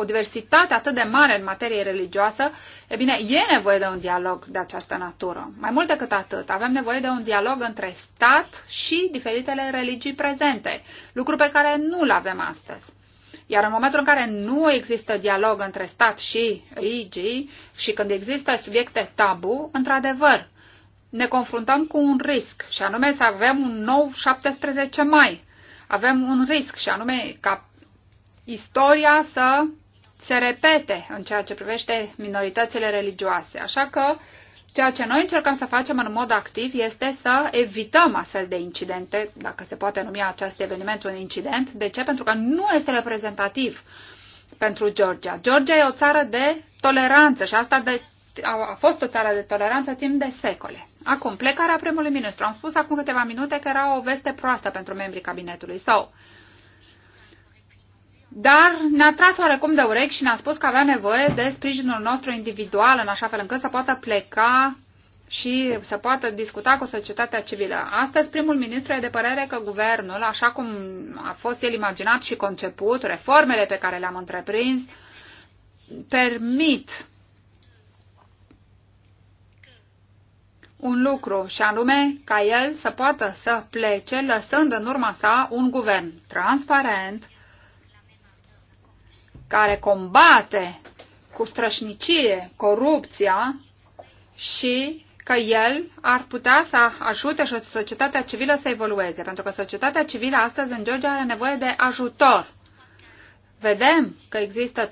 [SPEAKER 2] o diversitate atât de mare în materie religioasă, e bine, e nevoie de un dialog de această natură. Mai mult decât atât, avem nevoie de un dialog între stat și diferitele religii prezente, lucru pe care nu-l avem astăzi. Iar în momentul în care nu există dialog între stat și religii și când există subiecte tabu, într-adevăr, ne confruntăm cu un risc și anume să avem un nou 17 mai. Avem un risc și anume ca istoria să se repete în ceea ce privește minoritățile religioase. Așa că Ceea ce noi încercăm să facem în mod activ este să evităm astfel de incidente, dacă se poate numi acest eveniment un incident. De ce? Pentru că nu este reprezentativ pentru Georgia. Georgia e o țară de toleranță și asta de, a, a fost o țară de toleranță timp de secole. Acum, plecarea primului ministru. Am spus acum câteva minute că era o veste proastă pentru membrii cabinetului sau So, dar ne-a tras oarecum de urechi și ne-a spus că avea nevoie de sprijinul nostru individual, în așa fel încât să poată pleca și să poată discuta cu societatea civilă. Astăzi, primul ministru e de părere că guvernul, așa cum a fost el imaginat și conceput, reformele pe care le-am întreprins, permit un lucru și anume ca el să poată să plece lăsând în urma sa un guvern transparent, care combate cu strășnicie corupția și că el ar putea să ajute societatea civilă să evolueze, pentru că societatea civilă astăzi în Georgia are nevoie de ajutor. Vedem că există 3-4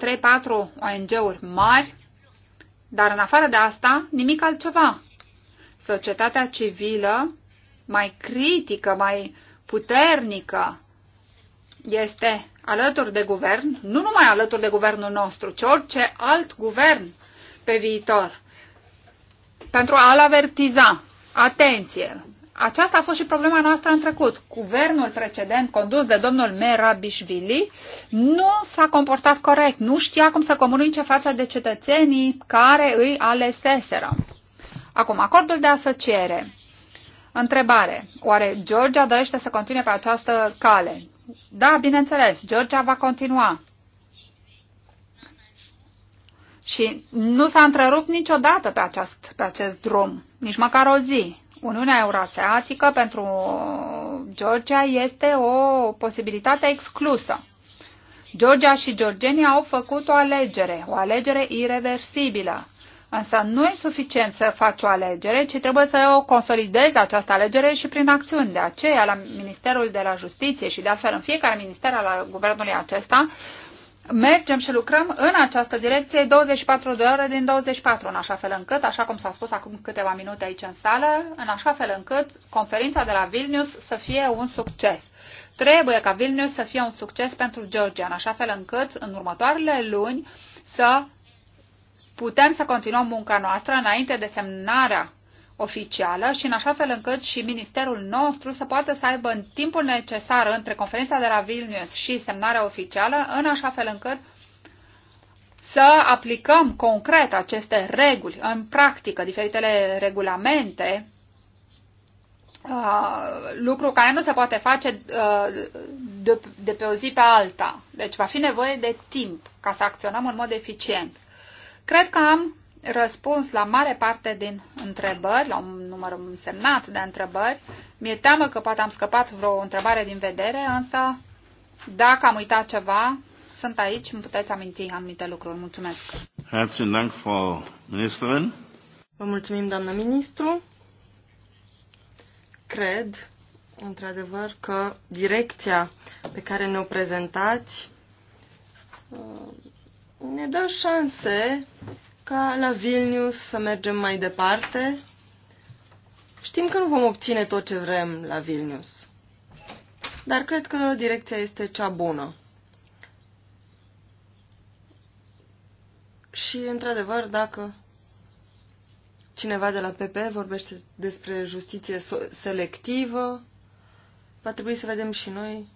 [SPEAKER 2] ONG-uri mari, dar în afară de asta, nimic altceva. Societatea civilă mai critică, mai puternică, este alături de guvern, nu numai alături de guvernul nostru, ci orice alt guvern pe viitor, pentru a-l avertiza. Atenție! Aceasta a fost și problema noastră în trecut. Guvernul precedent, condus de domnul Merabishvili, nu s-a comportat corect, nu știa cum să comunice față de cetățenii care îi aleseseră. Acum, acordul de asociere. Întrebare. Oare Georgia dorește să continue pe această cale? Da, bineînțeles, Georgia va continua. Și nu s-a întrerupt niciodată pe acest, pe acest drum, nici măcar o zi. Uniunea Eurasiatică pentru Georgia este o posibilitate exclusă. Georgia și georgenii au făcut o alegere, o alegere irreversibilă. Însă nu e suficient să faci o alegere, ci trebuie să o consolidezi această alegere și prin acțiuni. De aceea, la Ministerul de la Justiție și de altfel în fiecare minister al guvernului acesta, mergem și lucrăm în această direcție 24 de ore din 24, în așa fel încât, așa cum s-a spus acum câteva minute aici în sală, în așa fel încât conferința de la Vilnius să fie un succes. Trebuie ca Vilnius să fie un succes pentru Georgia, în așa fel încât în următoarele luni să putem să continuăm munca noastră înainte de semnarea oficială și în așa fel încât și ministerul nostru să poată să aibă în timpul necesar între conferința de la Vilnius și semnarea oficială, în așa fel încât să aplicăm concret aceste reguli în practică, diferitele regulamente, uh, lucru care nu se poate face uh, de pe o zi pe alta. Deci va fi nevoie de timp ca să acționăm în mod eficient. Cred că am răspuns la mare parte din întrebări, la un număr semnat de întrebări. Mi-e teamă că poate am scăpat vreo întrebare din vedere, însă dacă am uitat ceva, sunt aici, îmi puteți aminti anumite lucruri. Mulțumesc. Dank, Vă mulțumim, doamnă
[SPEAKER 1] ministru. Cred, într-adevăr, că direcția pe care ne-o prezentați uh, ne dă șanse ca la Vilnius să mergem mai departe. Știm că nu vom obține tot ce vrem la Vilnius, dar cred că direcția este cea bună. Și, într-adevăr, dacă cineva de la PP vorbește despre justiție selectivă, va trebui să vedem și noi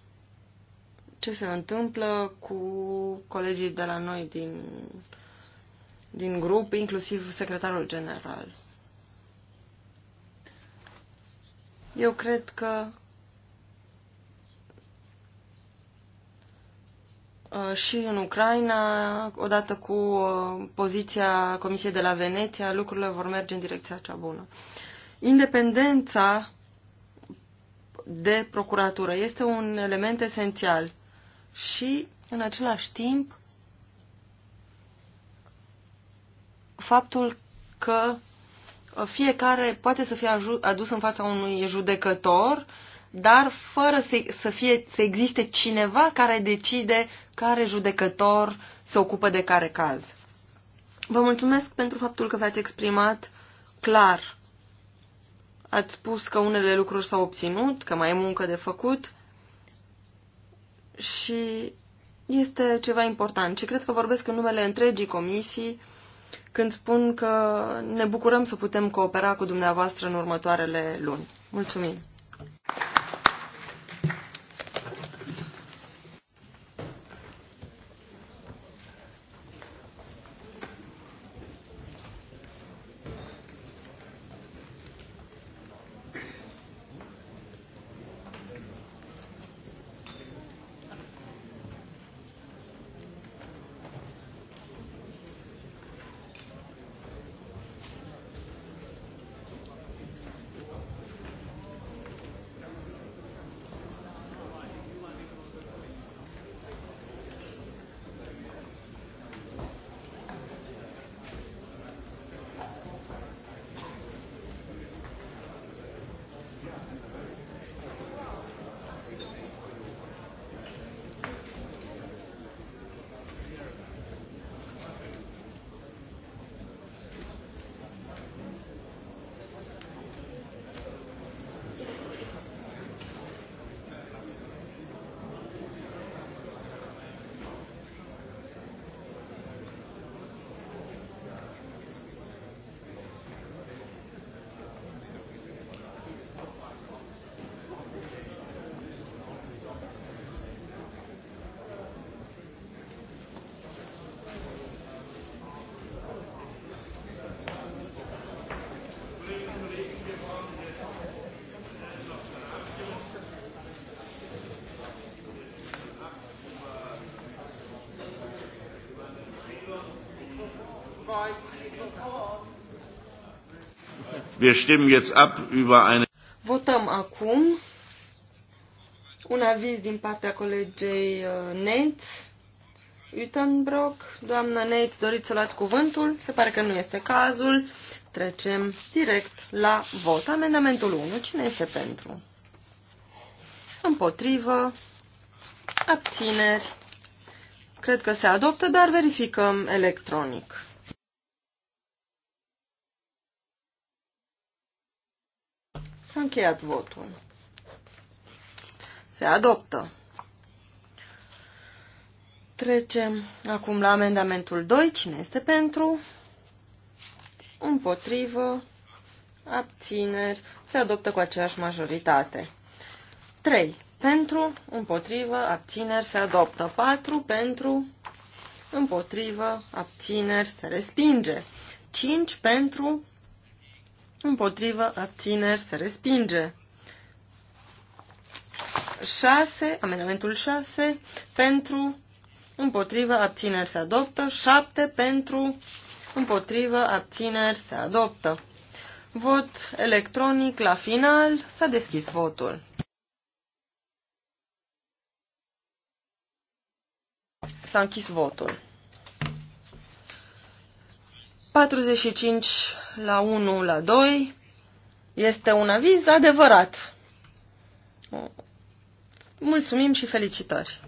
[SPEAKER 1] ce se întâmplă cu colegii de la noi din, din grup, inclusiv secretarul general. Eu cred că uh, și în Ucraina, odată cu uh, poziția Comisiei de la Veneția, lucrurile vor merge în direcția cea bună. Independența de procuratură este un element esențial și, în același timp, faptul că fiecare poate să fie adus în fața unui judecător, dar fără să, să, fie, să existe cineva care decide care judecător se ocupă de care caz. Vă mulțumesc pentru faptul că v-ați exprimat clar. Ați spus că unele lucruri s-au obținut, că mai e muncă de făcut, și este ceva important și cred că vorbesc în numele întregii comisii când spun că ne bucurăm să putem coopera cu dumneavoastră în următoarele luni. Mulțumim!
[SPEAKER 3] Wir stimmen jetzt ab über eine
[SPEAKER 1] Votăm acum un aviz din partea colegei uh, Nate Utenbrock. Doamna Nate, doriți să luați cuvântul? Se pare că nu este cazul. Trecem direct la vot. Amendamentul 1. Cine este pentru? Împotrivă. Abțineri. Cred că se adoptă, dar verificăm electronic. încheiat votul. Se adoptă. Trecem acum la amendamentul 2. Cine este pentru? Împotrivă. Abțineri. Se adoptă cu aceeași majoritate. 3. Pentru, împotrivă, abțineri, se adoptă. 4. Pentru, împotrivă, abțineri, se respinge. 5. Pentru, împotrivă, abțineri, se respinge. 6, amendamentul 6, pentru, împotrivă, abțineri, se adoptă. 7, pentru, împotrivă, abțineri, se adoptă. Vot electronic la final, s-a deschis votul. S-a închis votul. 45 la 1 la 2 este un aviz adevărat. Mulțumim și felicitări!